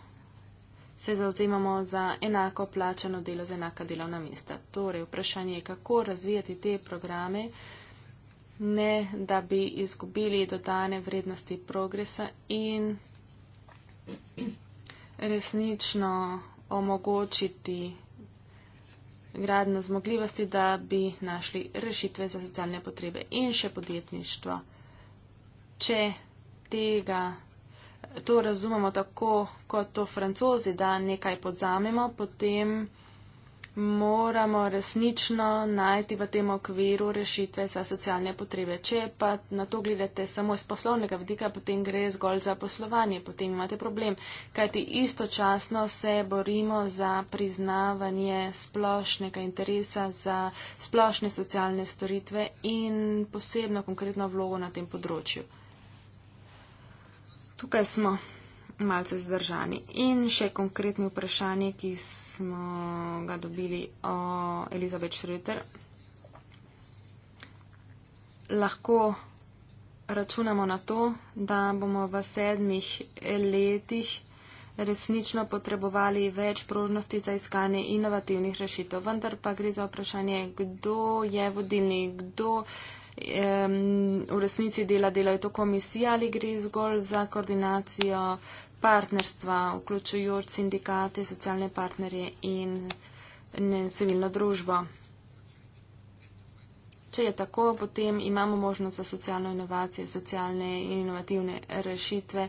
se zauzemamo za enako plačano delo, za enaka delovna mesta. Torej, vprašanje je, kako razvijati te programe, ne da bi izgubili dodane vrednosti progresa in resnično omogočiti gradno zmogljivosti, da bi našli rešitve za socialne potrebe in še podjetništvo. Če tega to razumemo tako, kot to francozi, da nekaj podzamemo, potem moramo resnično najti v tem okviru rešitve za socialne potrebe. Če pa na to gledate samo iz poslovnega vidika, potem gre zgolj za poslovanje, potem imate problem. Kajti istočasno se borimo za priznavanje splošnega interesa za splošne socialne storitve in posebno konkretno vlogo na tem področju tukaj smo malce zdržani. In še konkretni vprašanje, ki smo ga dobili o Elizabeth Schroeder. Lahko računamo na to, da bomo v sedmih letih resnično potrebovali več prožnosti za iskanje inovativnih rešitev. Vendar pa gre za vprašanje, kdo je vodilni, kdo um, v resnici dela, delajo to komisija ali gre zgolj za koordinacijo partnerstva, vključujoč sindikate, socialne partnerje in civilno družbo. Če je tako, potem imamo možnost za socialno inovacijo, socialne in inovativne rešitve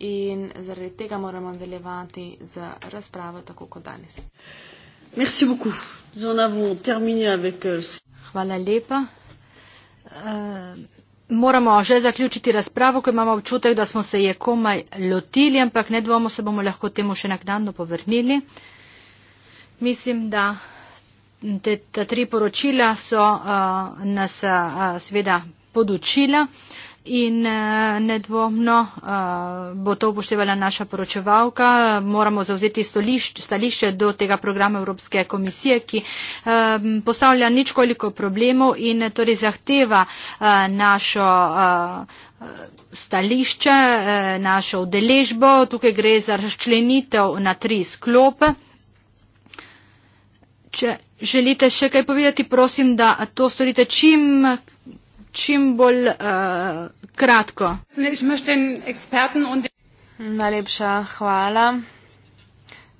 in zaradi tega moramo nadaljevati z razpravo tako kot danes. Euh, Hvala lepa. Eh, moramo že zaključiti razpravo, ko imamo občutek, da smo se je komaj lotili, ampak ne dvomo se bomo lahko temu še nakdano povrnili. Mislim, da te, ta tri poročila so uh, nas uh, seveda podučila. Uh, in eh, nedvomno eh, bo to upoštevala naša poročevalka. Moramo zauzeti stališče do tega programa Evropske komisije, ki eh, postavlja ničkoliko problemov in torej zahteva našo stališče, našo udeležbo. Tukaj gre za razčlenitev na tri sklope. Če želite še kaj povedati, prosim, da to storite čim čim bolj uh, kratko. Najlepša hvala.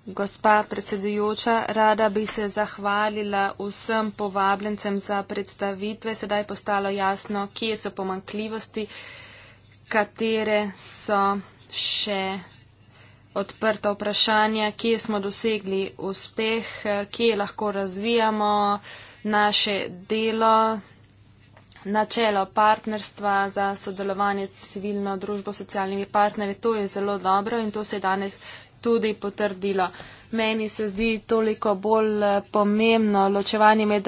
Gospa predsedujoča, rada bi se zahvalila vsem povabljencem za predstavitve. Sedaj je postalo jasno, kje so pomankljivosti, katere so še odprta vprašanja, kje smo dosegli uspeh, kje lahko razvijamo naše delo, načelo partnerstva za sodelovanje civilno družbo s socialnimi partnerji. To je zelo dobro in to se je danes tudi potrdilo. Meni se zdi toliko bolj eh, pomembno ločevanje med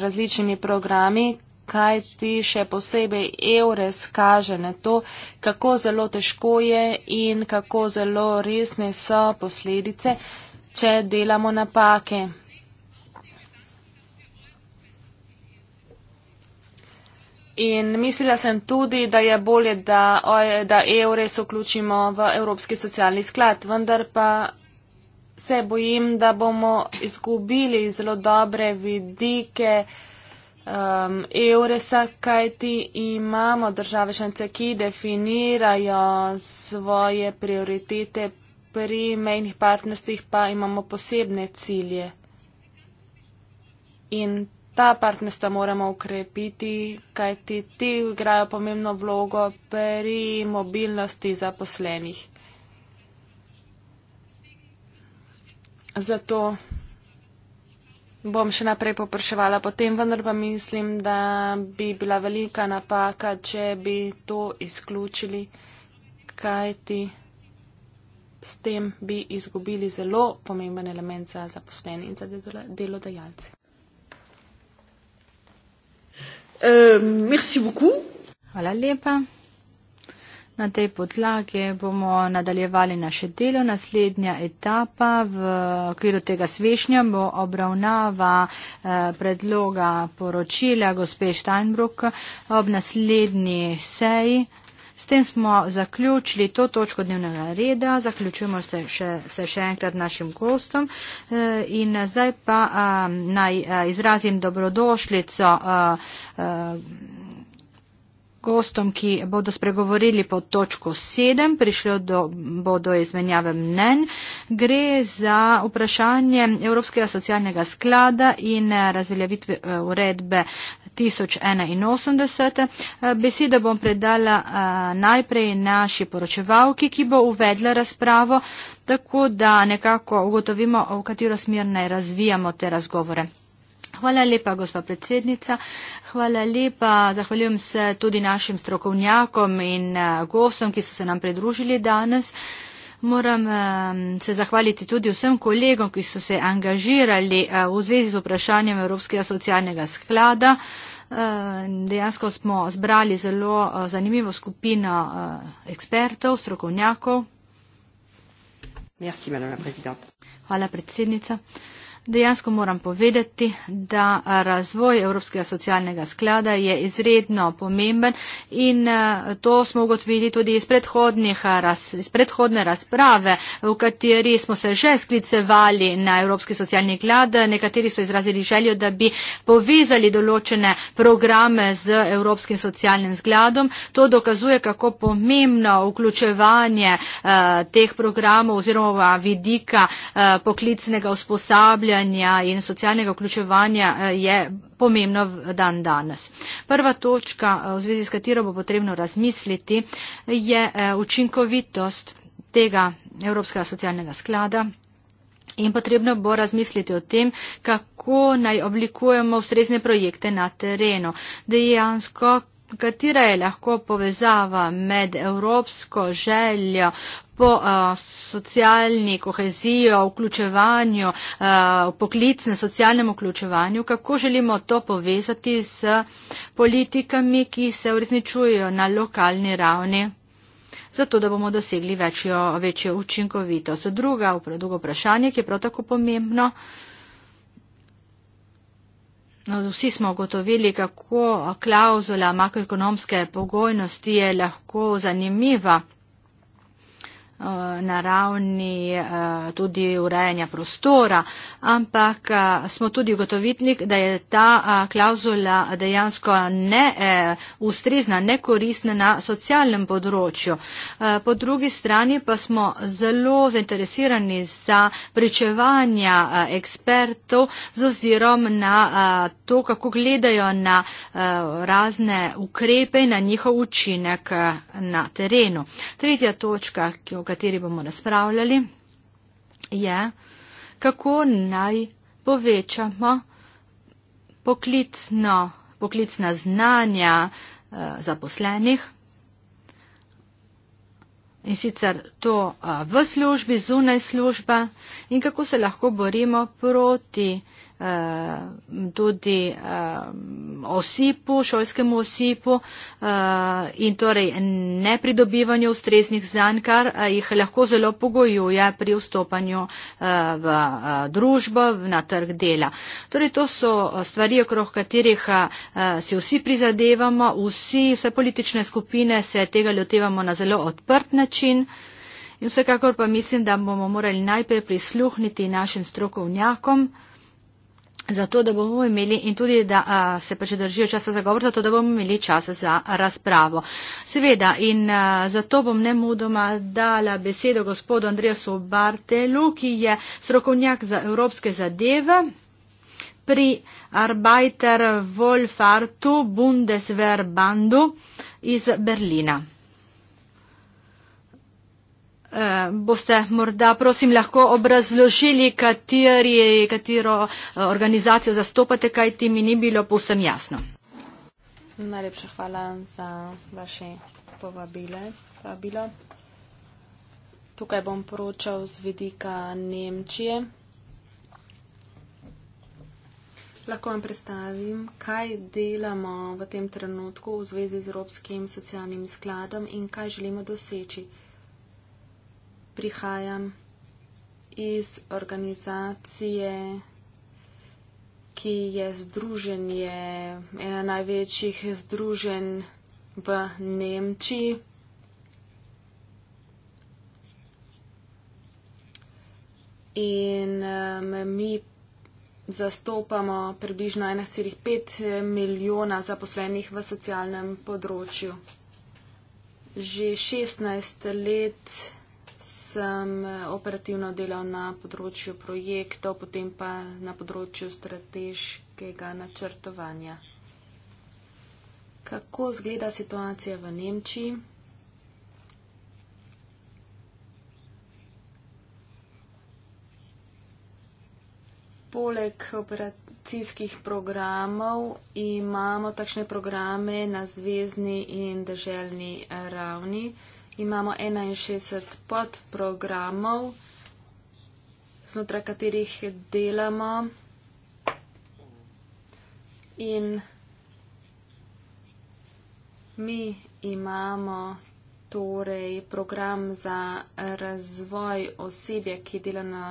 različnimi programi, kaj ti še posebej EURES kaže na to, kako zelo težko je in kako zelo resne so posledice, če delamo napake. in mislila sem tudi, da je bolje, da, da evre so vključimo v Evropski socialni sklad, vendar pa se bojim, da bomo izgubili zelo dobre vidike um, evresa, kajti imamo države šance, ki definirajo svoje prioritete pri mejnih partnerstvih, pa imamo posebne cilje. In ta partnerstva moramo ukrepiti, kajti ti igrajo pomembno vlogo pri mobilnosti zaposlenih. Zato bom še naprej popraševala potem, vendar pa mislim, da bi bila velika napaka, če bi to izključili, kajti s tem bi izgubili zelo pomemben element za zaposlene in za delodajalce. Ehm, merci beaucoup. Hvala lepa. Na tej podlagi bomo nadaljevali naše delo. Naslednja etapa v okviru tega svešnja bo obravnava eh, predloga poročila gospe Steinbrück ob naslednji seji. S tem smo zaključili to točko dnevnega reda. Zaključujemo se še, se še enkrat našim gostom. E, in zdaj pa naj izrazim dobrodošlico gostom, ki bodo spregovorili pod točko 7, prišlo do, bo do izmenjave mnen. Gre za vprašanje Evropskega socialnega sklada in razveljavitve e, uredbe 2081. Eh, besedo bom predala eh, najprej naši poročevalki, ki bo uvedla razpravo, tako da nekako ugotovimo, v katero smer naj razvijamo te razgovore. Hvala lepa, gospa predsednica. Hvala lepa. Zahvaljujem se tudi našim strokovnjakom in eh, gostom, ki so se nam pridružili danes. Moram um, se zahvaliti tudi vsem kolegom, ki so se angažirali uh, v zvezi z vprašanjem Evropskega socialnega sklada. Ehm, dejansko smo zbrali zelo eh, zanimivo skupino eh, ekspertov, strokovnjakov. Hvala, predsednica. Dejansko moram povedati, da razvoj Evropskega socialnega sklada je izredno pomemben in eh, to smo ugotovili tudi iz, eh, raz, iz predhodne razprave, v kateri smo se že sklicevali na Evropski socialni sklad. Nekateri so izrazili željo, da bi povezali določene programe z Evropskim socialnim skladom. To dokazuje, kako pomembno vključevanje eh, teh programov oziroma vidika eh, poklicnega usposabljanja upravljanja in socialnega vključevanja eh, je pomembno dan danes. Prva točka, eh, v zvezi s katero bo potrebno razmisliti, je eh, učinkovitost tega Evropskega socialnega sklada. In potrebno bo razmisliti o tem, kako naj oblikujemo ustrezne projekte na terenu. Dejansko, katera je lahko povezava med evropsko željo po uh, socialni kohezijo, vključevanju, uh, eh, poklicne socialnemu vključevanju, kako želimo to povezati s politikami, ki se uresničujejo na lokalni ravni, zato da bomo dosegli večjo, večjo učinkovitost. Druga, drugo vprašanje, ki je prav tako pomembno. Uh, No, vsi smo ugotovili, kako klauzula makroekonomske pogojnosti je lahko zanimiva Eh, na ravni eh, tudi urejanja prostora, ampak eh, smo tudi ugotovitli, da je ta klauzula dejansko ne ustrezna, ne koristna na socialnem področju. Po drugi strani pa smo zelo zainteresirani za pričevanja ekspertov z ozirom na to, kako gledajo na razne ukrepe in na njihov učinek na terenu. Tretja točka, ki jo kateri bomo razpravljali, je, kako naj povečamo poklicno, poklicna znanja eh, zaposlenih in sicer to eh, v službi, zunaj službe in kako se lahko borimo proti eh, Ehm, tudi uh, osipu, šolskemu osipu uh, in torej ne pridobivanju ustreznih znanj, kar eh, jih lahko zelo pogojuje pri vstopanju uh, v uh, družbo, na trg dela. Torej to so stvari, okrog katerih uh, si vsi prizadevamo, vsi, vse politične skupine se tega lotevamo na zelo odprt način. In vsekakor pa mislim, da bomo morali najprej prisluhniti našim strokovnjakom, zato da bomo imeli in tudi, da a, se pač držijo časa za govor, zato da bomo imeli čas za razpravo. Seveda in a, zato bom ne mudoma dala besedo gospodu Andrijasu Bartelu, ki je strokovnjak za evropske zadeve pri Arbeiter Wolfartu Bundeswehrbandu iz Berlina. Eh, boste morda, prosim, lahko obrazložili, kateri, katero eh, organizacijo zastopate, kaj ti mi ni bilo povsem jasno. Najlepša hvala za vaše povabile. Vabilo. Tukaj bom poročal z vidika Nemčije. Lahko vam predstavim, kaj delamo v tem trenutku v zvezi z Evropskim socialnim skladom in kaj želimo doseči prihajam iz organizacije, ki je združenje, ena največjih združen v Nemčiji. In um, mi zastopamo približno 1,5 milijona zaposlenih v socialnem področju. Že 16 let sem eh, operativno delal na področju projektov, potem pa na področju strateškega načrtovanja. Kako zgleda situacija v Nemčiji? Poleg operacijskih programov imamo takšne programe na zvezdni in državni ravni imamo 61 podprogramov, znotraj katerih delamo in mi imamo torej program za razvoj osebja, ki dela na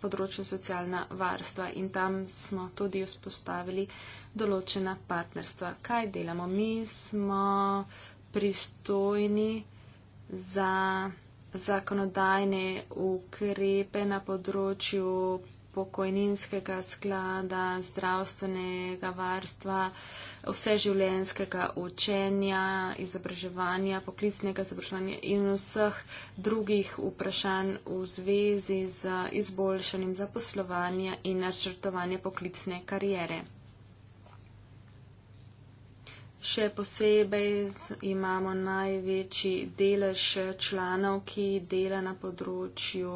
področju socialna varstva in tam smo tudi vzpostavili določena partnerstva. Kaj delamo? Mi smo pristojni za zakonodajne ukrepe na področju pokojninskega sklada, zdravstvenega varstva, vseživljenskega učenja, izobraževanja, poklicnega izobraževanja in vseh drugih vprašanj v zvezi z izboljšanjem zaposlovanja in načrtovanja poklicne karijere. Še posebej imamo največji delež članov, ki dela na področju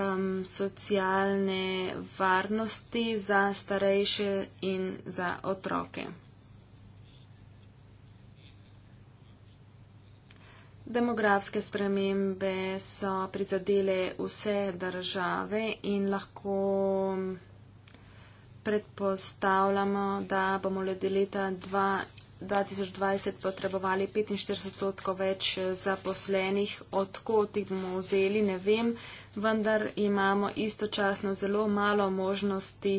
um, socialne varnosti za starejše in za otroke. Demografske spremembe so prizadele vse države in lahko predpostavljamo, da bomo leta 2020 potrebovali 45 odstotkov več eh, zaposlenih, odkot jih bomo vzeli, ne vem, vendar imamo istočasno zelo malo možnosti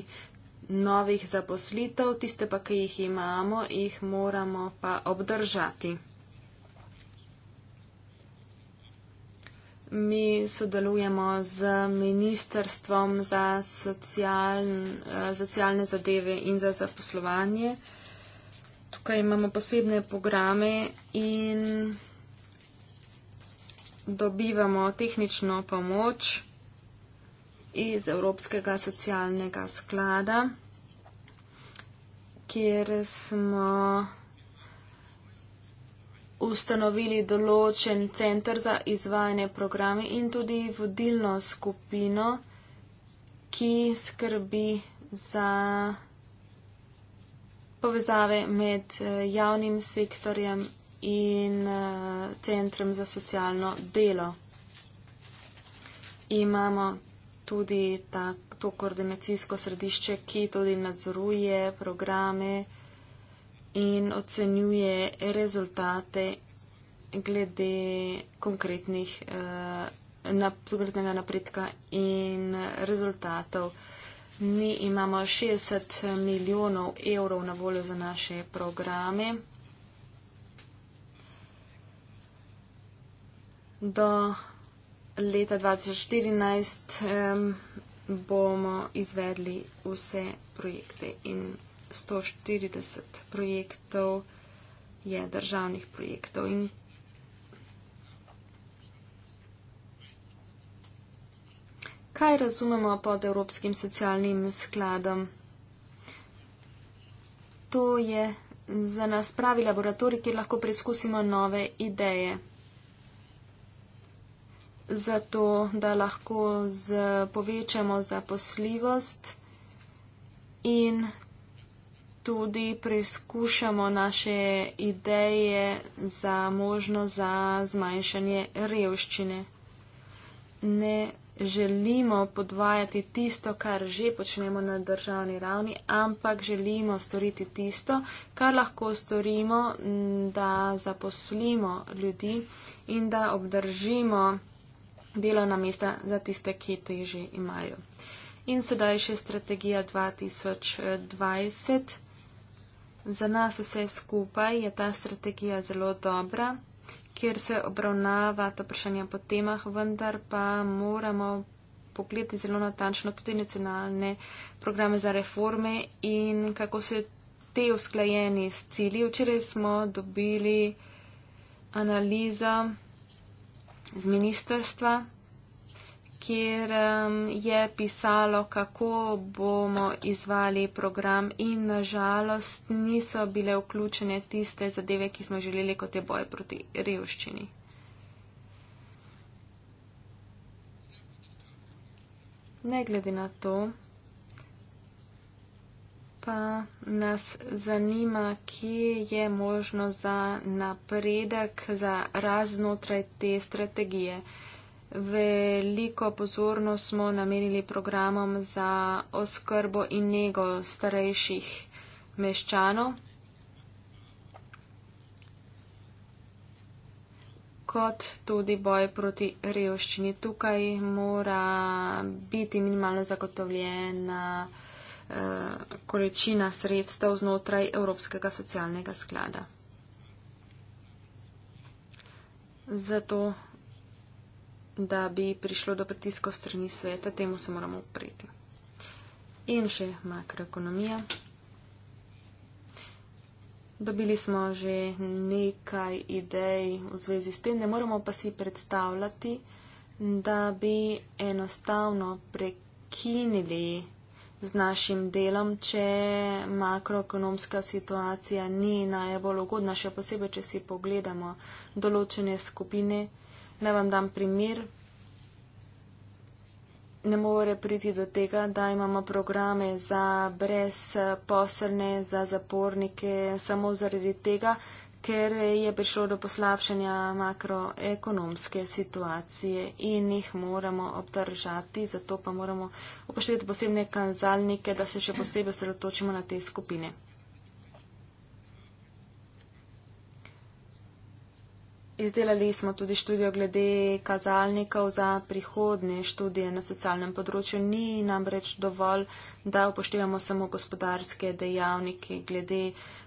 novih zaposlitev, tiste pa, ki jih imamo, jih moramo pa obdržati. Mi sodelujemo z Ministrstvom za eh, socialne zadeve in za zaposlovanje tukaj imamo posebne programe in dobivamo tehnično pomoč iz Evropskega socialnega sklada, kjer smo ustanovili določen centr za izvajanje programe in tudi vodilno skupino, ki skrbi za povezave med eh, javnim sektorjem in eh, centrom za socialno delo. Imamo tudi ta, to koordinacijsko središče, ki tudi nadzoruje programe in ocenjuje rezultate glede konkretnih, eh, napredka in rezultatov eh, Mi imamo 60 milijonov evrov na voljo za naše programe. Do leta 2014 um, bomo izvedli vse projekte in 140 projektov je državnih projektov in Kaj razumemo pod Evropskim socialnim skladom? To je za nas pravi laboratorij, kjer lahko preizkusimo nove ideje. Zato, da lahko povečamo zaposljivost in tudi preizkušamo naše ideje za možno za zmanjšanje revščine. Ne želimo podvajati tisto, kar že počnemo na državni ravni, ampak želimo storiti tisto, kar lahko storimo, da zaposlimo ljudi in da obdržimo delovna mesta za tiste, ki to že imajo. In sedaj še strategija 2020. Za nas vse skupaj je ta strategija zelo dobra kjer se obravnava ta vprašanja po temah, vendar pa moramo pogledati zelo natančno tudi nacionalne programe za reforme in kako se te usklajeni s cilji. Včeraj smo dobili analizo z ministerstva kjer je pisalo, kako bomo izvali program in na žalost niso bile vključene tiste zadeve, ki smo želeli, kot je boj proti revščini. Ne glede na to, pa nas zanima, kje je možno za napredek, za raznotraj te strategije. Veliko pozornost smo namenili programom za oskrbo in nego starejših meščanov. kot tudi boj proti revščini. Tukaj mora biti minimalno zagotovljena eh, količina sredstev znotraj Evropskega socialnega sklada. Zato da bi prišlo do pritiska strani sveta, temu se moramo upreti. In še makroekonomija. Dobili smo že nekaj idej v zvezi s tem, ne moremo pa si predstavljati, da bi enostavno prekinili z našim delom, če makroekonomska situacija ni najbolj ugodna, še posebej, če si pogledamo določene skupine. Naj vam dam primer. Ne more priti do tega, da imamo programe za brezposelne, za zapornike, samo zaradi tega, ker je prišlo do poslabšanja makroekonomske situacije in jih moramo obdržati, zato pa moramo upoštevati posebne kanzalnike, da se še posebej osredotočimo na te skupine. Izdelali smo tudi študijo glede kazalnikov za prihodne študije na socialnem področju. Ni namreč dovolj, da upoštevamo samo gospodarske dejavnike glede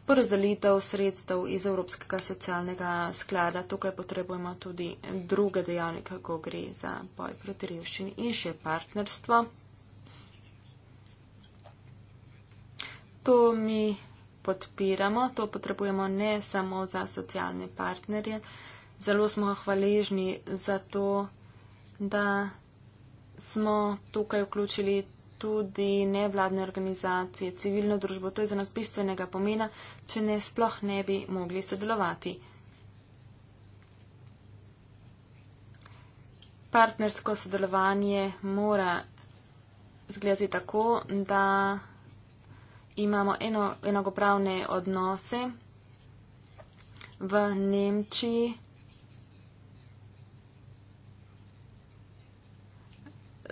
porazdelitev sredstev iz Evropskega socialnega sklada. Tukaj potrebujemo tudi druge dejavnike, ko gre za boj proti revščini in še partnerstvo. To mi podpiramo, to potrebujemo ne samo za socialne partnerje zelo smo hvaležni za to, da smo tukaj vključili tudi nevladne organizacije, civilno družbo. To je za nas bistvenega pomena, če ne sploh ne bi mogli sodelovati. Partnersko sodelovanje mora zgledati tako, da imamo eno, enogopravne odnose. V Nemčiji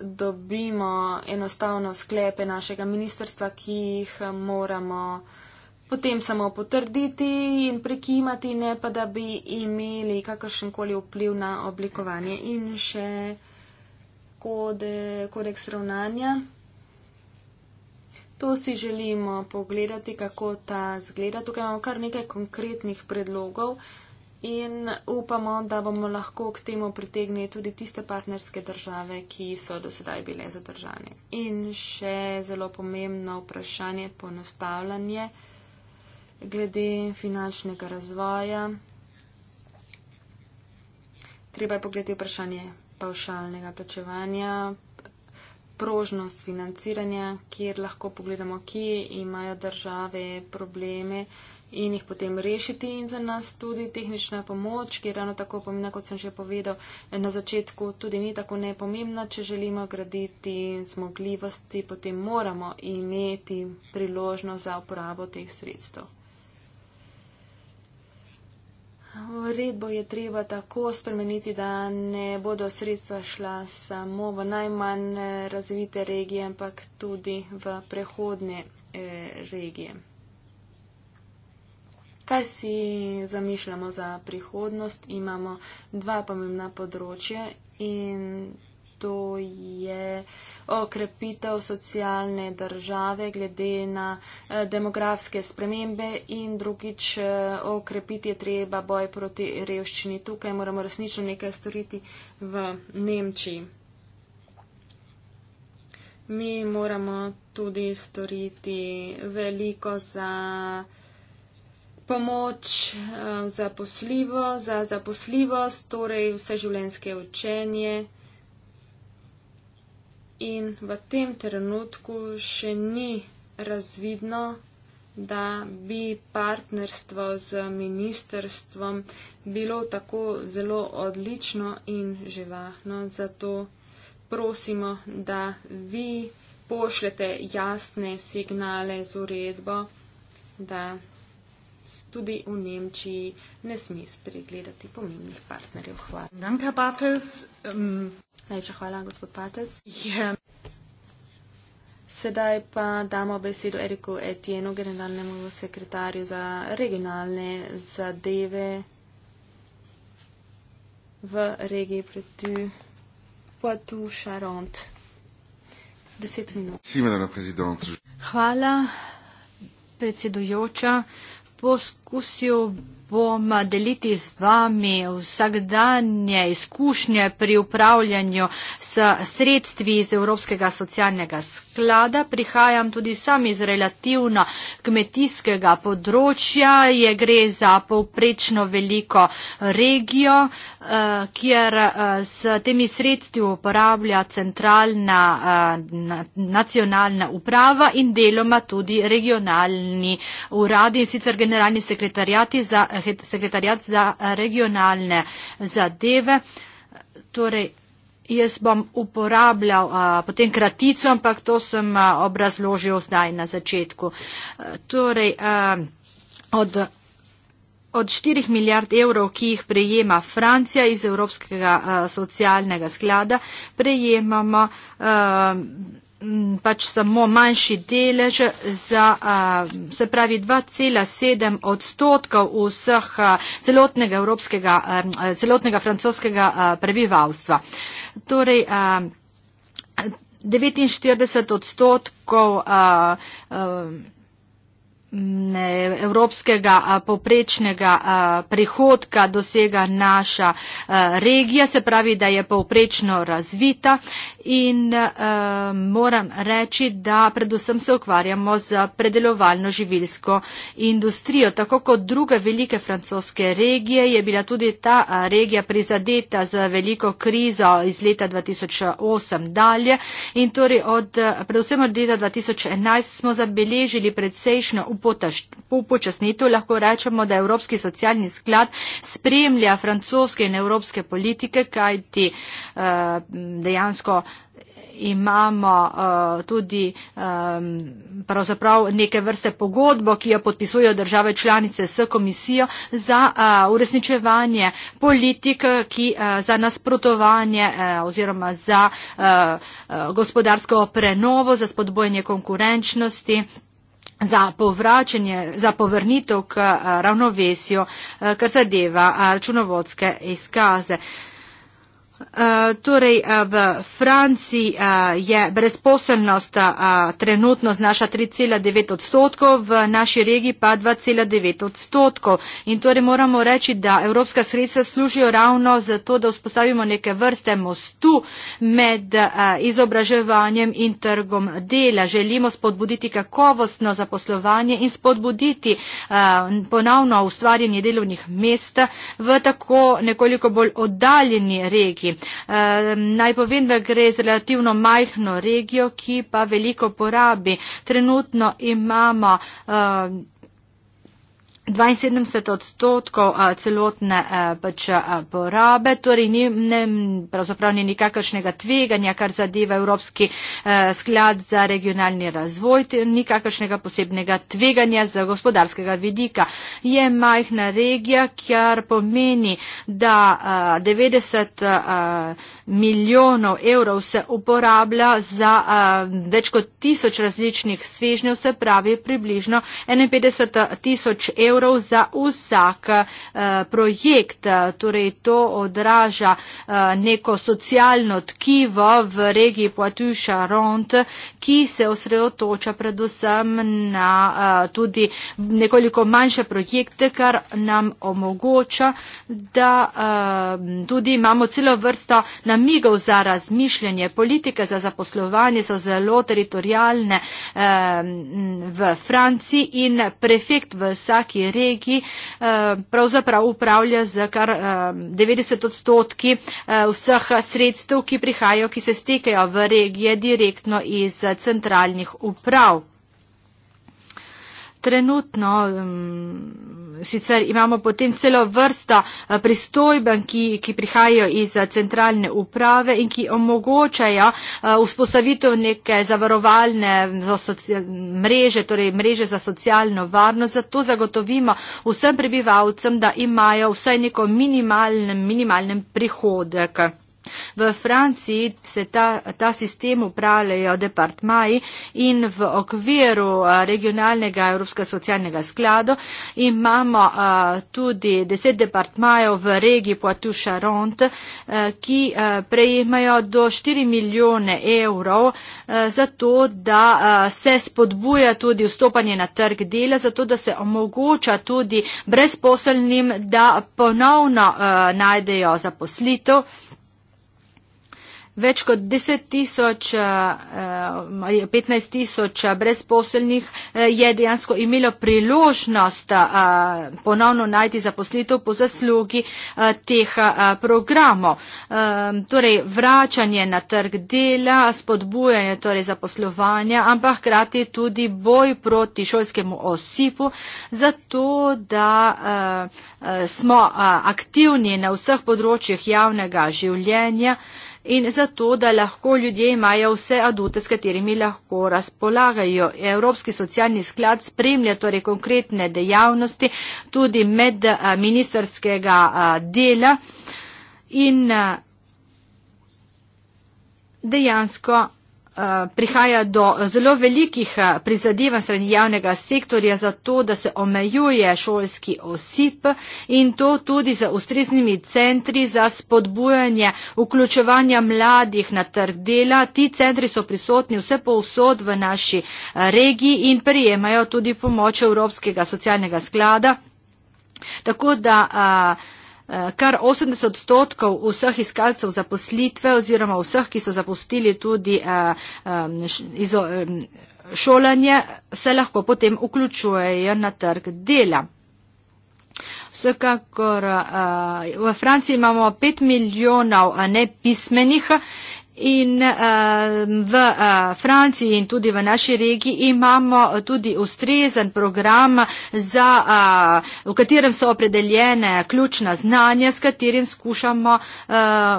dobimo enostavno sklepe našega ministrstva, ki jih moramo potem samo potrditi in prekimati, ne pa da bi imeli kakršenkoli vpliv na oblikovanje in še kode, kodeks ravnanja. To si želimo pogledati, kako ta zgleda. Tukaj imamo kar nekaj konkretnih predlogov. Uh, in upamo, da bomo lahko k temu pritegnili tudi tiste partnerske države, ki so do sedaj bile zadržane. In še zelo pomembno vprašanje ponostavljanje glede finančnega razvoja. Treba je pogledati vprašanje pavšalnega plačevanja, prožnost financiranja, kjer lahko pogledamo, kje imajo države probleme in jih potem rešiti in za nas tudi tehnična pomoč, ki je ravno tako pomembna, kot sem že povedal na začetku, tudi ni tako nepomembna, če želimo graditi zmogljivosti, potem moramo imeti priložnost za uporabo teh sredstev. Uredbo je treba tako spremeniti, da ne bodo sredstva šla samo v najmanj razvite regije, ampak tudi v prehodne eh, regije. Kaj si zamišljamo za prihodnost? Imamo dva pomembna področja in to je okrepitev socialne države glede na eh, demografske spremembe in drugič eh, okrepiti je treba boj proti revščini. Tukaj moramo resnično nekaj storiti v Nemčiji. Mi moramo tudi storiti veliko za pomoč eh, za poslivo, za zaposljivost, torej vseživljenjske učenje. In v tem trenutku še ni razvidno, da bi partnerstvo z ministerstvom bilo tako zelo odlično in živahno. Zato prosimo, da vi pošljete jasne signale z uredbo, da tudi v Nemčiji ne sme spregledati pomembnih partnerjev. Hvala. Danka Bates. Um, ähm, Najlepša hvala, gospod Bates. Äh, Sedaj pa damo besedo Eriku Etienu, generalnemu sekretarju za regionalne zadeve v regiji Pretu, Poitou, Charente. Deset minut. Hvala, predsedujoča poskusil bom deliti z vami vsakdanje izkušnje pri upravljanju s sredstvi iz Evropskega socialnega skupa sklada, prihajam tudi sam iz relativno kmetijskega področja, je gre za povprečno veliko regijo, eh, kjer eh, s temi sredstvi uporablja centralna eh, nacionalna uprava in deloma tudi regionalni uradi, sicer generalni za, sekretarjat za regionalne zadeve. Torej, Jaz bom uporabljal a, potem kratico, ampak to sem a, obrazložil zdaj na začetku. A, torej, a, od, od 4 milijard evrov, ki jih prejema Francija iz Evropskega a, socialnega sklada, prejemamo. A, pač samo manjši delež, za, se pravi 2,7 odstotkov vseh celotnega, celotnega francoskega prebivalstva. Torej, 49 odstotkov uh, uh, evropskega povprečnega prihodka dosega naša regija, se pravi, da je povprečno razvita in moram reči, da predvsem se ukvarjamo z predelovalno živilsko industrijo. Tako kot druge velike francoske regije je bila tudi ta regija prizadeta z veliko krizo iz leta 2008 dalje in torej od predvsem od leta 2011 smo zabeležili predsejšno upočasnjenje po upočasnitu lahko rečemo, da Evropski socialni sklad spremlja francoske in evropske politike, kajti eh, dejansko imamo eh, tudi eh, neke vrste pogodbo, ki jo podpisujo države članice s komisijo za uresničevanje politik, ki za nasprotovanje oziroma za gospodarsko prenovo, za spodbojanje konkurenčnosti za povračanje, za povrnitev k eh, ravnovesju, eh, kar zadeva eh, računovodske izkaze. Uh, torej, uh, v Franciji uh, je brezposelnost uh, trenutno znaša 3,9 odstotkov, v naši regiji pa 2,9 odstotkov. In torej moramo reči, da evropska sredstva služijo ravno za to, da vzpostavimo neke vrste mostu med uh, izobraževanjem in trgom dela. Želimo spodbuditi kakovostno zaposlovanje in spodbuditi uh, ponovno ustvarjanje delovnih mest v tako nekoliko bolj oddaljeni regiji regiji. E, eh, naj povem, da gre z relativno majhno regijo, ki pa veliko porabi. Trenutno imamo e, 72 odstotkov eh, celotne eh, pač eh, porabe, torej ni, ne, pravzaprav ni nikakršnega tveganja, kar zadeva Evropski sklad za regionalni razvoj, nikakršnega posebnega tveganja za gospodarskega vidika. Je majhna regija, kjer pomeni, da 90 milijonov evrov se uporablja za več kot tisoč različnih svežnjev, se pravi približno 51 tisoč evrov evrov za vsak uh, projekt. Torej, to odraža uh, neko socialno tkivo v regiji Poitou-Charont, ki se osredotoča predvsem na uh, tudi nekoliko manjše projekte, kar nam omogoča, da uh, tudi imamo celo vrsto namigov za razmišljanje. Politike za zaposlovanje so zelo teritorijalne uh, v Franciji in prefekt v vsaki regiji, eh, pravzaprav upravlja z kar 90 eh, odstotki eh, vseh sredstev, ki prihajajo, ki se stekajo v regije direktno iz centralnih uprav. Trenutno um, sicer imamo potem celo vrsto eh, pristojben, ki, ki prihajajo iz eh, centralne uprave in ki omogočajo eh, vzpostavitev neke zavarovalne mm, mreže, torej mreže za socialno varnost. Zato zagotovimo vsem prebivalcem, da imajo vsaj neko minimalnem, minimalnem prihodek. V Franciji se ta, ta sistem upravljajo departmaji in v okviru regionalnega Evropskega socialnega skladu imamo tudi deset departmajev v regiji Poitou-Charont, ki prejemajo do 4 milijone evrov za to, da se spodbuja tudi vstopanje na trg dela, zato da se omogoča tudi brezposelnim, da ponovno najdejo zaposlitev. Več kot 10 tisoč, 15 eh, eh, tisoč eh, brezposelnih je dejansko imelo priložnost ponovno najti zaposlitev po zaslugi teh programov. Ehm, torej, vračanje na trg dela, spodbujanje torej zaposlovanja, ampak krati tudi boj proti šolskemu osipu, zato da smo aktivni na vseh področjih javnega življenja in zato, da lahko ljudje imajo vse adute, s katerimi lahko razpolagajo. Evropski socialni sklad spremlja torej konkretne dejavnosti tudi med ministerskega dela in dejansko Eh, prihaja do zelo velikih eh, prizadevanj srednji javnega sektorja za to, da se omejuje šolski osip in to tudi z ustreznimi centri za spodbujanje vključevanja mladih na trg dela. Ti centri so prisotni vse povsod v naši eh, regiji in prijemajo tudi pomoč Evropskega socialnega sklada. Tako da a, Eh, kar 80 odstotkov vseh iskalcev zaposlitve oziroma vseh, ki so zapustili tudi eh, eh, šolanje, se lahko potem vključujejo na trg dela. Vsekakor v Franciji imamo 5 milijonov nepismenih In uh, v uh, Franciji in tudi v naši regiji imamo tudi ustrezen program, za, uh, v katerem so opredeljene ključna znanja, s katerim skušamo uh,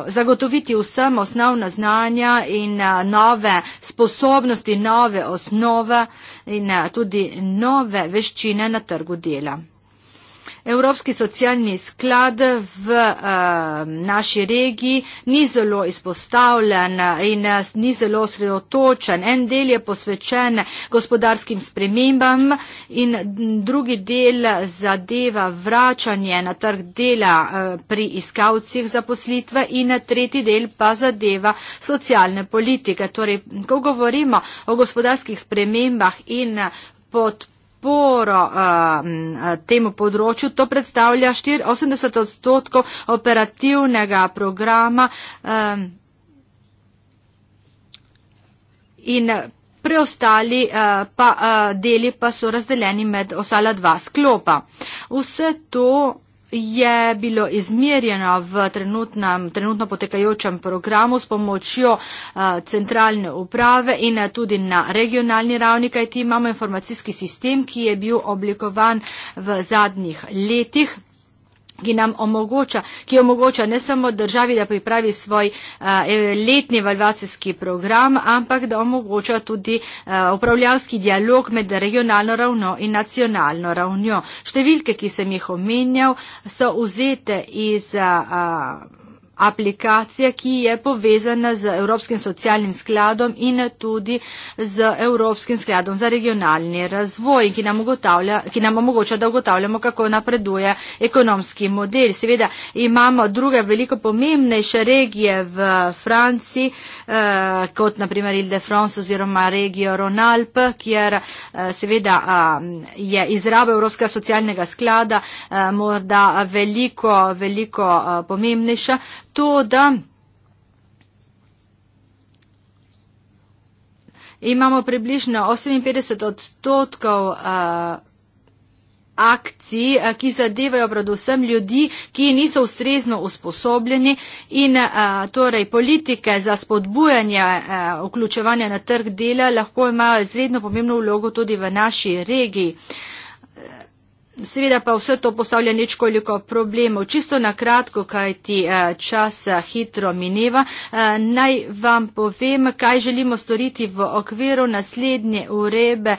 zagotoviti vsem osnovna znanja in uh, nove sposobnosti, nove osnove in uh, tudi nove veščine na trgu dela. Evropski socialni sklad v uh, naši regiji ni zelo izpostavljen in eh, ni zelo osredotočen. En del je posvečen gospodarskim spremembam in drugi del zadeva vračanje na trg dela uh, pri iskavcih zaposlitve in tretji del pa zadeva socialne politike. Torej, ko govorimo o gospodarskih spremembah in podporu, podporo temu področju. To predstavlja 80 odstotkov operativnega programa in preostali pa deli pa so razdeljeni med ostala dva sklopa. Vse to je bilo izmerjeno v trenutno potekajočem programu s pomočjo eh, centralne uprave in eh, tudi na regionalni ravni, kajti imamo informacijski sistem, ki je bil oblikovan v zadnjih letih ki nam omogoča, ki omogoča ne samo državi, da pripravi svoj a, e, letni evalvacijski program, ampak da omogoča tudi upravljavski dialog med regionalno ravno in nacionalno ravnjo. Številke, ki sem jih omenjal, so vzete iz. A, a, aplikacije, ki je povezana z Evropskim socialnim skladom in tudi z Evropskim skladom za regionalni razvoj, ki nam, ki nam omogoča, da ugotavljamo, kako napreduje ekonomski model. Seveda imamo druge veliko pomembnejše regije v Franciji, eh, kot naprimer Ile-de-France oziroma regijo Ronalp, kjer eh, seveda eh, je izraba Evropskega socialnega sklada eh, morda veliko, veliko eh, pomembnejša to, da imamo približno 58 odstotkov uh, akcij, uh, ki zadevajo predvsem ljudi, ki niso ustrezno usposobljeni in uh, torej politike za spodbujanje uh, vključevanja na trg dela lahko imajo izredno pomembno vlogo tudi v naši regiji. Uh, Seveda pa vse to postavlja nekoliko problemov. Čisto na kratko, kaj ti eh, čas eh, hitro mineva, eh, naj vam povem, kaj želimo storiti v okviru naslednje urebe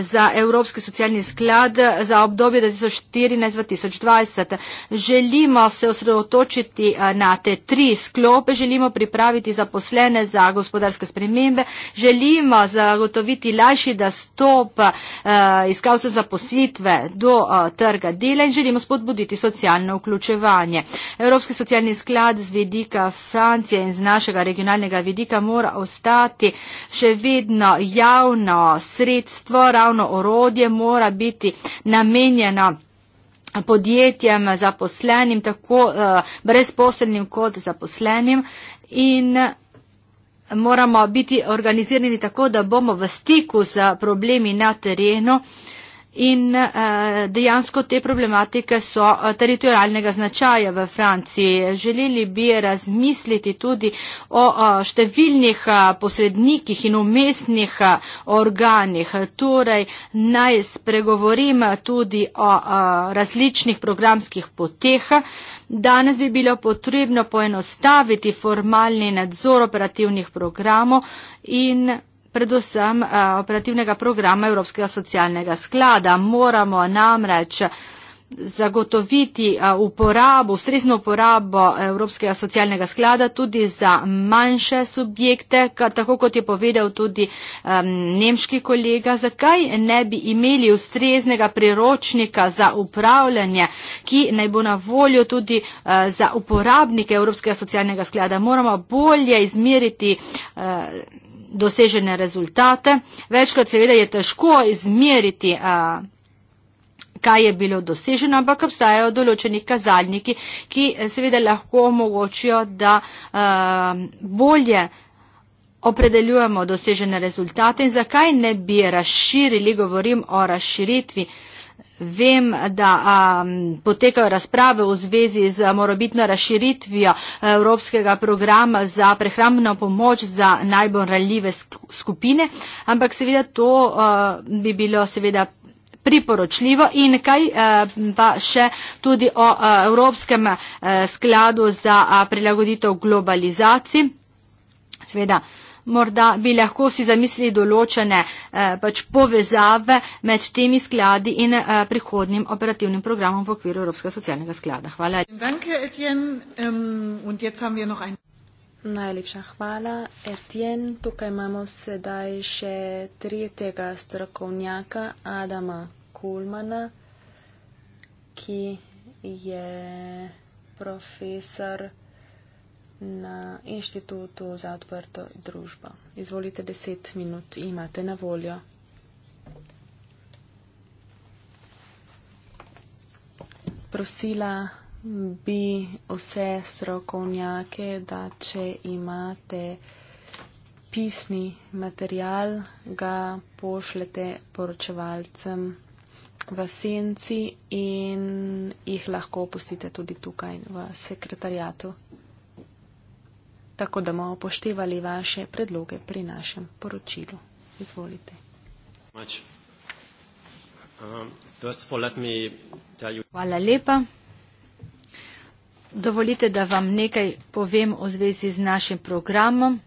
za Evropski socialni sklad za obdobje 2014-2020. Želimo se osredotočiti na te tri sklope, želimo pripraviti zaposlene za gospodarske spremembe, želimo zagotoviti lažji dostop iskalcev zaposlitve do trga dela in želimo spodbuditi socialno vključevanje. Evropski socialni sklad z vidika Francije in z našega regionalnega vidika mora ostati še vedno javno sredstvo, ravno orodje mora biti namenjeno podjetjem, zaposlenim, tako uh, brezposelnim kot zaposlenim in moramo biti organizirani tako, da bomo v stiku z problemi na terenu. Uh, In uh, dejansko te problematike so eh, teritorijalnega značaja v Franciji. Želeli bi razmisliti tudi o, o eh, številnih posrednikih in umestnih organih. Torej, naj spregovorim tudi o, o različnih programskih poteh. Danes bi bilo potrebno poenostaviti formalni nadzor operativnih programov in predvsem eh, operativnega programa Evropskega socialnega sklada. Moramo namreč zagotoviti eh, uporabo, ustrezno uporabo Evropskega socialnega sklada tudi za manjše subjekte, tako kot je povedal tudi um, nemški kolega, zakaj ne bi imeli ustreznega priročnika za upravljanje, ki naj bo na voljo tudi uh, za uporabnike Evropskega socialnega sklada. Moramo bolje izmeriti. Uh, dosežene rezultate. Večkrat seveda je težko izmeriti, kaj je bilo doseženo, ampak obstajajo določeni kazalniki, ki eh, seveda lahko omogočijo, da bolje opredeljujemo dosežene rezultate in zakaj ne bi razširili, govorim o razširitvi Vem, da um, potekajo razprave v zvezi z morobitno razširitvijo uh, Evropskega programa za prehrambno pomoč za najbolj ranljive skupine, ampak seveda to uh, bi bilo seveda priporočljivo in kaj uh, pa še tudi o uh, Evropskem uh, skladu za uh, prilagoditev globalizaciji. Seveda, uh, morda bi lahko si zamislili določene eh, pač povezave med temi skladi in eh, prihodnim operativnim programom v okviru Evropskega socialnega sklada. Hvala. Ähm, Najlepša hvala, Etienne. Tukaj imamo sedaj še tretjega strokovnjaka, Adama Kulmana, ki je profesor na Inštitutu za odprto družbo. Izvolite deset minut, imate na voljo. Prosila bi vse strokovnjake, da če imate pisni material, ga pošljete poročevalcem v senci in jih lahko opustite tudi tukaj v sekretarjatu tako da bomo upoštevali vaše predloge pri našem poročilu. Izvolite. Um, Hvala lepa. Dovolite, da vam nekaj povem o zvezi z našim programom.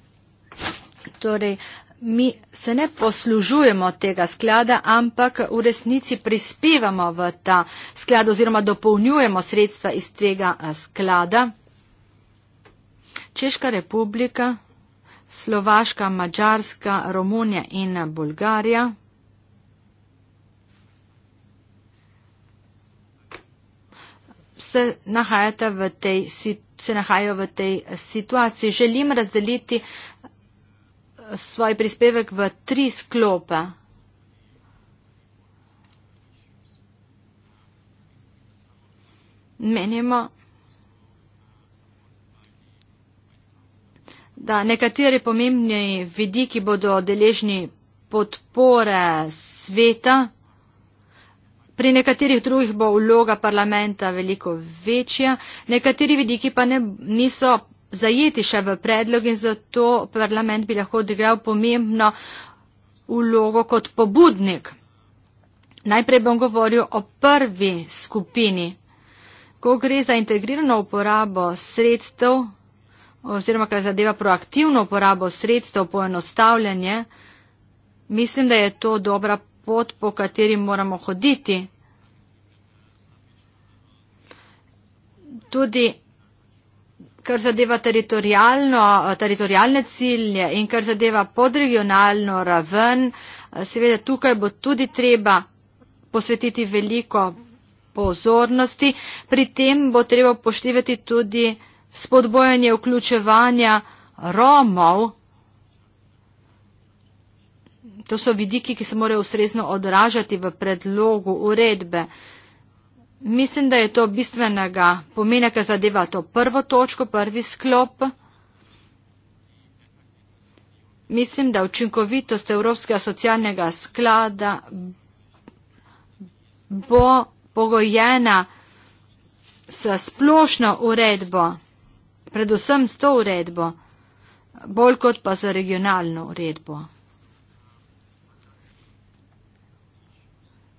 Torej, mi se ne poslužujemo tega sklada, ampak v resnici prispevamo v ta sklad oziroma dopolnjujemo sredstva iz tega eh, sklada. Češka republika, Slovaška, Mačarska, Romunija in Bolgarija. Se, tej, se nahajajo v tej situaciji. Želim razdeliti eh, svoj prispevek v tri sklope. Menimo, da nekateri pomembni vidiki bodo deležni podpore sveta, pri nekaterih drugih bo vloga parlamenta veliko večja, nekateri vidiki pa ne, niso zajeti še v predlog in zato parlament bi lahko odigral pomembno vlogo kot pobudnik. Najprej bom govoril o prvi skupini. Ko gre za integrirano uporabo sredstev, oziroma kar zadeva proaktivno uporabo sredstev, poenostavljanje, mislim, da je to dobra pot, po kateri moramo hoditi. Tudi kar zadeva teritorijalne cilje in kar zadeva podregionalno raven, seveda tukaj bo tudi treba posvetiti veliko pozornosti. Pri tem bo treba poštivati tudi spodbojanje vključevanja Romov. To so vidiki, ki se morajo ustrezno odražati v predlogu uredbe. Mislim, da je to bistvenega pomena, ki zadeva to prvo točko, prvi sklop. Mislim, da učinkovitost Evropskega socialnega sklada bo pogojena s splošno uredbo predvsem s to uredbo, bolj kot pa z regionalno uredbo.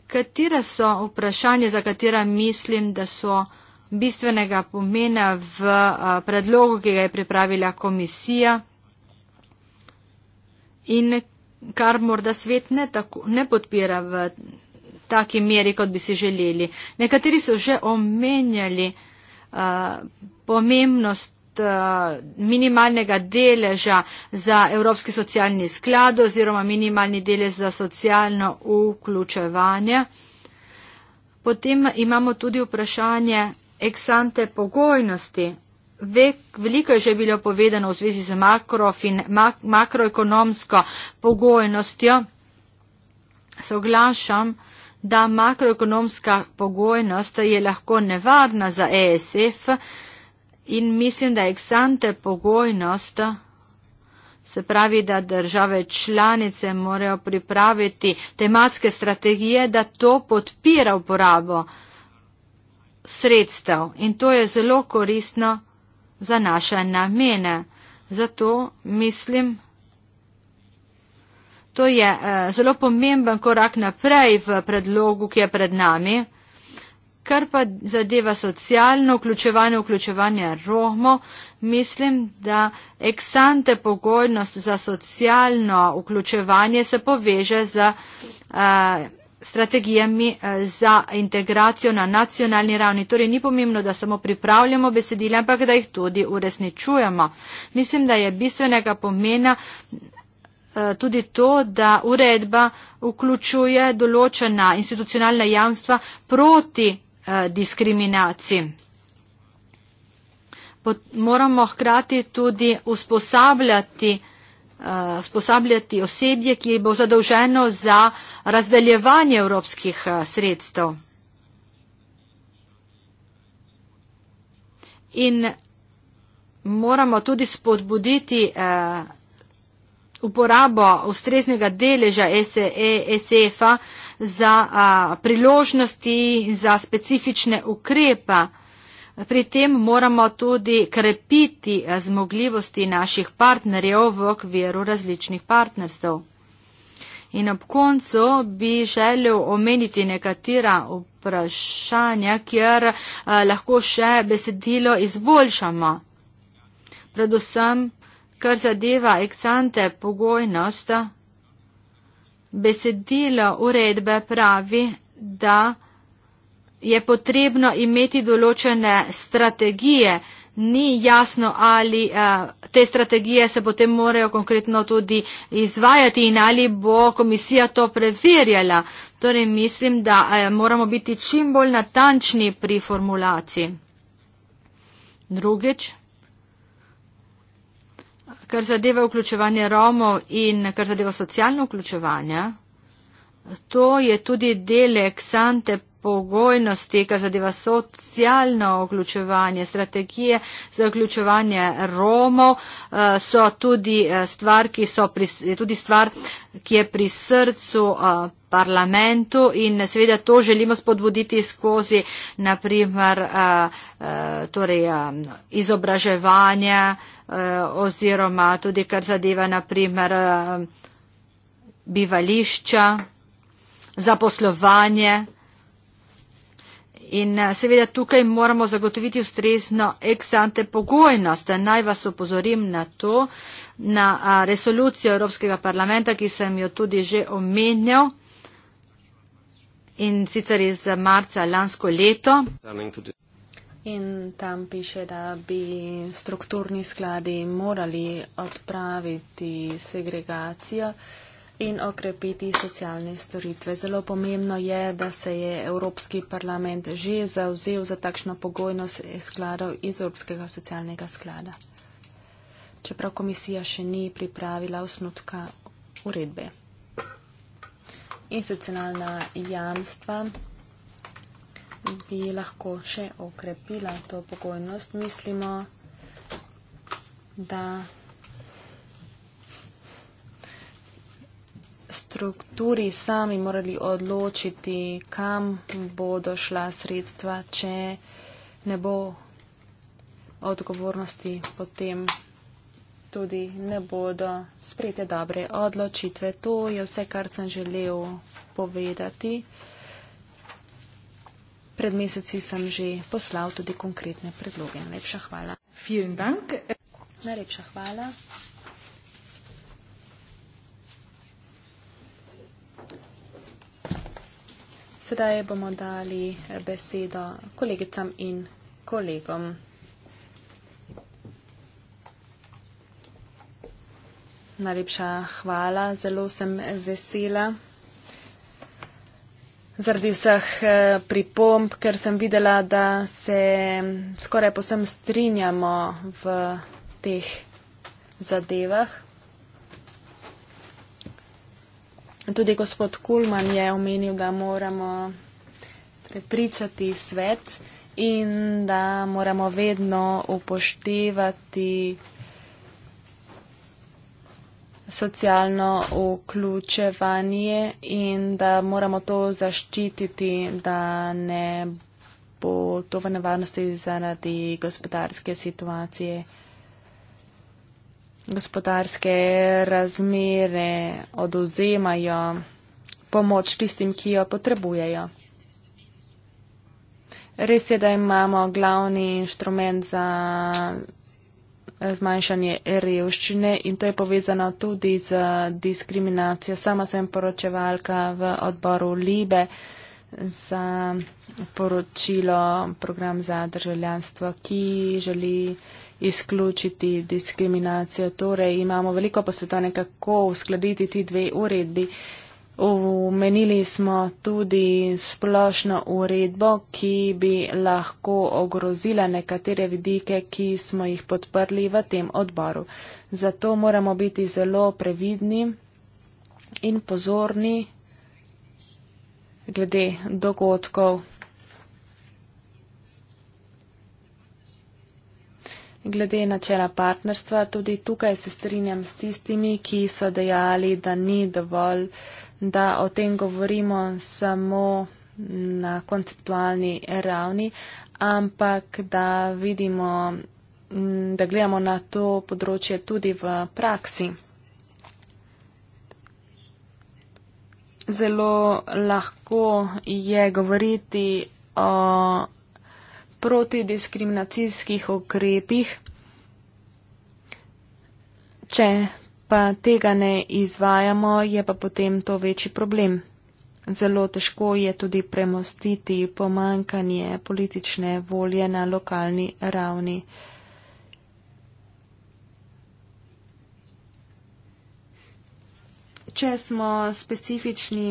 Katera so vprašanja, za katera mislim, da so bistvenega pomena v eh, predlogu, ki ga je pripravila komisija in kar morda svet ne, tako, ne podpira v taki meri, kot bi si želeli. Nekateri so že omenjali uh, pomembnost uh, minimalnega deleža za Evropski socialni sklad oziroma minimalni delež za socialno vključevanje. Potem imamo tudi vprašanje eksante pogojnosti. Veliko je že bilo povedano v zvezi z makrofin, mak, makroekonomsko pogojnostjo. Soglašam, da makroekonomska pogojnost je lahko nevarna za ESF. Uh, In mislim, da je eksante pogojnost, se pravi, da države članice morajo pripraviti tematske strategije, da to podpira uporabo sredstev. In to je zelo koristno za naše namene. Zato mislim, to je eh, zelo pomemben korak naprej v predlogu, ki je pred nami. Kar pa zadeva socialno vključevanje, vključevanje Romo, mislim, da eksante pogojnost za socialno vključevanje se poveže z eh, strategijami eh, za integracijo na nacionalni ravni. Torej ni pomembno, da samo pripravljamo besedila, ampak da jih tudi uresničujemo. Mislim, da je bistvenega pomena eh, tudi to, da uredba vključuje določena institucionalna jamstva proti Eh, diskriminacij. Pot, moramo hkrati tudi usposabljati, uh, usposabljati osebje, ki bo zadolženo za razdeljevanje evropskih uh, sredstev. In moramo tudi spodbuditi uh, uporabo ustreznega deleža SEF-a e za a, priložnosti in za specifične ukrepe. Pri tem moramo tudi krepiti zmogljivosti naših partnerjev v okviru različnih partnerstv. In ob koncu bi želel omeniti nekatera vprašanja, kjer lahko še besedilo izboljšamo. Predvsem Kar zadeva eksante pogojnost, besedilo uredbe pravi, da je potrebno imeti določene strategije. Ni jasno, ali uh, te strategije se potem morajo konkretno tudi izvajati in ali bo komisija to preverjala. Torej mislim, da uh, moramo biti čim bolj natančni pri formulaciji. Drugič kar zadeva vključevanje Romov in kar zadeva socialno vključevanje, To je tudi del eksante pogojnosti, kar zadeva socialno vključevanje, strategije za vključevanje Romov, eh, so tudi eh, stvar, ki, so pri, tudi stvar, ki je pri srcu eh, parlamentu in seveda to želimo spodbuditi skozi naprimer torej, izobraževanje oziroma tudi kar zadeva naprimer bivališča zaposlovanje. In eh, seveda tukaj moramo zagotoviti ustrezno eksante pogojnost. Naj vas opozorim na to, na eh, resolucijo Evropskega parlamenta, ki sem jo tudi že omenjal in sicer iz marca lansko leto. In tam piše, da bi strukturni skladi morali odpraviti segregacijo in okrepiti socialne storitve. Zelo pomembno je, da se je Evropski parlament že zauzel za takšno pogojnost skladov iz Evropskega socialnega sklada, čeprav komisija še ni pripravila osnutka uredbe. Institucionalna jamstva bi lahko še okrepila to pogojnost. Mislimo, da strukturi sami morali odločiti, kam bodo šla sredstva, če ne bo odgovornosti, potem tudi ne bodo sprejete dobre odločitve. To je vse, kar sem želel povedati. Pred meseci sem že poslal tudi konkretne predloge. Najlepša hvala. Najlepša hvala. Sedaj bomo dali besedo kolegicam in kolegom. Najlepša hvala, zelo sem vesela. Zaradi vseh eh, pripomb, ker sem videla, da se skoraj posem strinjamo v teh zadevah. tudi gospod Kulman je omenil, da moramo prepričati svet in da moramo vedno upoštevati socialno vključevanje in da moramo to zaščititi, da ne bo to v nevarnosti zaradi gospodarske situacije gospodarske razmere oduzemajo pomoč tistim, ki jo potrebujejo. Res je, da imamo glavni inštrument za zmanjšanje revščine in to je povezano tudi z diskriminacijo. Sama sem poročevalka v odboru Libe za poročilo program za državljanstvo, ki želi izključiti diskriminacijo. Torej imamo veliko posvetovanja, kako uskladiti ti dve uredbi. Umenili smo tudi splošno uredbo, ki bi lahko ogrozila nekatere vidike, ki smo jih podprli v tem odboru. Zato moramo biti zelo previdni in pozorni glede dogodkov. Glede načela partnerstva, tudi tukaj se strinjam s tistimi, ki so dejali, da ni dovolj, da o tem govorimo samo na konceptualni ravni, ampak da vidimo, mm, da gledamo na to področje tudi v praksi. Zelo lahko je govoriti o protidiskriminacijskih okrepih, če pa tega ne izvajamo, je pa potem to večji problem. Zelo težko je tudi premostiti pomankanje politične volje na lokalni ravni. Če smo specifični,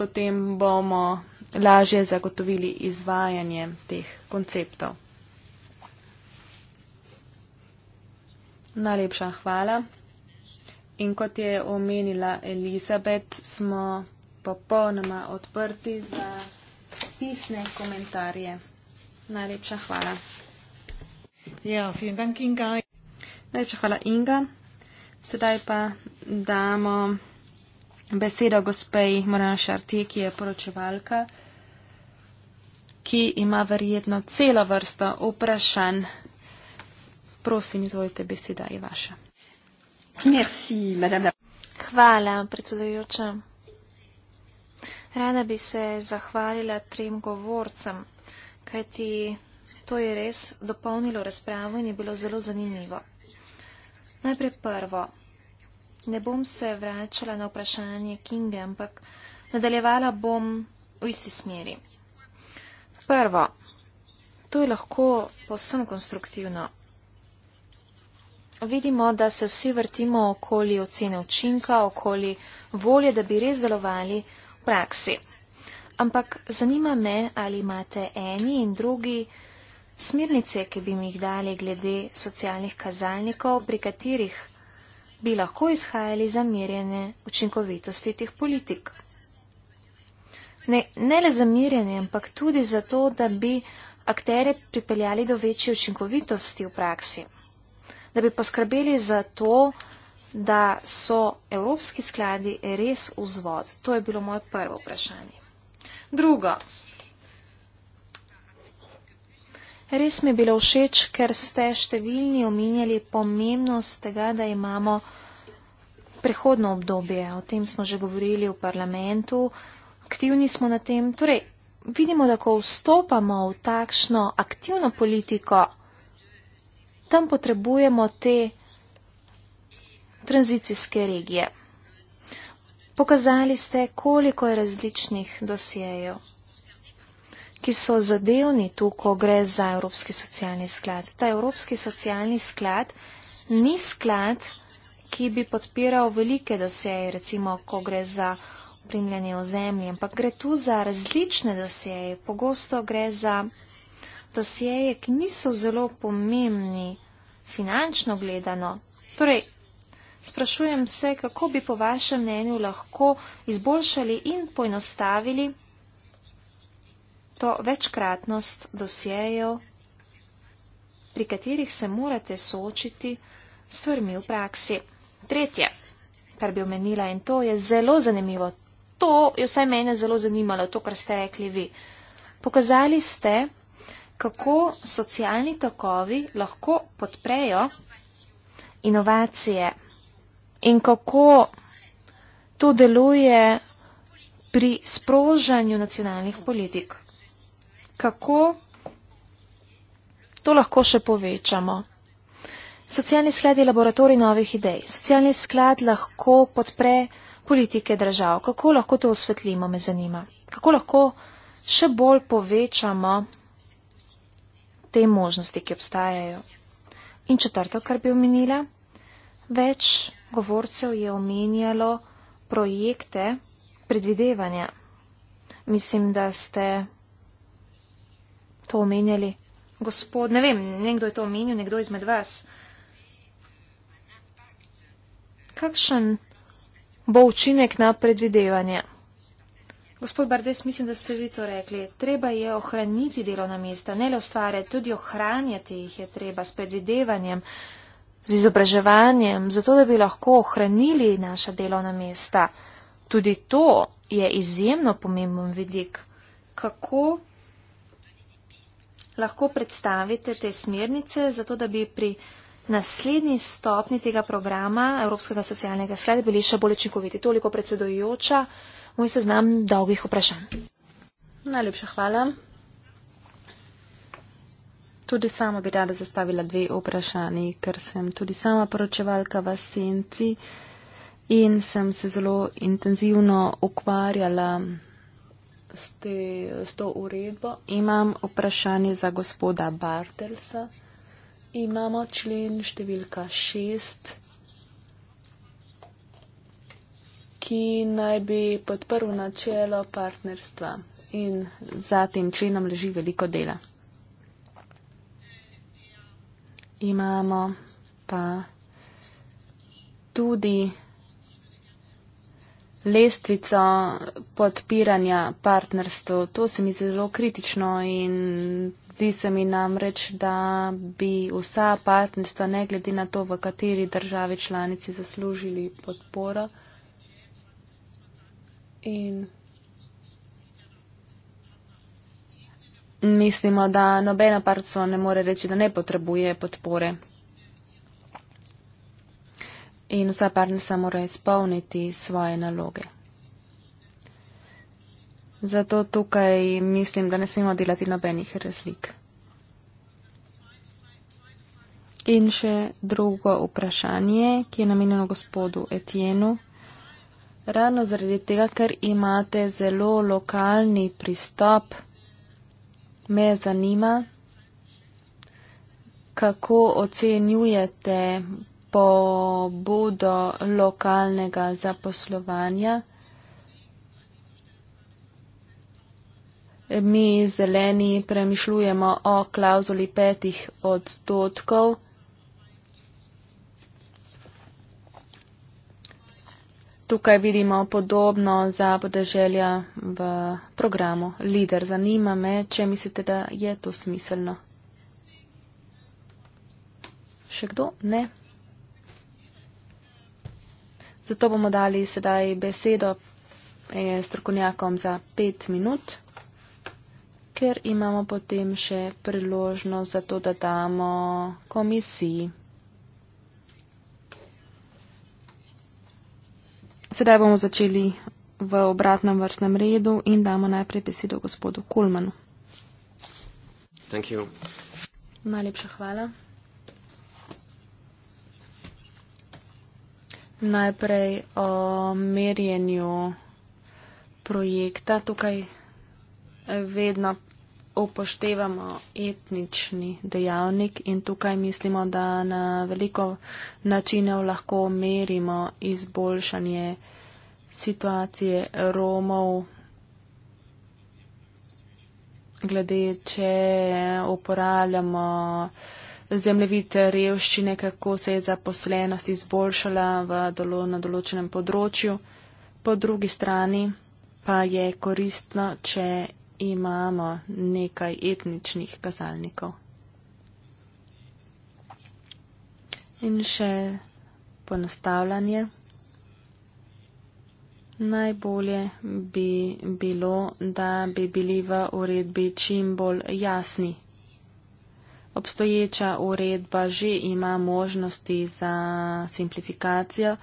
potem bomo lažje zagotovili izvajanje teh konceptov. Najlepša hvala. In kot je omenila Elizabet, smo popolnoma odprti za pisne komentarje. Najlepša hvala. Ja, vielen Dank, Inga. Najlepša hvala, Inga. Sedaj pa damo besedo gospej Morena Šartije, ki je poročevalka, ki ima verjetno celo vrsto vprašanj. Prosim, izvolite, beseda je vaša. Merci, Hvala, predsedujoča. Rada bi se zahvalila trem govorcem, kajti to je res dopolnilo razpravo in je bilo zelo zanimivo. Najprej prvo ne bom se vračala na vprašanje Kinga, ampak nadaljevala bom v isti smeri. Prvo, to je lahko posem konstruktivno. Vidimo, da se vsi vrtimo okoli ocene učinka, okoli volje, da bi res delovali v praksi. Ampak zanima me, ali imate eni in drugi smernice, ki bi mi jih dali glede socialnih kazalnikov, pri katerih bi lahko izhajali za merjene učinkovitosti teh politik. Ne, ne le za merjene, ampak tudi zato, da bi akterje pripeljali do večje učinkovitosti v praksi. Da bi poskrbeli za to, da so evropski skladi res vzvod. To je bilo moje prvo vprašanje. Drugo. Res mi je bilo všeč, ker ste številni omenjali pomembnost tega, da imamo prehodno obdobje. O tem smo že govorili v parlamentu, aktivni smo na tem. Torej, vidimo, da ko vstopamo v takšno aktivno politiko, tam potrebujemo te tranzicijske regije. Pokazali ste, koliko je različnih dosjejev ki so zadevni tu, ko gre za Evropski socialni sklad. Ta Evropski socialni sklad ni sklad, ki bi podpiral velike doseje, recimo, ko gre za upremljanje o zemlji, ampak gre tu za različne doseje. Pogosto gre za doseje, ki niso zelo pomembni finančno gledano. Torej, sprašujem se, kako bi po vašem mnenju lahko izboljšali in poenostavili to večkratnost dosjejev, pri katerih se morate soočiti s tvrmi v praksi. Tretje, kar bi omenila in to je zelo zanimivo, to je vsaj mene zelo zanimalo, to, kar ste rekli vi. Pokazali ste, kako socialni tokovi lahko podprejo inovacije in kako to deluje pri sprožanju nacionalnih politik kako to lahko še povečamo. Socialni sklad je laboratorij novih idej. Socialni sklad lahko podpre politike držav. Kako lahko to osvetlimo, me zanima. Kako lahko še bolj povečamo te možnosti, ki obstajajo. In četrto, kar bi omenila, več govorcev je omenjalo projekte predvidevanja. Mislim, da ste to omenjali? Gospod, ne vem, nekdo je to omenil, nekdo izmed vas. Kakšen bo učinek na predvidevanje? Gospod Bardes, mislim, da ste vi to rekli. Treba je ohraniti delovna mesta, ne le ustvarjati, tudi ohranjati jih je treba s predvidevanjem, z izobraževanjem, zato da bi lahko ohranili naša delovna mesta. Tudi to je izjemno pomemben vidik. Kako lahko predstavite te smernice, zato da bi pri naslednji stopni tega programa Evropskega socialnega sveta bili še bolj učinkoviti. Toliko predsedujoča, moj seznam dolgih vprašanj. Najlepša hvala. Tudi sama bi rada zastavila dve vprašanji, ker sem tudi sama poročevalka v Senci in sem se zelo intenzivno ukvarjala s, te, s to uredbo. Imam vprašanje za gospoda Bartelsa. Imamo člen številka 6, ki naj bi podprl načelo partnerstva in za tem členom leži veliko dela. Imamo pa tudi lestvico podpiranja partnerstvu. To se mi zelo kritično in zdi se mi namreč, da bi vsa partnerstva, ne glede na to, v kateri državi članici zaslužili podporo. In mislimo, da nobeno partnerstvo ne more reči, da ne potrebuje podpore in vsa parnica mora izpolniti svoje naloge. Zato tukaj mislim, da ne smemo delati nobenih razlik. In še drugo vprašanje, ki je namenjeno gospodu Etienu. Ravno zaradi tega, ker imate zelo lokalni pristop, me zanima, kako ocenjujete pobudo lokalnega zaposlovanja. Mi zeleni premišljujemo o klauzuli petih odstotkov. Tukaj vidimo podobno za podeželja v programu. Lider, zanima me, če mislite, da je to smiselno. Še kdo? Ne. Zato bomo dali sedaj besedo eh, strokovnjakom za pet minut, ker imamo potem še priložnost za to, da damo komisiji. Sedaj bomo začeli v obratnem vrstnem redu in damo najprej besedo gospodu Kulmanu. Najlepša hvala. najprej o merjenju projekta. Tukaj vedno upoštevamo etnični dejavnik in tukaj mislimo, da na veliko načinov lahko merimo izboljšanje situacije Romov. Glede, če uporabljamo zemljevid revščine, kako se je zaposlenost izboljšala dolo, na določenem področju. Po drugi strani pa je koristno, če imamo nekaj etničnih kazalnikov. In še ponostavljanje. Najbolje bi bilo, da bi bili v uredbi čim bolj jasni obstoječa uredba že ima možnosti za simplifikacijo,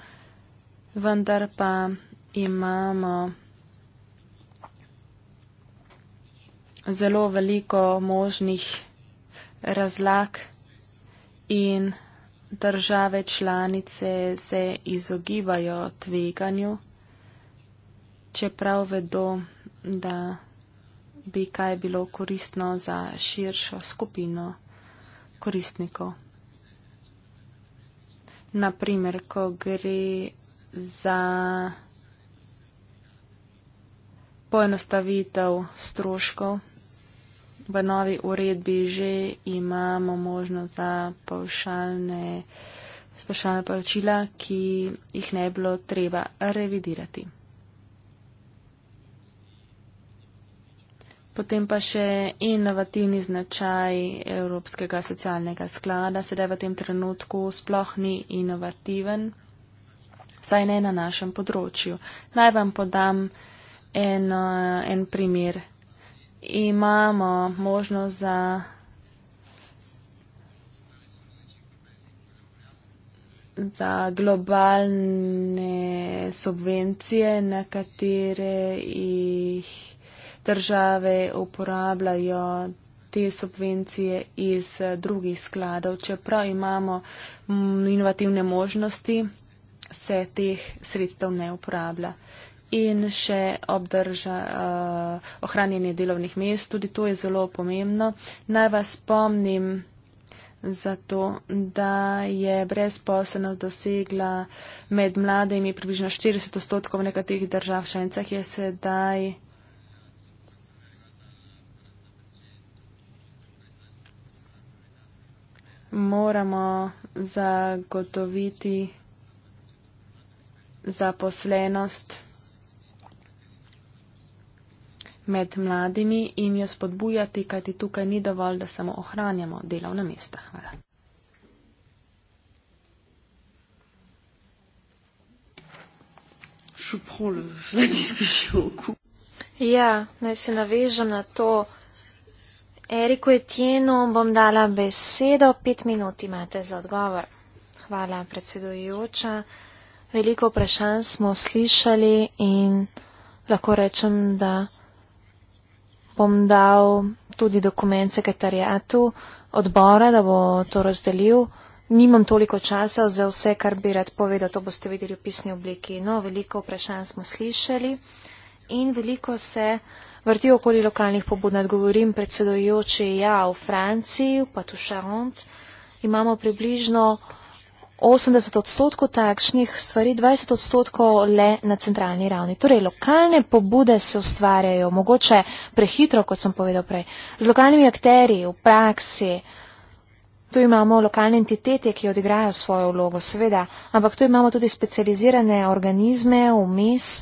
vendar pa imamo zelo veliko možnih razlag in države članice se izogibajo tveganju, čeprav vedo, da bi kaj bilo koristno za širšo skupino koristnikov. Naprimer, ko gre za poenostavitev stroškov, v novi uredbi že imamo možnost za povšalne, povšalne plačila, ki jih ne bi bilo treba revidirati. Potem pa še inovativni značaj Evropskega socialnega sklada sedaj v tem trenutku sploh ni inovativen, saj ne na našem področju. Naj vam podam en, en primer. Imamo možnost za. za globalne subvencije, na katere jih države uporabljajo te subvencije iz drugih skladov. Čeprav imamo inovativne možnosti, se teh sredstev ne uporablja. In še obdrža uh, ohranjanje delovnih mest, tudi to je zelo pomembno. Naj vas spomnim za to, da je brezposelnost dosegla med mladimi približno 40 odstotkov v nekaterih državšencah, je sedaj moramo zagotoviti zaposlenost med mladimi in jo spodbujati, kajti tukaj ni dovolj, da samo ohranjamo delovna mesta. Hvala. Ja, naj se navežem na to. Eriku Etienu bom dala besedo, pet minut imate za odgovor. Hvala, predsedujoča. Veliko vprašanj smo slišali in lahko rečem, da bom dal tudi dokument sekretarijatu odbora, da bo to razdelil. Nimam toliko časa za vse, kar bi rad povedal, to boste videli v pisni obliki. No, veliko vprašanj smo slišali in veliko se vrti okoli lokalnih pobud. Nadgovorim predsedojoči, ja, v Franciji, pa tu Charente, imamo približno 80 odstotkov takšnih stvari, 20 odstotkov le na centralni ravni. Torej, lokalne pobude se ustvarjajo, mogoče prehitro, kot sem povedal prej, z lokalnimi akteri v praksi. Tu imamo lokalne entitete, ki odigrajo svojo vlogo, seveda, ampak tu imamo tudi specializirane organizme, vmes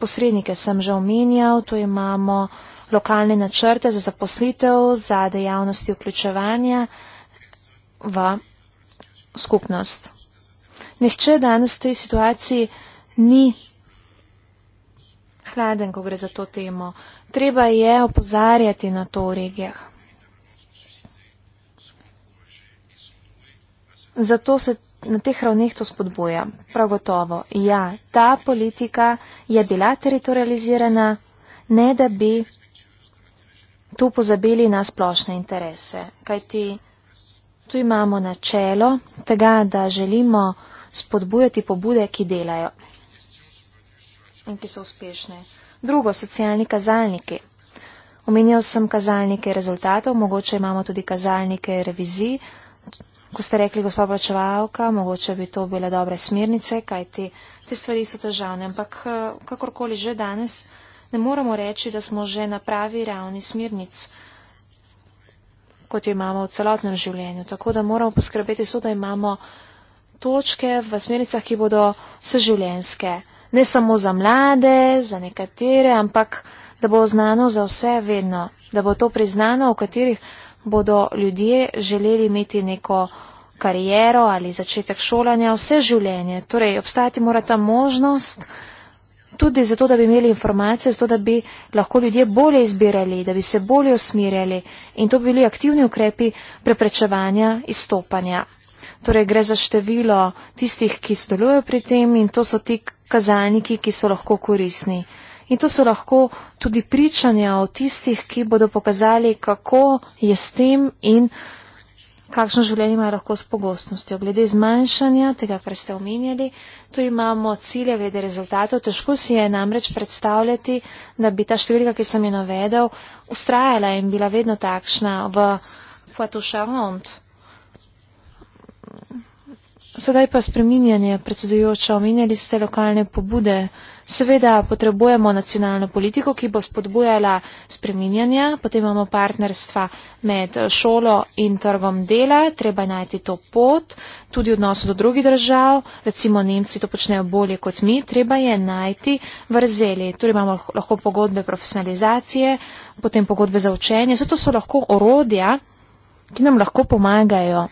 posrednike sem že omenjal, tu imamo lokalne načrte za zaposlitev, za dejavnosti vključevanja v skupnost. Nihče danes v tej situaciji ni hladen, ko gre za to temo. Treba je opozarjati na to v regijah. Zato se na teh ravneh to spodbuja. Prav gotovo. Ja, ta politika je bila teritorializirana, ne da bi tu pozabili na splošne interese. Kajti tu imamo načelo tega, da želimo spodbujati pobude, ki delajo in ki so uspešne. Drugo, socialni kazalniki. Omenjal sem kazalnike rezultatov, mogoče imamo tudi kazalnike revizij ko ste rekli, gospod plačevalka, mogoče bi to bile dobre smernice, kaj te, te stvari so težavne, ampak eh, kakorkoli že danes ne moramo reči, da smo že na pravi ravni smernic, kot jo imamo v celotnem življenju. Tako da moramo poskrbeti so, da imamo točke v smernicah, ki bodo vseživljenske. Ne samo za mlade, za nekatere, ampak da bo znano za vse vedno, da bo to priznano, v katerih bodo ljudje želeli imeti neko kariero ali začetek šolanja vse življenje. Torej, obstajati mora ta možnost tudi zato, da bi imeli informacije, zato, da bi lahko ljudje bolje izbirali, da bi se bolje usmirjali in to bi bili aktivni ukrepi preprečevanja izstopanja. Torej, gre za število tistih, ki sodelujo pri tem in to so ti kazalniki, ki so lahko korisni. In to so lahko tudi pričanja o tistih, ki bodo pokazali, kako je s tem in kakšno življenje imajo lahko s pogostnostjo. Glede zmanjšanja tega, kar ste omenjali, tu imamo cilje, glede rezultatov. Težko si je namreč predstavljati, da bi ta številka, ki sem jo navedel, ustrajala in bila vedno takšna v Fatušavont. Sedaj pa spreminjanje, predsedujoča, omenjali ste lokalne pobude. Seveda potrebujemo nacionalno politiko, ki bo spodbujala spreminjanja, potem imamo partnerstva med šolo in trgom dela, treba najti to pot, tudi odnos do drugih držav, recimo Nemci to počnejo bolje kot mi, treba je najti vrzeli. Torej imamo lahko pogodbe profesionalizacije, potem pogodbe za učenje, vse to so lahko orodja, ki nam lahko pomagajo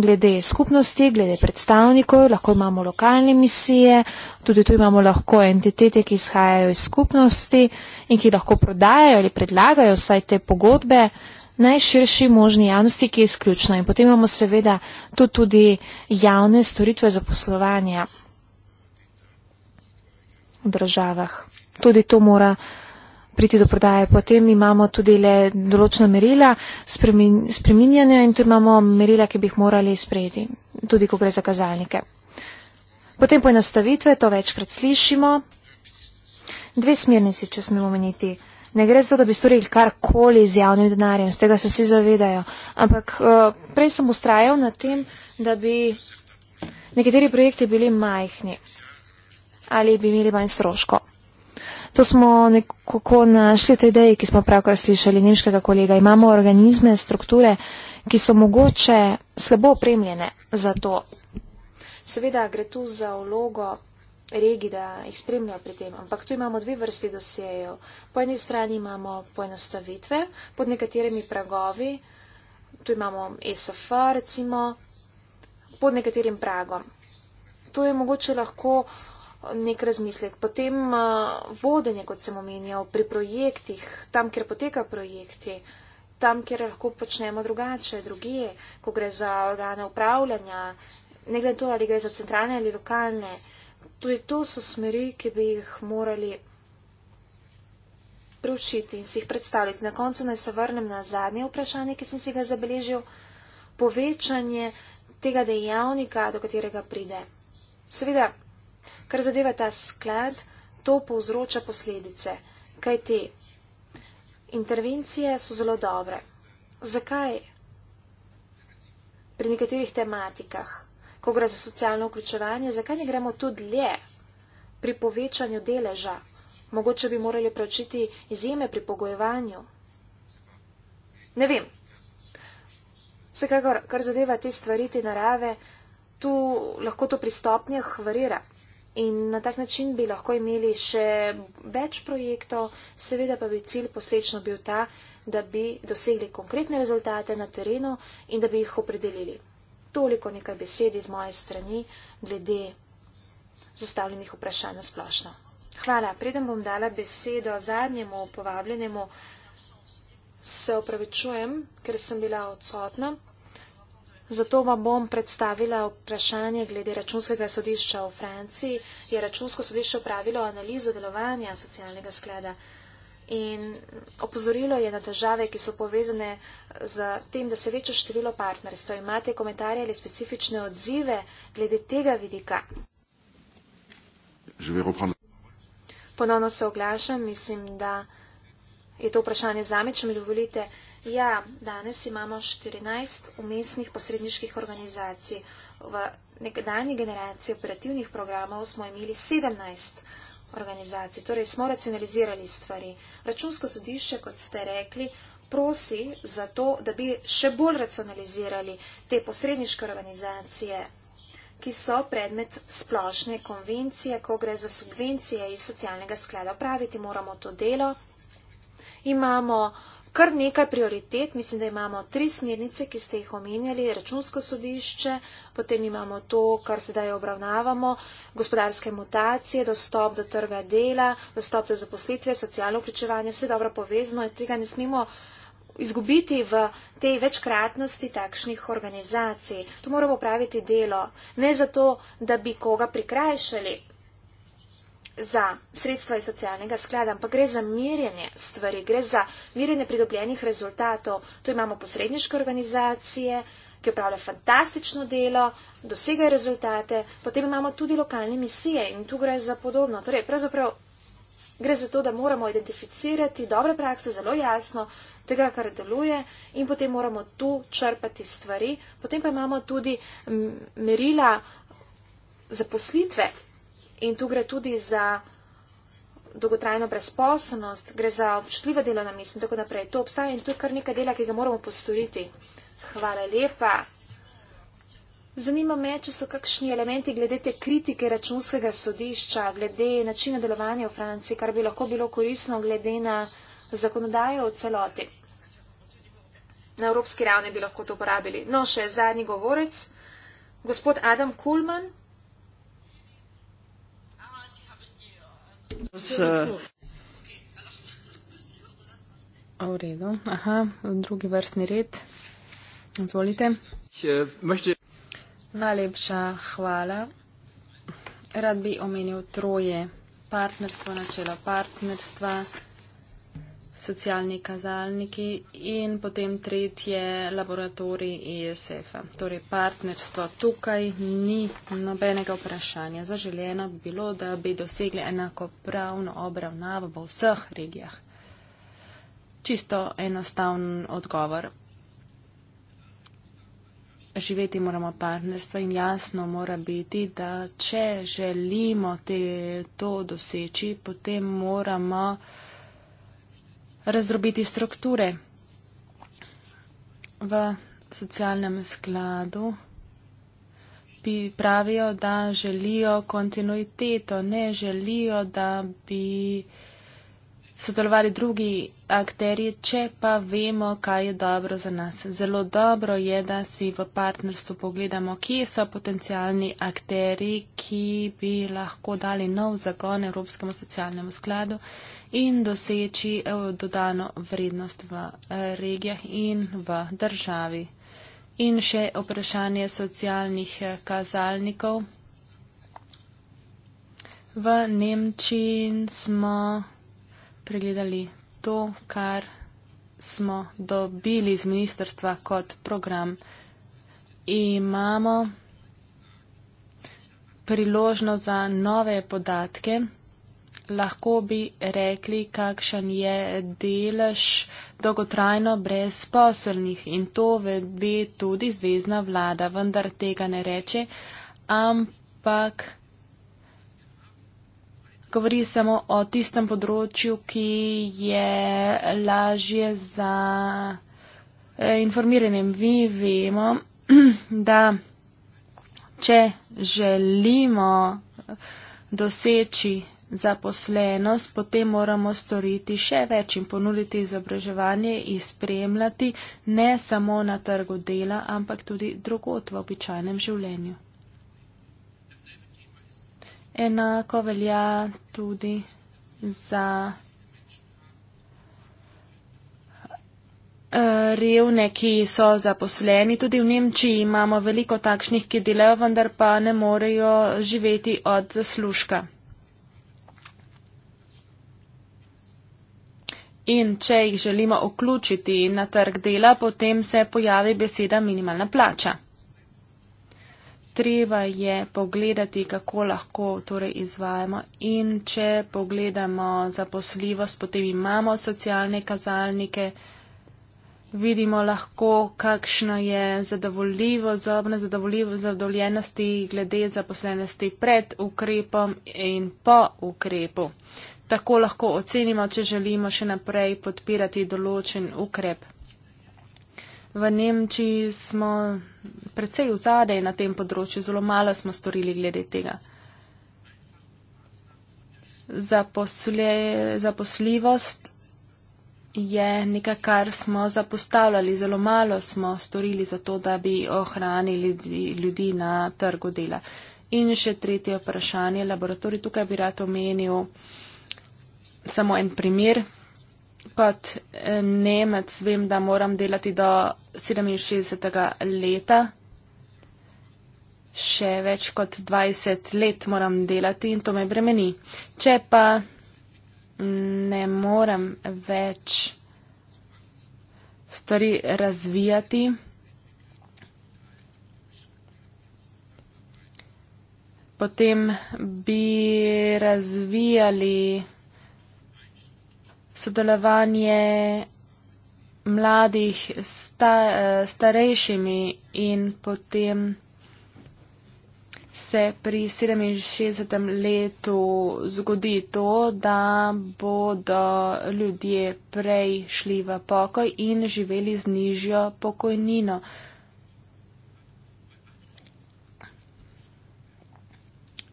glede skupnosti, glede predstavnikov, lahko imamo lokalne misije, tudi tu imamo lahko entitete, ki izhajajo iz skupnosti in ki lahko prodajajo ali predlagajo vsaj te pogodbe najširši možni javnosti, ki je izključno. In potem imamo seveda tu tudi javne storitve za poslovanje v državah. Tudi to mora priti do prodaje. Potem imamo tudi le določena merila spreminjanja in tu imamo merila, ki bi jih morali sprejeti, tudi ko gre za kazalnike. Potem poenostavitve, to večkrat slišimo. Dve smernici, če smemo omeniti. Ne gre za to, da bi storili karkoli z javnim denarjem, z tega se vsi zavedajo. Ampak eh, prej sem ustrajal na tem, da bi nekateri projekti bili majhni ali bi imeli manj stroškov. To smo nekako našli v tej ideji, ki smo pravkar slišali nemškega kolega. Imamo organizme, strukture, ki so mogoče slabo opremljene za to. Seveda gre tu za vlogo regi, da jih spremljajo pri tem, ampak tu imamo dve vrsti dosejev. Po eni strani imamo poenostavitve pod nekaterimi pragovi, tu imamo e SF, recimo, pod nekaterim pragom. To je mogoče lahko nek razmislek. Potem uh, vodenje, kot sem omenjal, pri projektih, tam, kjer poteka projekti, tam, kjer lahko počnemo drugače, druge, ko gre za organe upravljanja, ne glede to, ali gre za centralne ali lokalne. Tudi to so smeri, ki bi jih morali preučiti in si jih predstavljati. Na koncu naj se vrnem na zadnje vprašanje, ki sem si ga zabeležil. Povečanje tega dejavnika, do katerega pride. Seveda, kar zadeva ta sklad, to povzroča posledice. Kaj te? Intervencije so zelo dobre. Zakaj? Pri nekaterih tematikah, ko gre za socialno vključevanje, zakaj ne gremo tudi dlje pri povečanju deleža? Mogoče bi morali preučiti izjeme pri pogojevanju. Ne vem. Vsekakor, kar zadeva te stvari, te narave, tu lahko to pri stopnjah varira in na tak način bi lahko imeli še več projektov, seveda pa bi cilj posledično bil ta, da bi dosegli konkretne rezultate na terenu in da bi jih opredelili. Toliko nekaj besed iz moje strani glede zastavljenih vprašanj na splošno. Hvala. Preden bom dala besedo zadnjemu povabljenemu, se opravičujem, ker sem bila odsotna. Zato vam bom predstavila vprašanje glede računskega sodišča v Franciji. Je računsko sodišče upravilo analizo delovanja socialnega skleda in opozorilo je na težave, ki so povezane z tem, da se veča število partnerstva. Imate komentarje ali specifične odzive glede tega vidika? Ponovno se oglašam, mislim, da je to vprašanje zame, če mi dovolite. Ja, danes imamo 14 umestnih posredniških organizacij. V nekdani generaciji operativnih programov smo imeli 17 organizacij, torej smo racionalizirali stvari. Računsko sodišče, kot ste rekli, prosi za to, da bi še bolj racionalizirali te posredniške organizacije, ki so predmet splošne konvencije, ko gre za subvencije iz socialnega sklada. Praviti moramo to delo. Imamo kar nekaj prioritet. Mislim, da imamo tri smernice, ki ste jih omenjali, računsko sodišče, potem imamo to, kar sedaj obravnavamo, gospodarske mutacije, dostop do trga dela, dostop do zaposlitve, socialno vključevanje, vse dobro povezano in tega ne smemo izgubiti v tej večkratnosti takšnih organizacij. Tu moramo praviti delo, ne zato, da bi koga prikrajšali, za sredstva iz socialnega sklada, ampak gre za mirjenje stvari, gre za mirjenje pridobljenih rezultatov. Tu imamo posredniške organizacije, ki opravljajo fantastično delo, dosegajo rezultate, potem imamo tudi lokalne misije in tu gre za podobno. Torej, pravzaprav gre za to, da moramo identificirati dobre prakse zelo jasno, tega, kar deluje in potem moramo tu črpati stvari. Potem pa imamo tudi merila zaposlitve, In tu gre tudi za dolgotrajno brezposobnost, gre za občutljiva delovna mesta in tako naprej. To obstaja in to je kar nekaj dela, ki ga moramo postoriti. Hvala lepa. Zanima me, če so kakšni elementi glede te kritike računskega sodišča, glede načina delovanja v Franciji, kar bi lahko bilo korisno glede na zakonodajo v celoti. Na evropski ravni bi lahko to uporabili. No, še zadnji govorec, gospod Adam Kulman. Z... V redu. Aha, drugi vrstni red. Izvolite. Najlepša hvala. Rad bi omenil troje partnerstva, načela partnerstva socialni kazalniki in potem tretje laboratorij ISF-a. E torej partnerstvo tukaj ni nobenega vprašanja. Zaželjena bi bilo, da bi dosegli enakopravno obravnavo v vseh regijah. Čisto enostaven odgovor. Živeti moramo partnerstvo in jasno mora biti, da če želimo te, to doseči, potem moramo razrobiti strukture v socialnem skladu. Bi pravijo, da želijo kontinuiteto, ne želijo, da bi sodelovali drugi akteri, če pa vemo, kaj je dobro za nas. Zelo dobro je, da si v partnerstvu pogledamo, kje so potencijalni akteri, ki bi lahko dali nov zakon Evropskemu socialnemu skladu in doseči eh, dodano vrednost v eh, regijah in v državi. In še vprašanje socialnih eh, kazalnikov. V Nemčiji smo pregledali to, kar smo dobili iz ministrstva kot program. Imamo priložnost za nove podatke. Lahko bi rekli, kakšen je delež dolgotrajno brezposelnih in to ve tudi zvezna vlada, vendar tega ne reče, ampak govori samo o tistem področju, ki je lažje za eh, informiranjem. Vi vemo, da če želimo doseči zaposlenost, potem moramo storiti še več in ponuditi izobraževanje in spremljati ne samo na trgu dela, ampak tudi drugot v običajnem življenju enako velja tudi za eh, revne, ki so zaposleni. Tudi v Nemčiji imamo veliko takšnih, ki delajo, vendar pa ne morejo živeti od zaslužka. In če jih želimo vključiti na trg dela, potem se pojavi beseda minimalna plača treba je pogledati, kako lahko torej izvajamo. In če pogledamo zaposljivost, potem imamo socialne kazalnike, vidimo lahko, kakšno je zadovoljivo, zobna zadovoljivost zadovoljenosti glede zaposlenosti pred ukrepom in po ukrepu. Tako lahko ocenimo, če želimo še naprej podpirati določen ukrep. V Nemčiji smo precej vzadej na tem področju, zelo malo smo storili glede tega. Zaposle, zaposljivost je nekaj, kar smo zapostavljali, zelo malo smo storili za to, da bi ohranili ljudi na trgu dela. In še tretje vprašanje, laboratorij, tukaj bi rad omenil samo en primer. Kot eh, Nemec vem, da moram delati do 67. leta, še več kot 20 let moram delati in to me bremeni. Če pa ne morem več stvari razvijati, potem bi razvijali sodelovanje mladih sta, eh, starejšimi in potem se pri 67. letu zgodi to, da bodo ljudje prej šli v pokoj in živeli z nižjo pokojnino.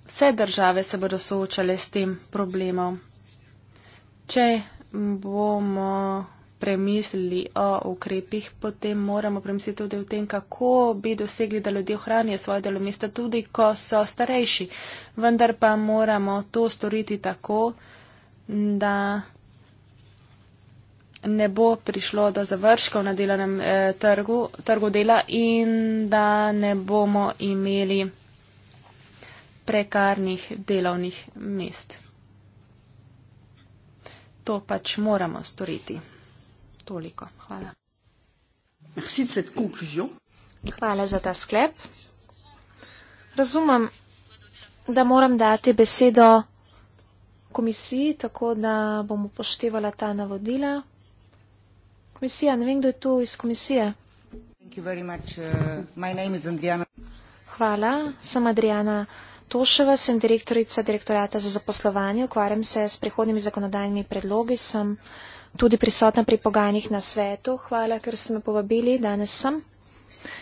Vse države se bodo soočale s tem problemom. Če bomo premislili o ukrepih, potem moramo premisliti tudi o tem, kako bi dosegli, da ljudje ohranijo svoje delomesta, tudi ko so starejši. Vendar pa moramo to storiti tako, da ne bo prišlo do završkov na delovnem eh, trgu, trgu dela in da ne bomo imeli prekarnih delovnih mest. To pač moramo storiti. Toliko. Hvala. Hvala za ta sklep. Razumem, da moram dati besedo komisiji, tako da bom upoštevala ta navodila. Komisija, ne vem, kdo je tu iz komisije. Uh, Hvala, sem Adriana Toševa, sem direktorica direktorata za zaposlovanje, ukvarjam se s prihodnimi zakonodajnimi predlogi, sem tudi prisotna pri pogajanjih na svetu. Hvala, ker ste me povabili, danes sem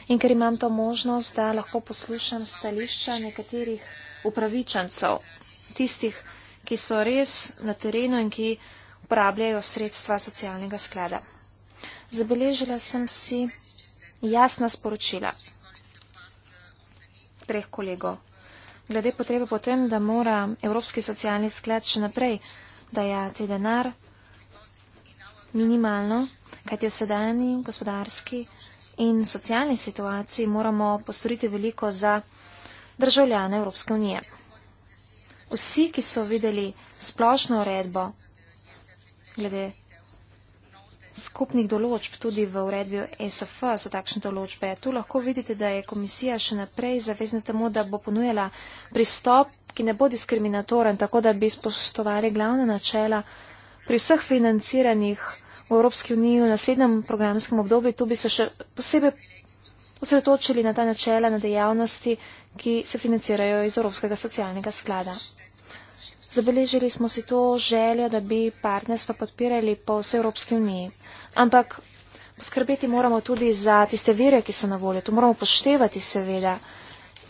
in ker imam to možnost, da lahko poslušam stališča nekaterih upravičencov, tistih, ki so res na terenu in ki uporabljajo sredstva socialnega sklada. Zabeležila sem si jasna sporočila treh kolegov. Glede potrebe potem, da mora Evropski socialni sklad še naprej dajati denar, minimalno, kajti v sedajni gospodarski in socialni situaciji moramo postoriti veliko za državljane Evropske unije. Vsi, ki so videli splošno uredbo glede skupnih določb, tudi v uredbi SF so takšne določbe, tu lahko vidite, da je komisija še naprej zavezna temu, da bo ponujala pristop, ki ne bo diskriminatoren, tako da bi spoštovali glavne načela pri vseh financiranih v Evropski uniji v naslednjem programskem obdobju, tu bi se še posebej osredotočili na ta načela, na dejavnosti, ki se financirajo iz Evropskega socialnega sklada. Zabeležili smo si to željo, da bi partnerstva podpirali po vsej Evropski uniji. Ampak poskrbeti moramo tudi za tiste vire, ki so na voljo. To moramo poštevati, seveda.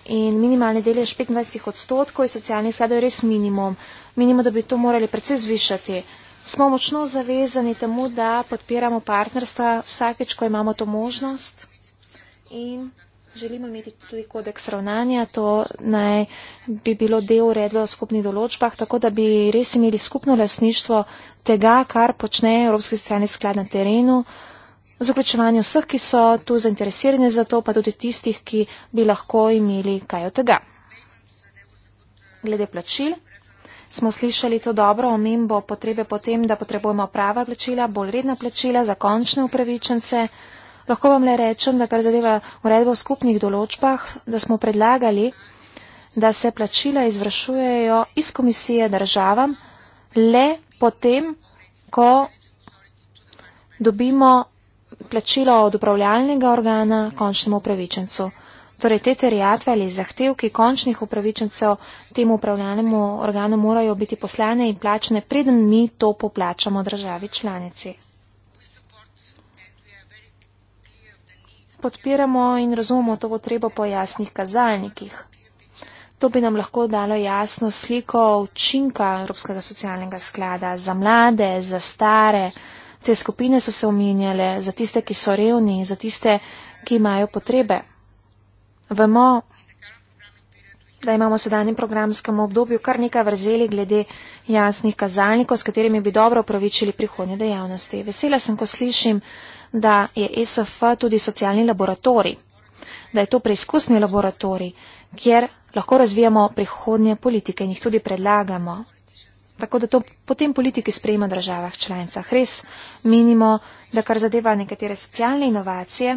In minimalni delež 25 odstotkov iz socialnih skladov je res minimum. Minimum, da bi to morali predvsej zvišati smo močno zavezani temu, da podpiramo partnerstva vsakeč, ko imamo to možnost in želimo imeti tudi kodeks ravnanja, to naj bi bilo del uredbe o skupnih določbah, tako da bi res imeli skupno lasništvo tega, kar počne Evropski socialni sklad na terenu, zaključevanje vseh, ki so tu zainteresirani za to, pa tudi tistih, ki bi lahko imeli kaj od tega. Glede plačil smo slišali to dobro omembo potrebe potem, da potrebujemo prava plačila, bolj redna plačila za končne upravičence. Lahko vam le rečem, da kar zadeva uredbo v skupnih določbah, da smo predlagali, da se plačila izvršujejo iz komisije državam le potem, ko dobimo plačilo od upravljalnega organa končnemu upravičencu. Torej, te terjatve ali zahtevki končnih upravičencev temu upravljanemu organu morajo biti poslane in plačene, preden mi to poplačamo državi članici. Podpiramo in razumemo to potrebo po jasnih kazalnikih. To bi nam lahko dalo jasno sliko učinka Evropskega socialnega sklada za mlade, za stare. Te skupine so se omenjale, za tiste, ki so revni, za tiste, ki imajo potrebe. Vemo, da imamo v sedanjem programskem obdobju kar nekaj vrzeli glede jasnih kazalnikov, s katerimi bi dobro upravičili prihodnje dejavnosti. Vesela sem, ko slišim, da je SF tudi socialni laboratorij, da je to preizkusni laboratorij, kjer lahko razvijamo prihodnje politike in jih tudi predlagamo. Tako da to potem politiki sprejema v državah članicah. Res menimo, da kar zadeva nekatere socialne inovacije,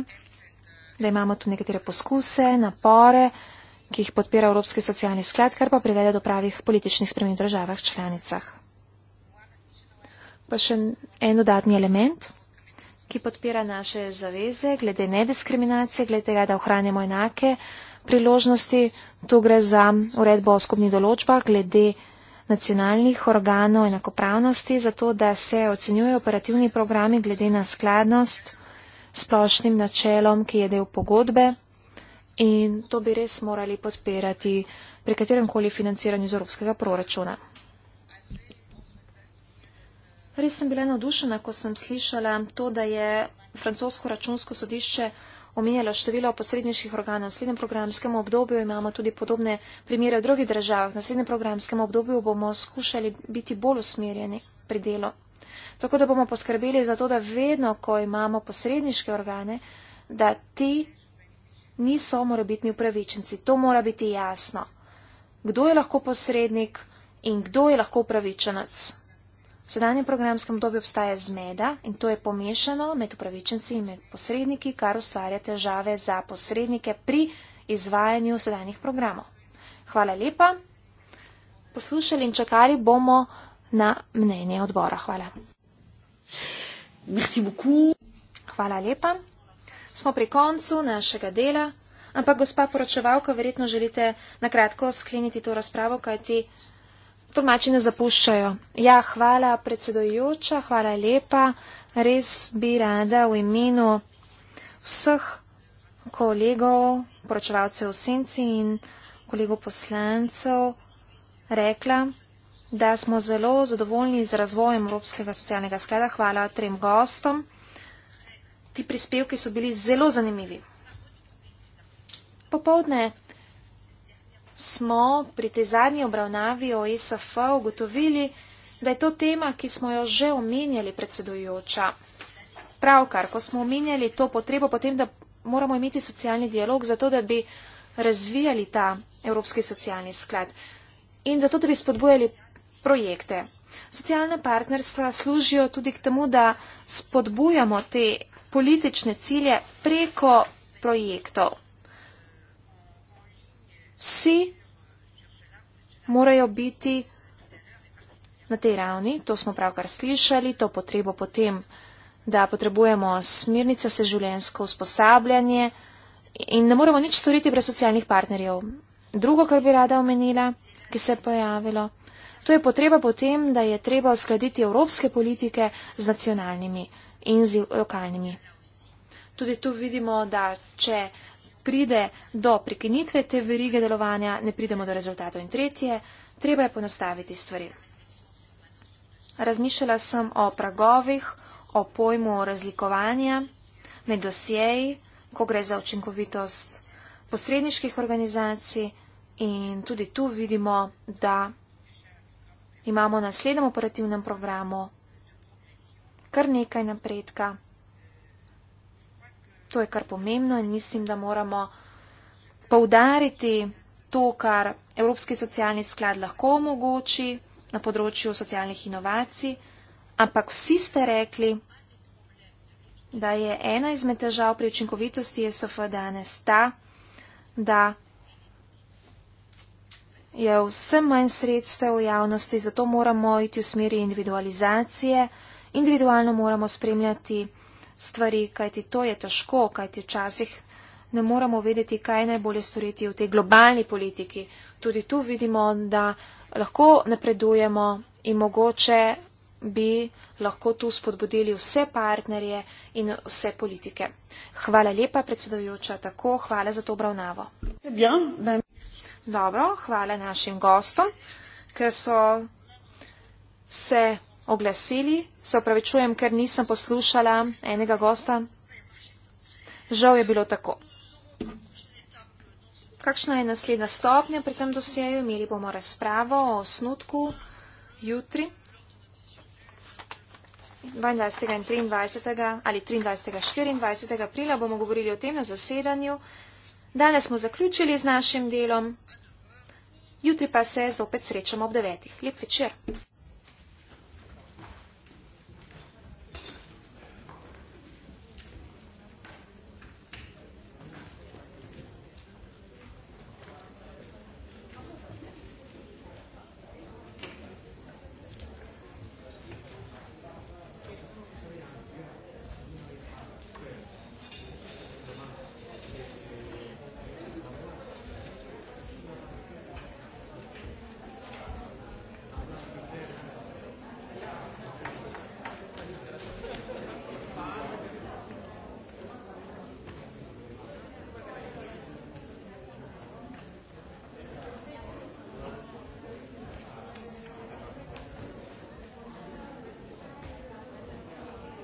da imamo tu nekatere poskuse, napore, ki jih podpira Evropski socialni sklad, kar pa privede do pravih političnih sprememb v državah članicah. Pa še en dodatni element, ki podpira naše zaveze glede nediskriminacije, glede tega, da ohranjamo enake priložnosti. Tu gre za uredbo o skupni določbah glede nacionalnih organov enakopravnosti, zato da se ocenjujejo operativni programi glede na skladnost splošnim načelom, ki je del pogodbe in to bi res morali podpirati pri katerem koli financiranju iz evropskega proračuna. Res sem bila navdušena, ko sem slišala to, da je francosko računsko sodišče omenjalo število posredniških organov. V naslednjem programskem obdobju imamo tudi podobne primere v drugih državah. V naslednjem programskem obdobju bomo skušali biti bolj usmerjeni pri delu. Tako da bomo poskrbeli za to, da vedno, ko imamo posredniške organe, da ti niso morebitni upravičenci. To mora biti jasno. Kdo je lahko posrednik in kdo je lahko upravičenec? V sedanjem programskem dobi obstaja zmeda in to je pomešano med upravičenci in med posredniki, kar ustvarja težave za posrednike pri izvajanju sedanjih programov. Hvala lepa. Poslušali in čakali bomo na mnenje odbora. Hvala. Merci beaucoup. Hvala lepa. Smo pri koncu našega dela, ampak gospa poročevalka, verjetno želite na kratko skleniti to razpravo, kajti tolmači ne zapuščajo. Ja, hvala predsedojoča, hvala lepa. Res bi rada v imenu vseh kolegov, poročevalcev v senci in kolegov poslancev rekla, da smo zelo zadovoljni z razvojem Evropskega socialnega sklada. Hvala trem gostom. Ti prispevki so bili zelo zanimivi. Popovdne smo pri tej zadnji obravnavi o ESF ugotovili, da je to tema, ki smo jo že omenjali predsedujoča. Pravkar, ko smo omenjali to potrebo potem, da moramo imeti socialni dialog zato, da bi razvijali ta Evropski socialni sklad in zato, da bi spodbujali projekte. Socialna partnerstva služijo tudi k temu, da spodbujamo te politične cilje preko projektov. Vsi morajo biti na tej ravni, to smo pravkar slišali, to potrebo potem, da potrebujemo smirnice vse življensko usposabljanje in ne moremo nič storiti brez socialnih partnerjev. Drugo, kar bi rada omenila, ki se je pojavilo, To je potreba potem, da je treba uskladiti evropske politike z nacionalnimi in z lokalnimi. Tudi tu vidimo, da če pride do prekinitve te verige delovanja, ne pridemo do rezultatov. In tretje, treba je ponostaviti stvari. Razmišljala sem o pragovih, o pojmu razlikovanja med dosjeji, ko gre za učinkovitost posredniških organizacij in tudi tu vidimo, da imamo na naslednjem operativnem programu kar nekaj napredka. To je kar pomembno in mislim, da moramo poudariti to, kar Evropski socialni sklad lahko omogoči na področju socialnih inovacij, ampak vsi ste rekli, da je ena izmed težav pri učinkovitosti SF danes ta, da je vse manj sredstev v javnosti, zato moramo iti v smeri individualizacije, individualno moramo spremljati stvari, kajti to je težko, kajti včasih ne moramo vedeti, kaj najbolje storiti v tej globalni politiki. Tudi tu vidimo, da lahko napredujemo in mogoče bi lahko tu spodbudili vse partnerje in vse politike. Hvala lepa, predsedujoča, tako hvala za to obravnavo. Ja, Dobro, hvala našim gostom, ker so se oglasili. Se upravičujem, ker nisem poslušala enega gosta. Žal je bilo tako. Kakšna je naslednja stopnja pri tem dosjeju? Imeli bomo razpravo o osnutku jutri 22. in 23. ali 23. in 24. aprila. Bomo govorili o tem na zasedanju. Danes smo zaključili z našim delom, jutri pa se zopet srečamo ob devetih. Lep večer.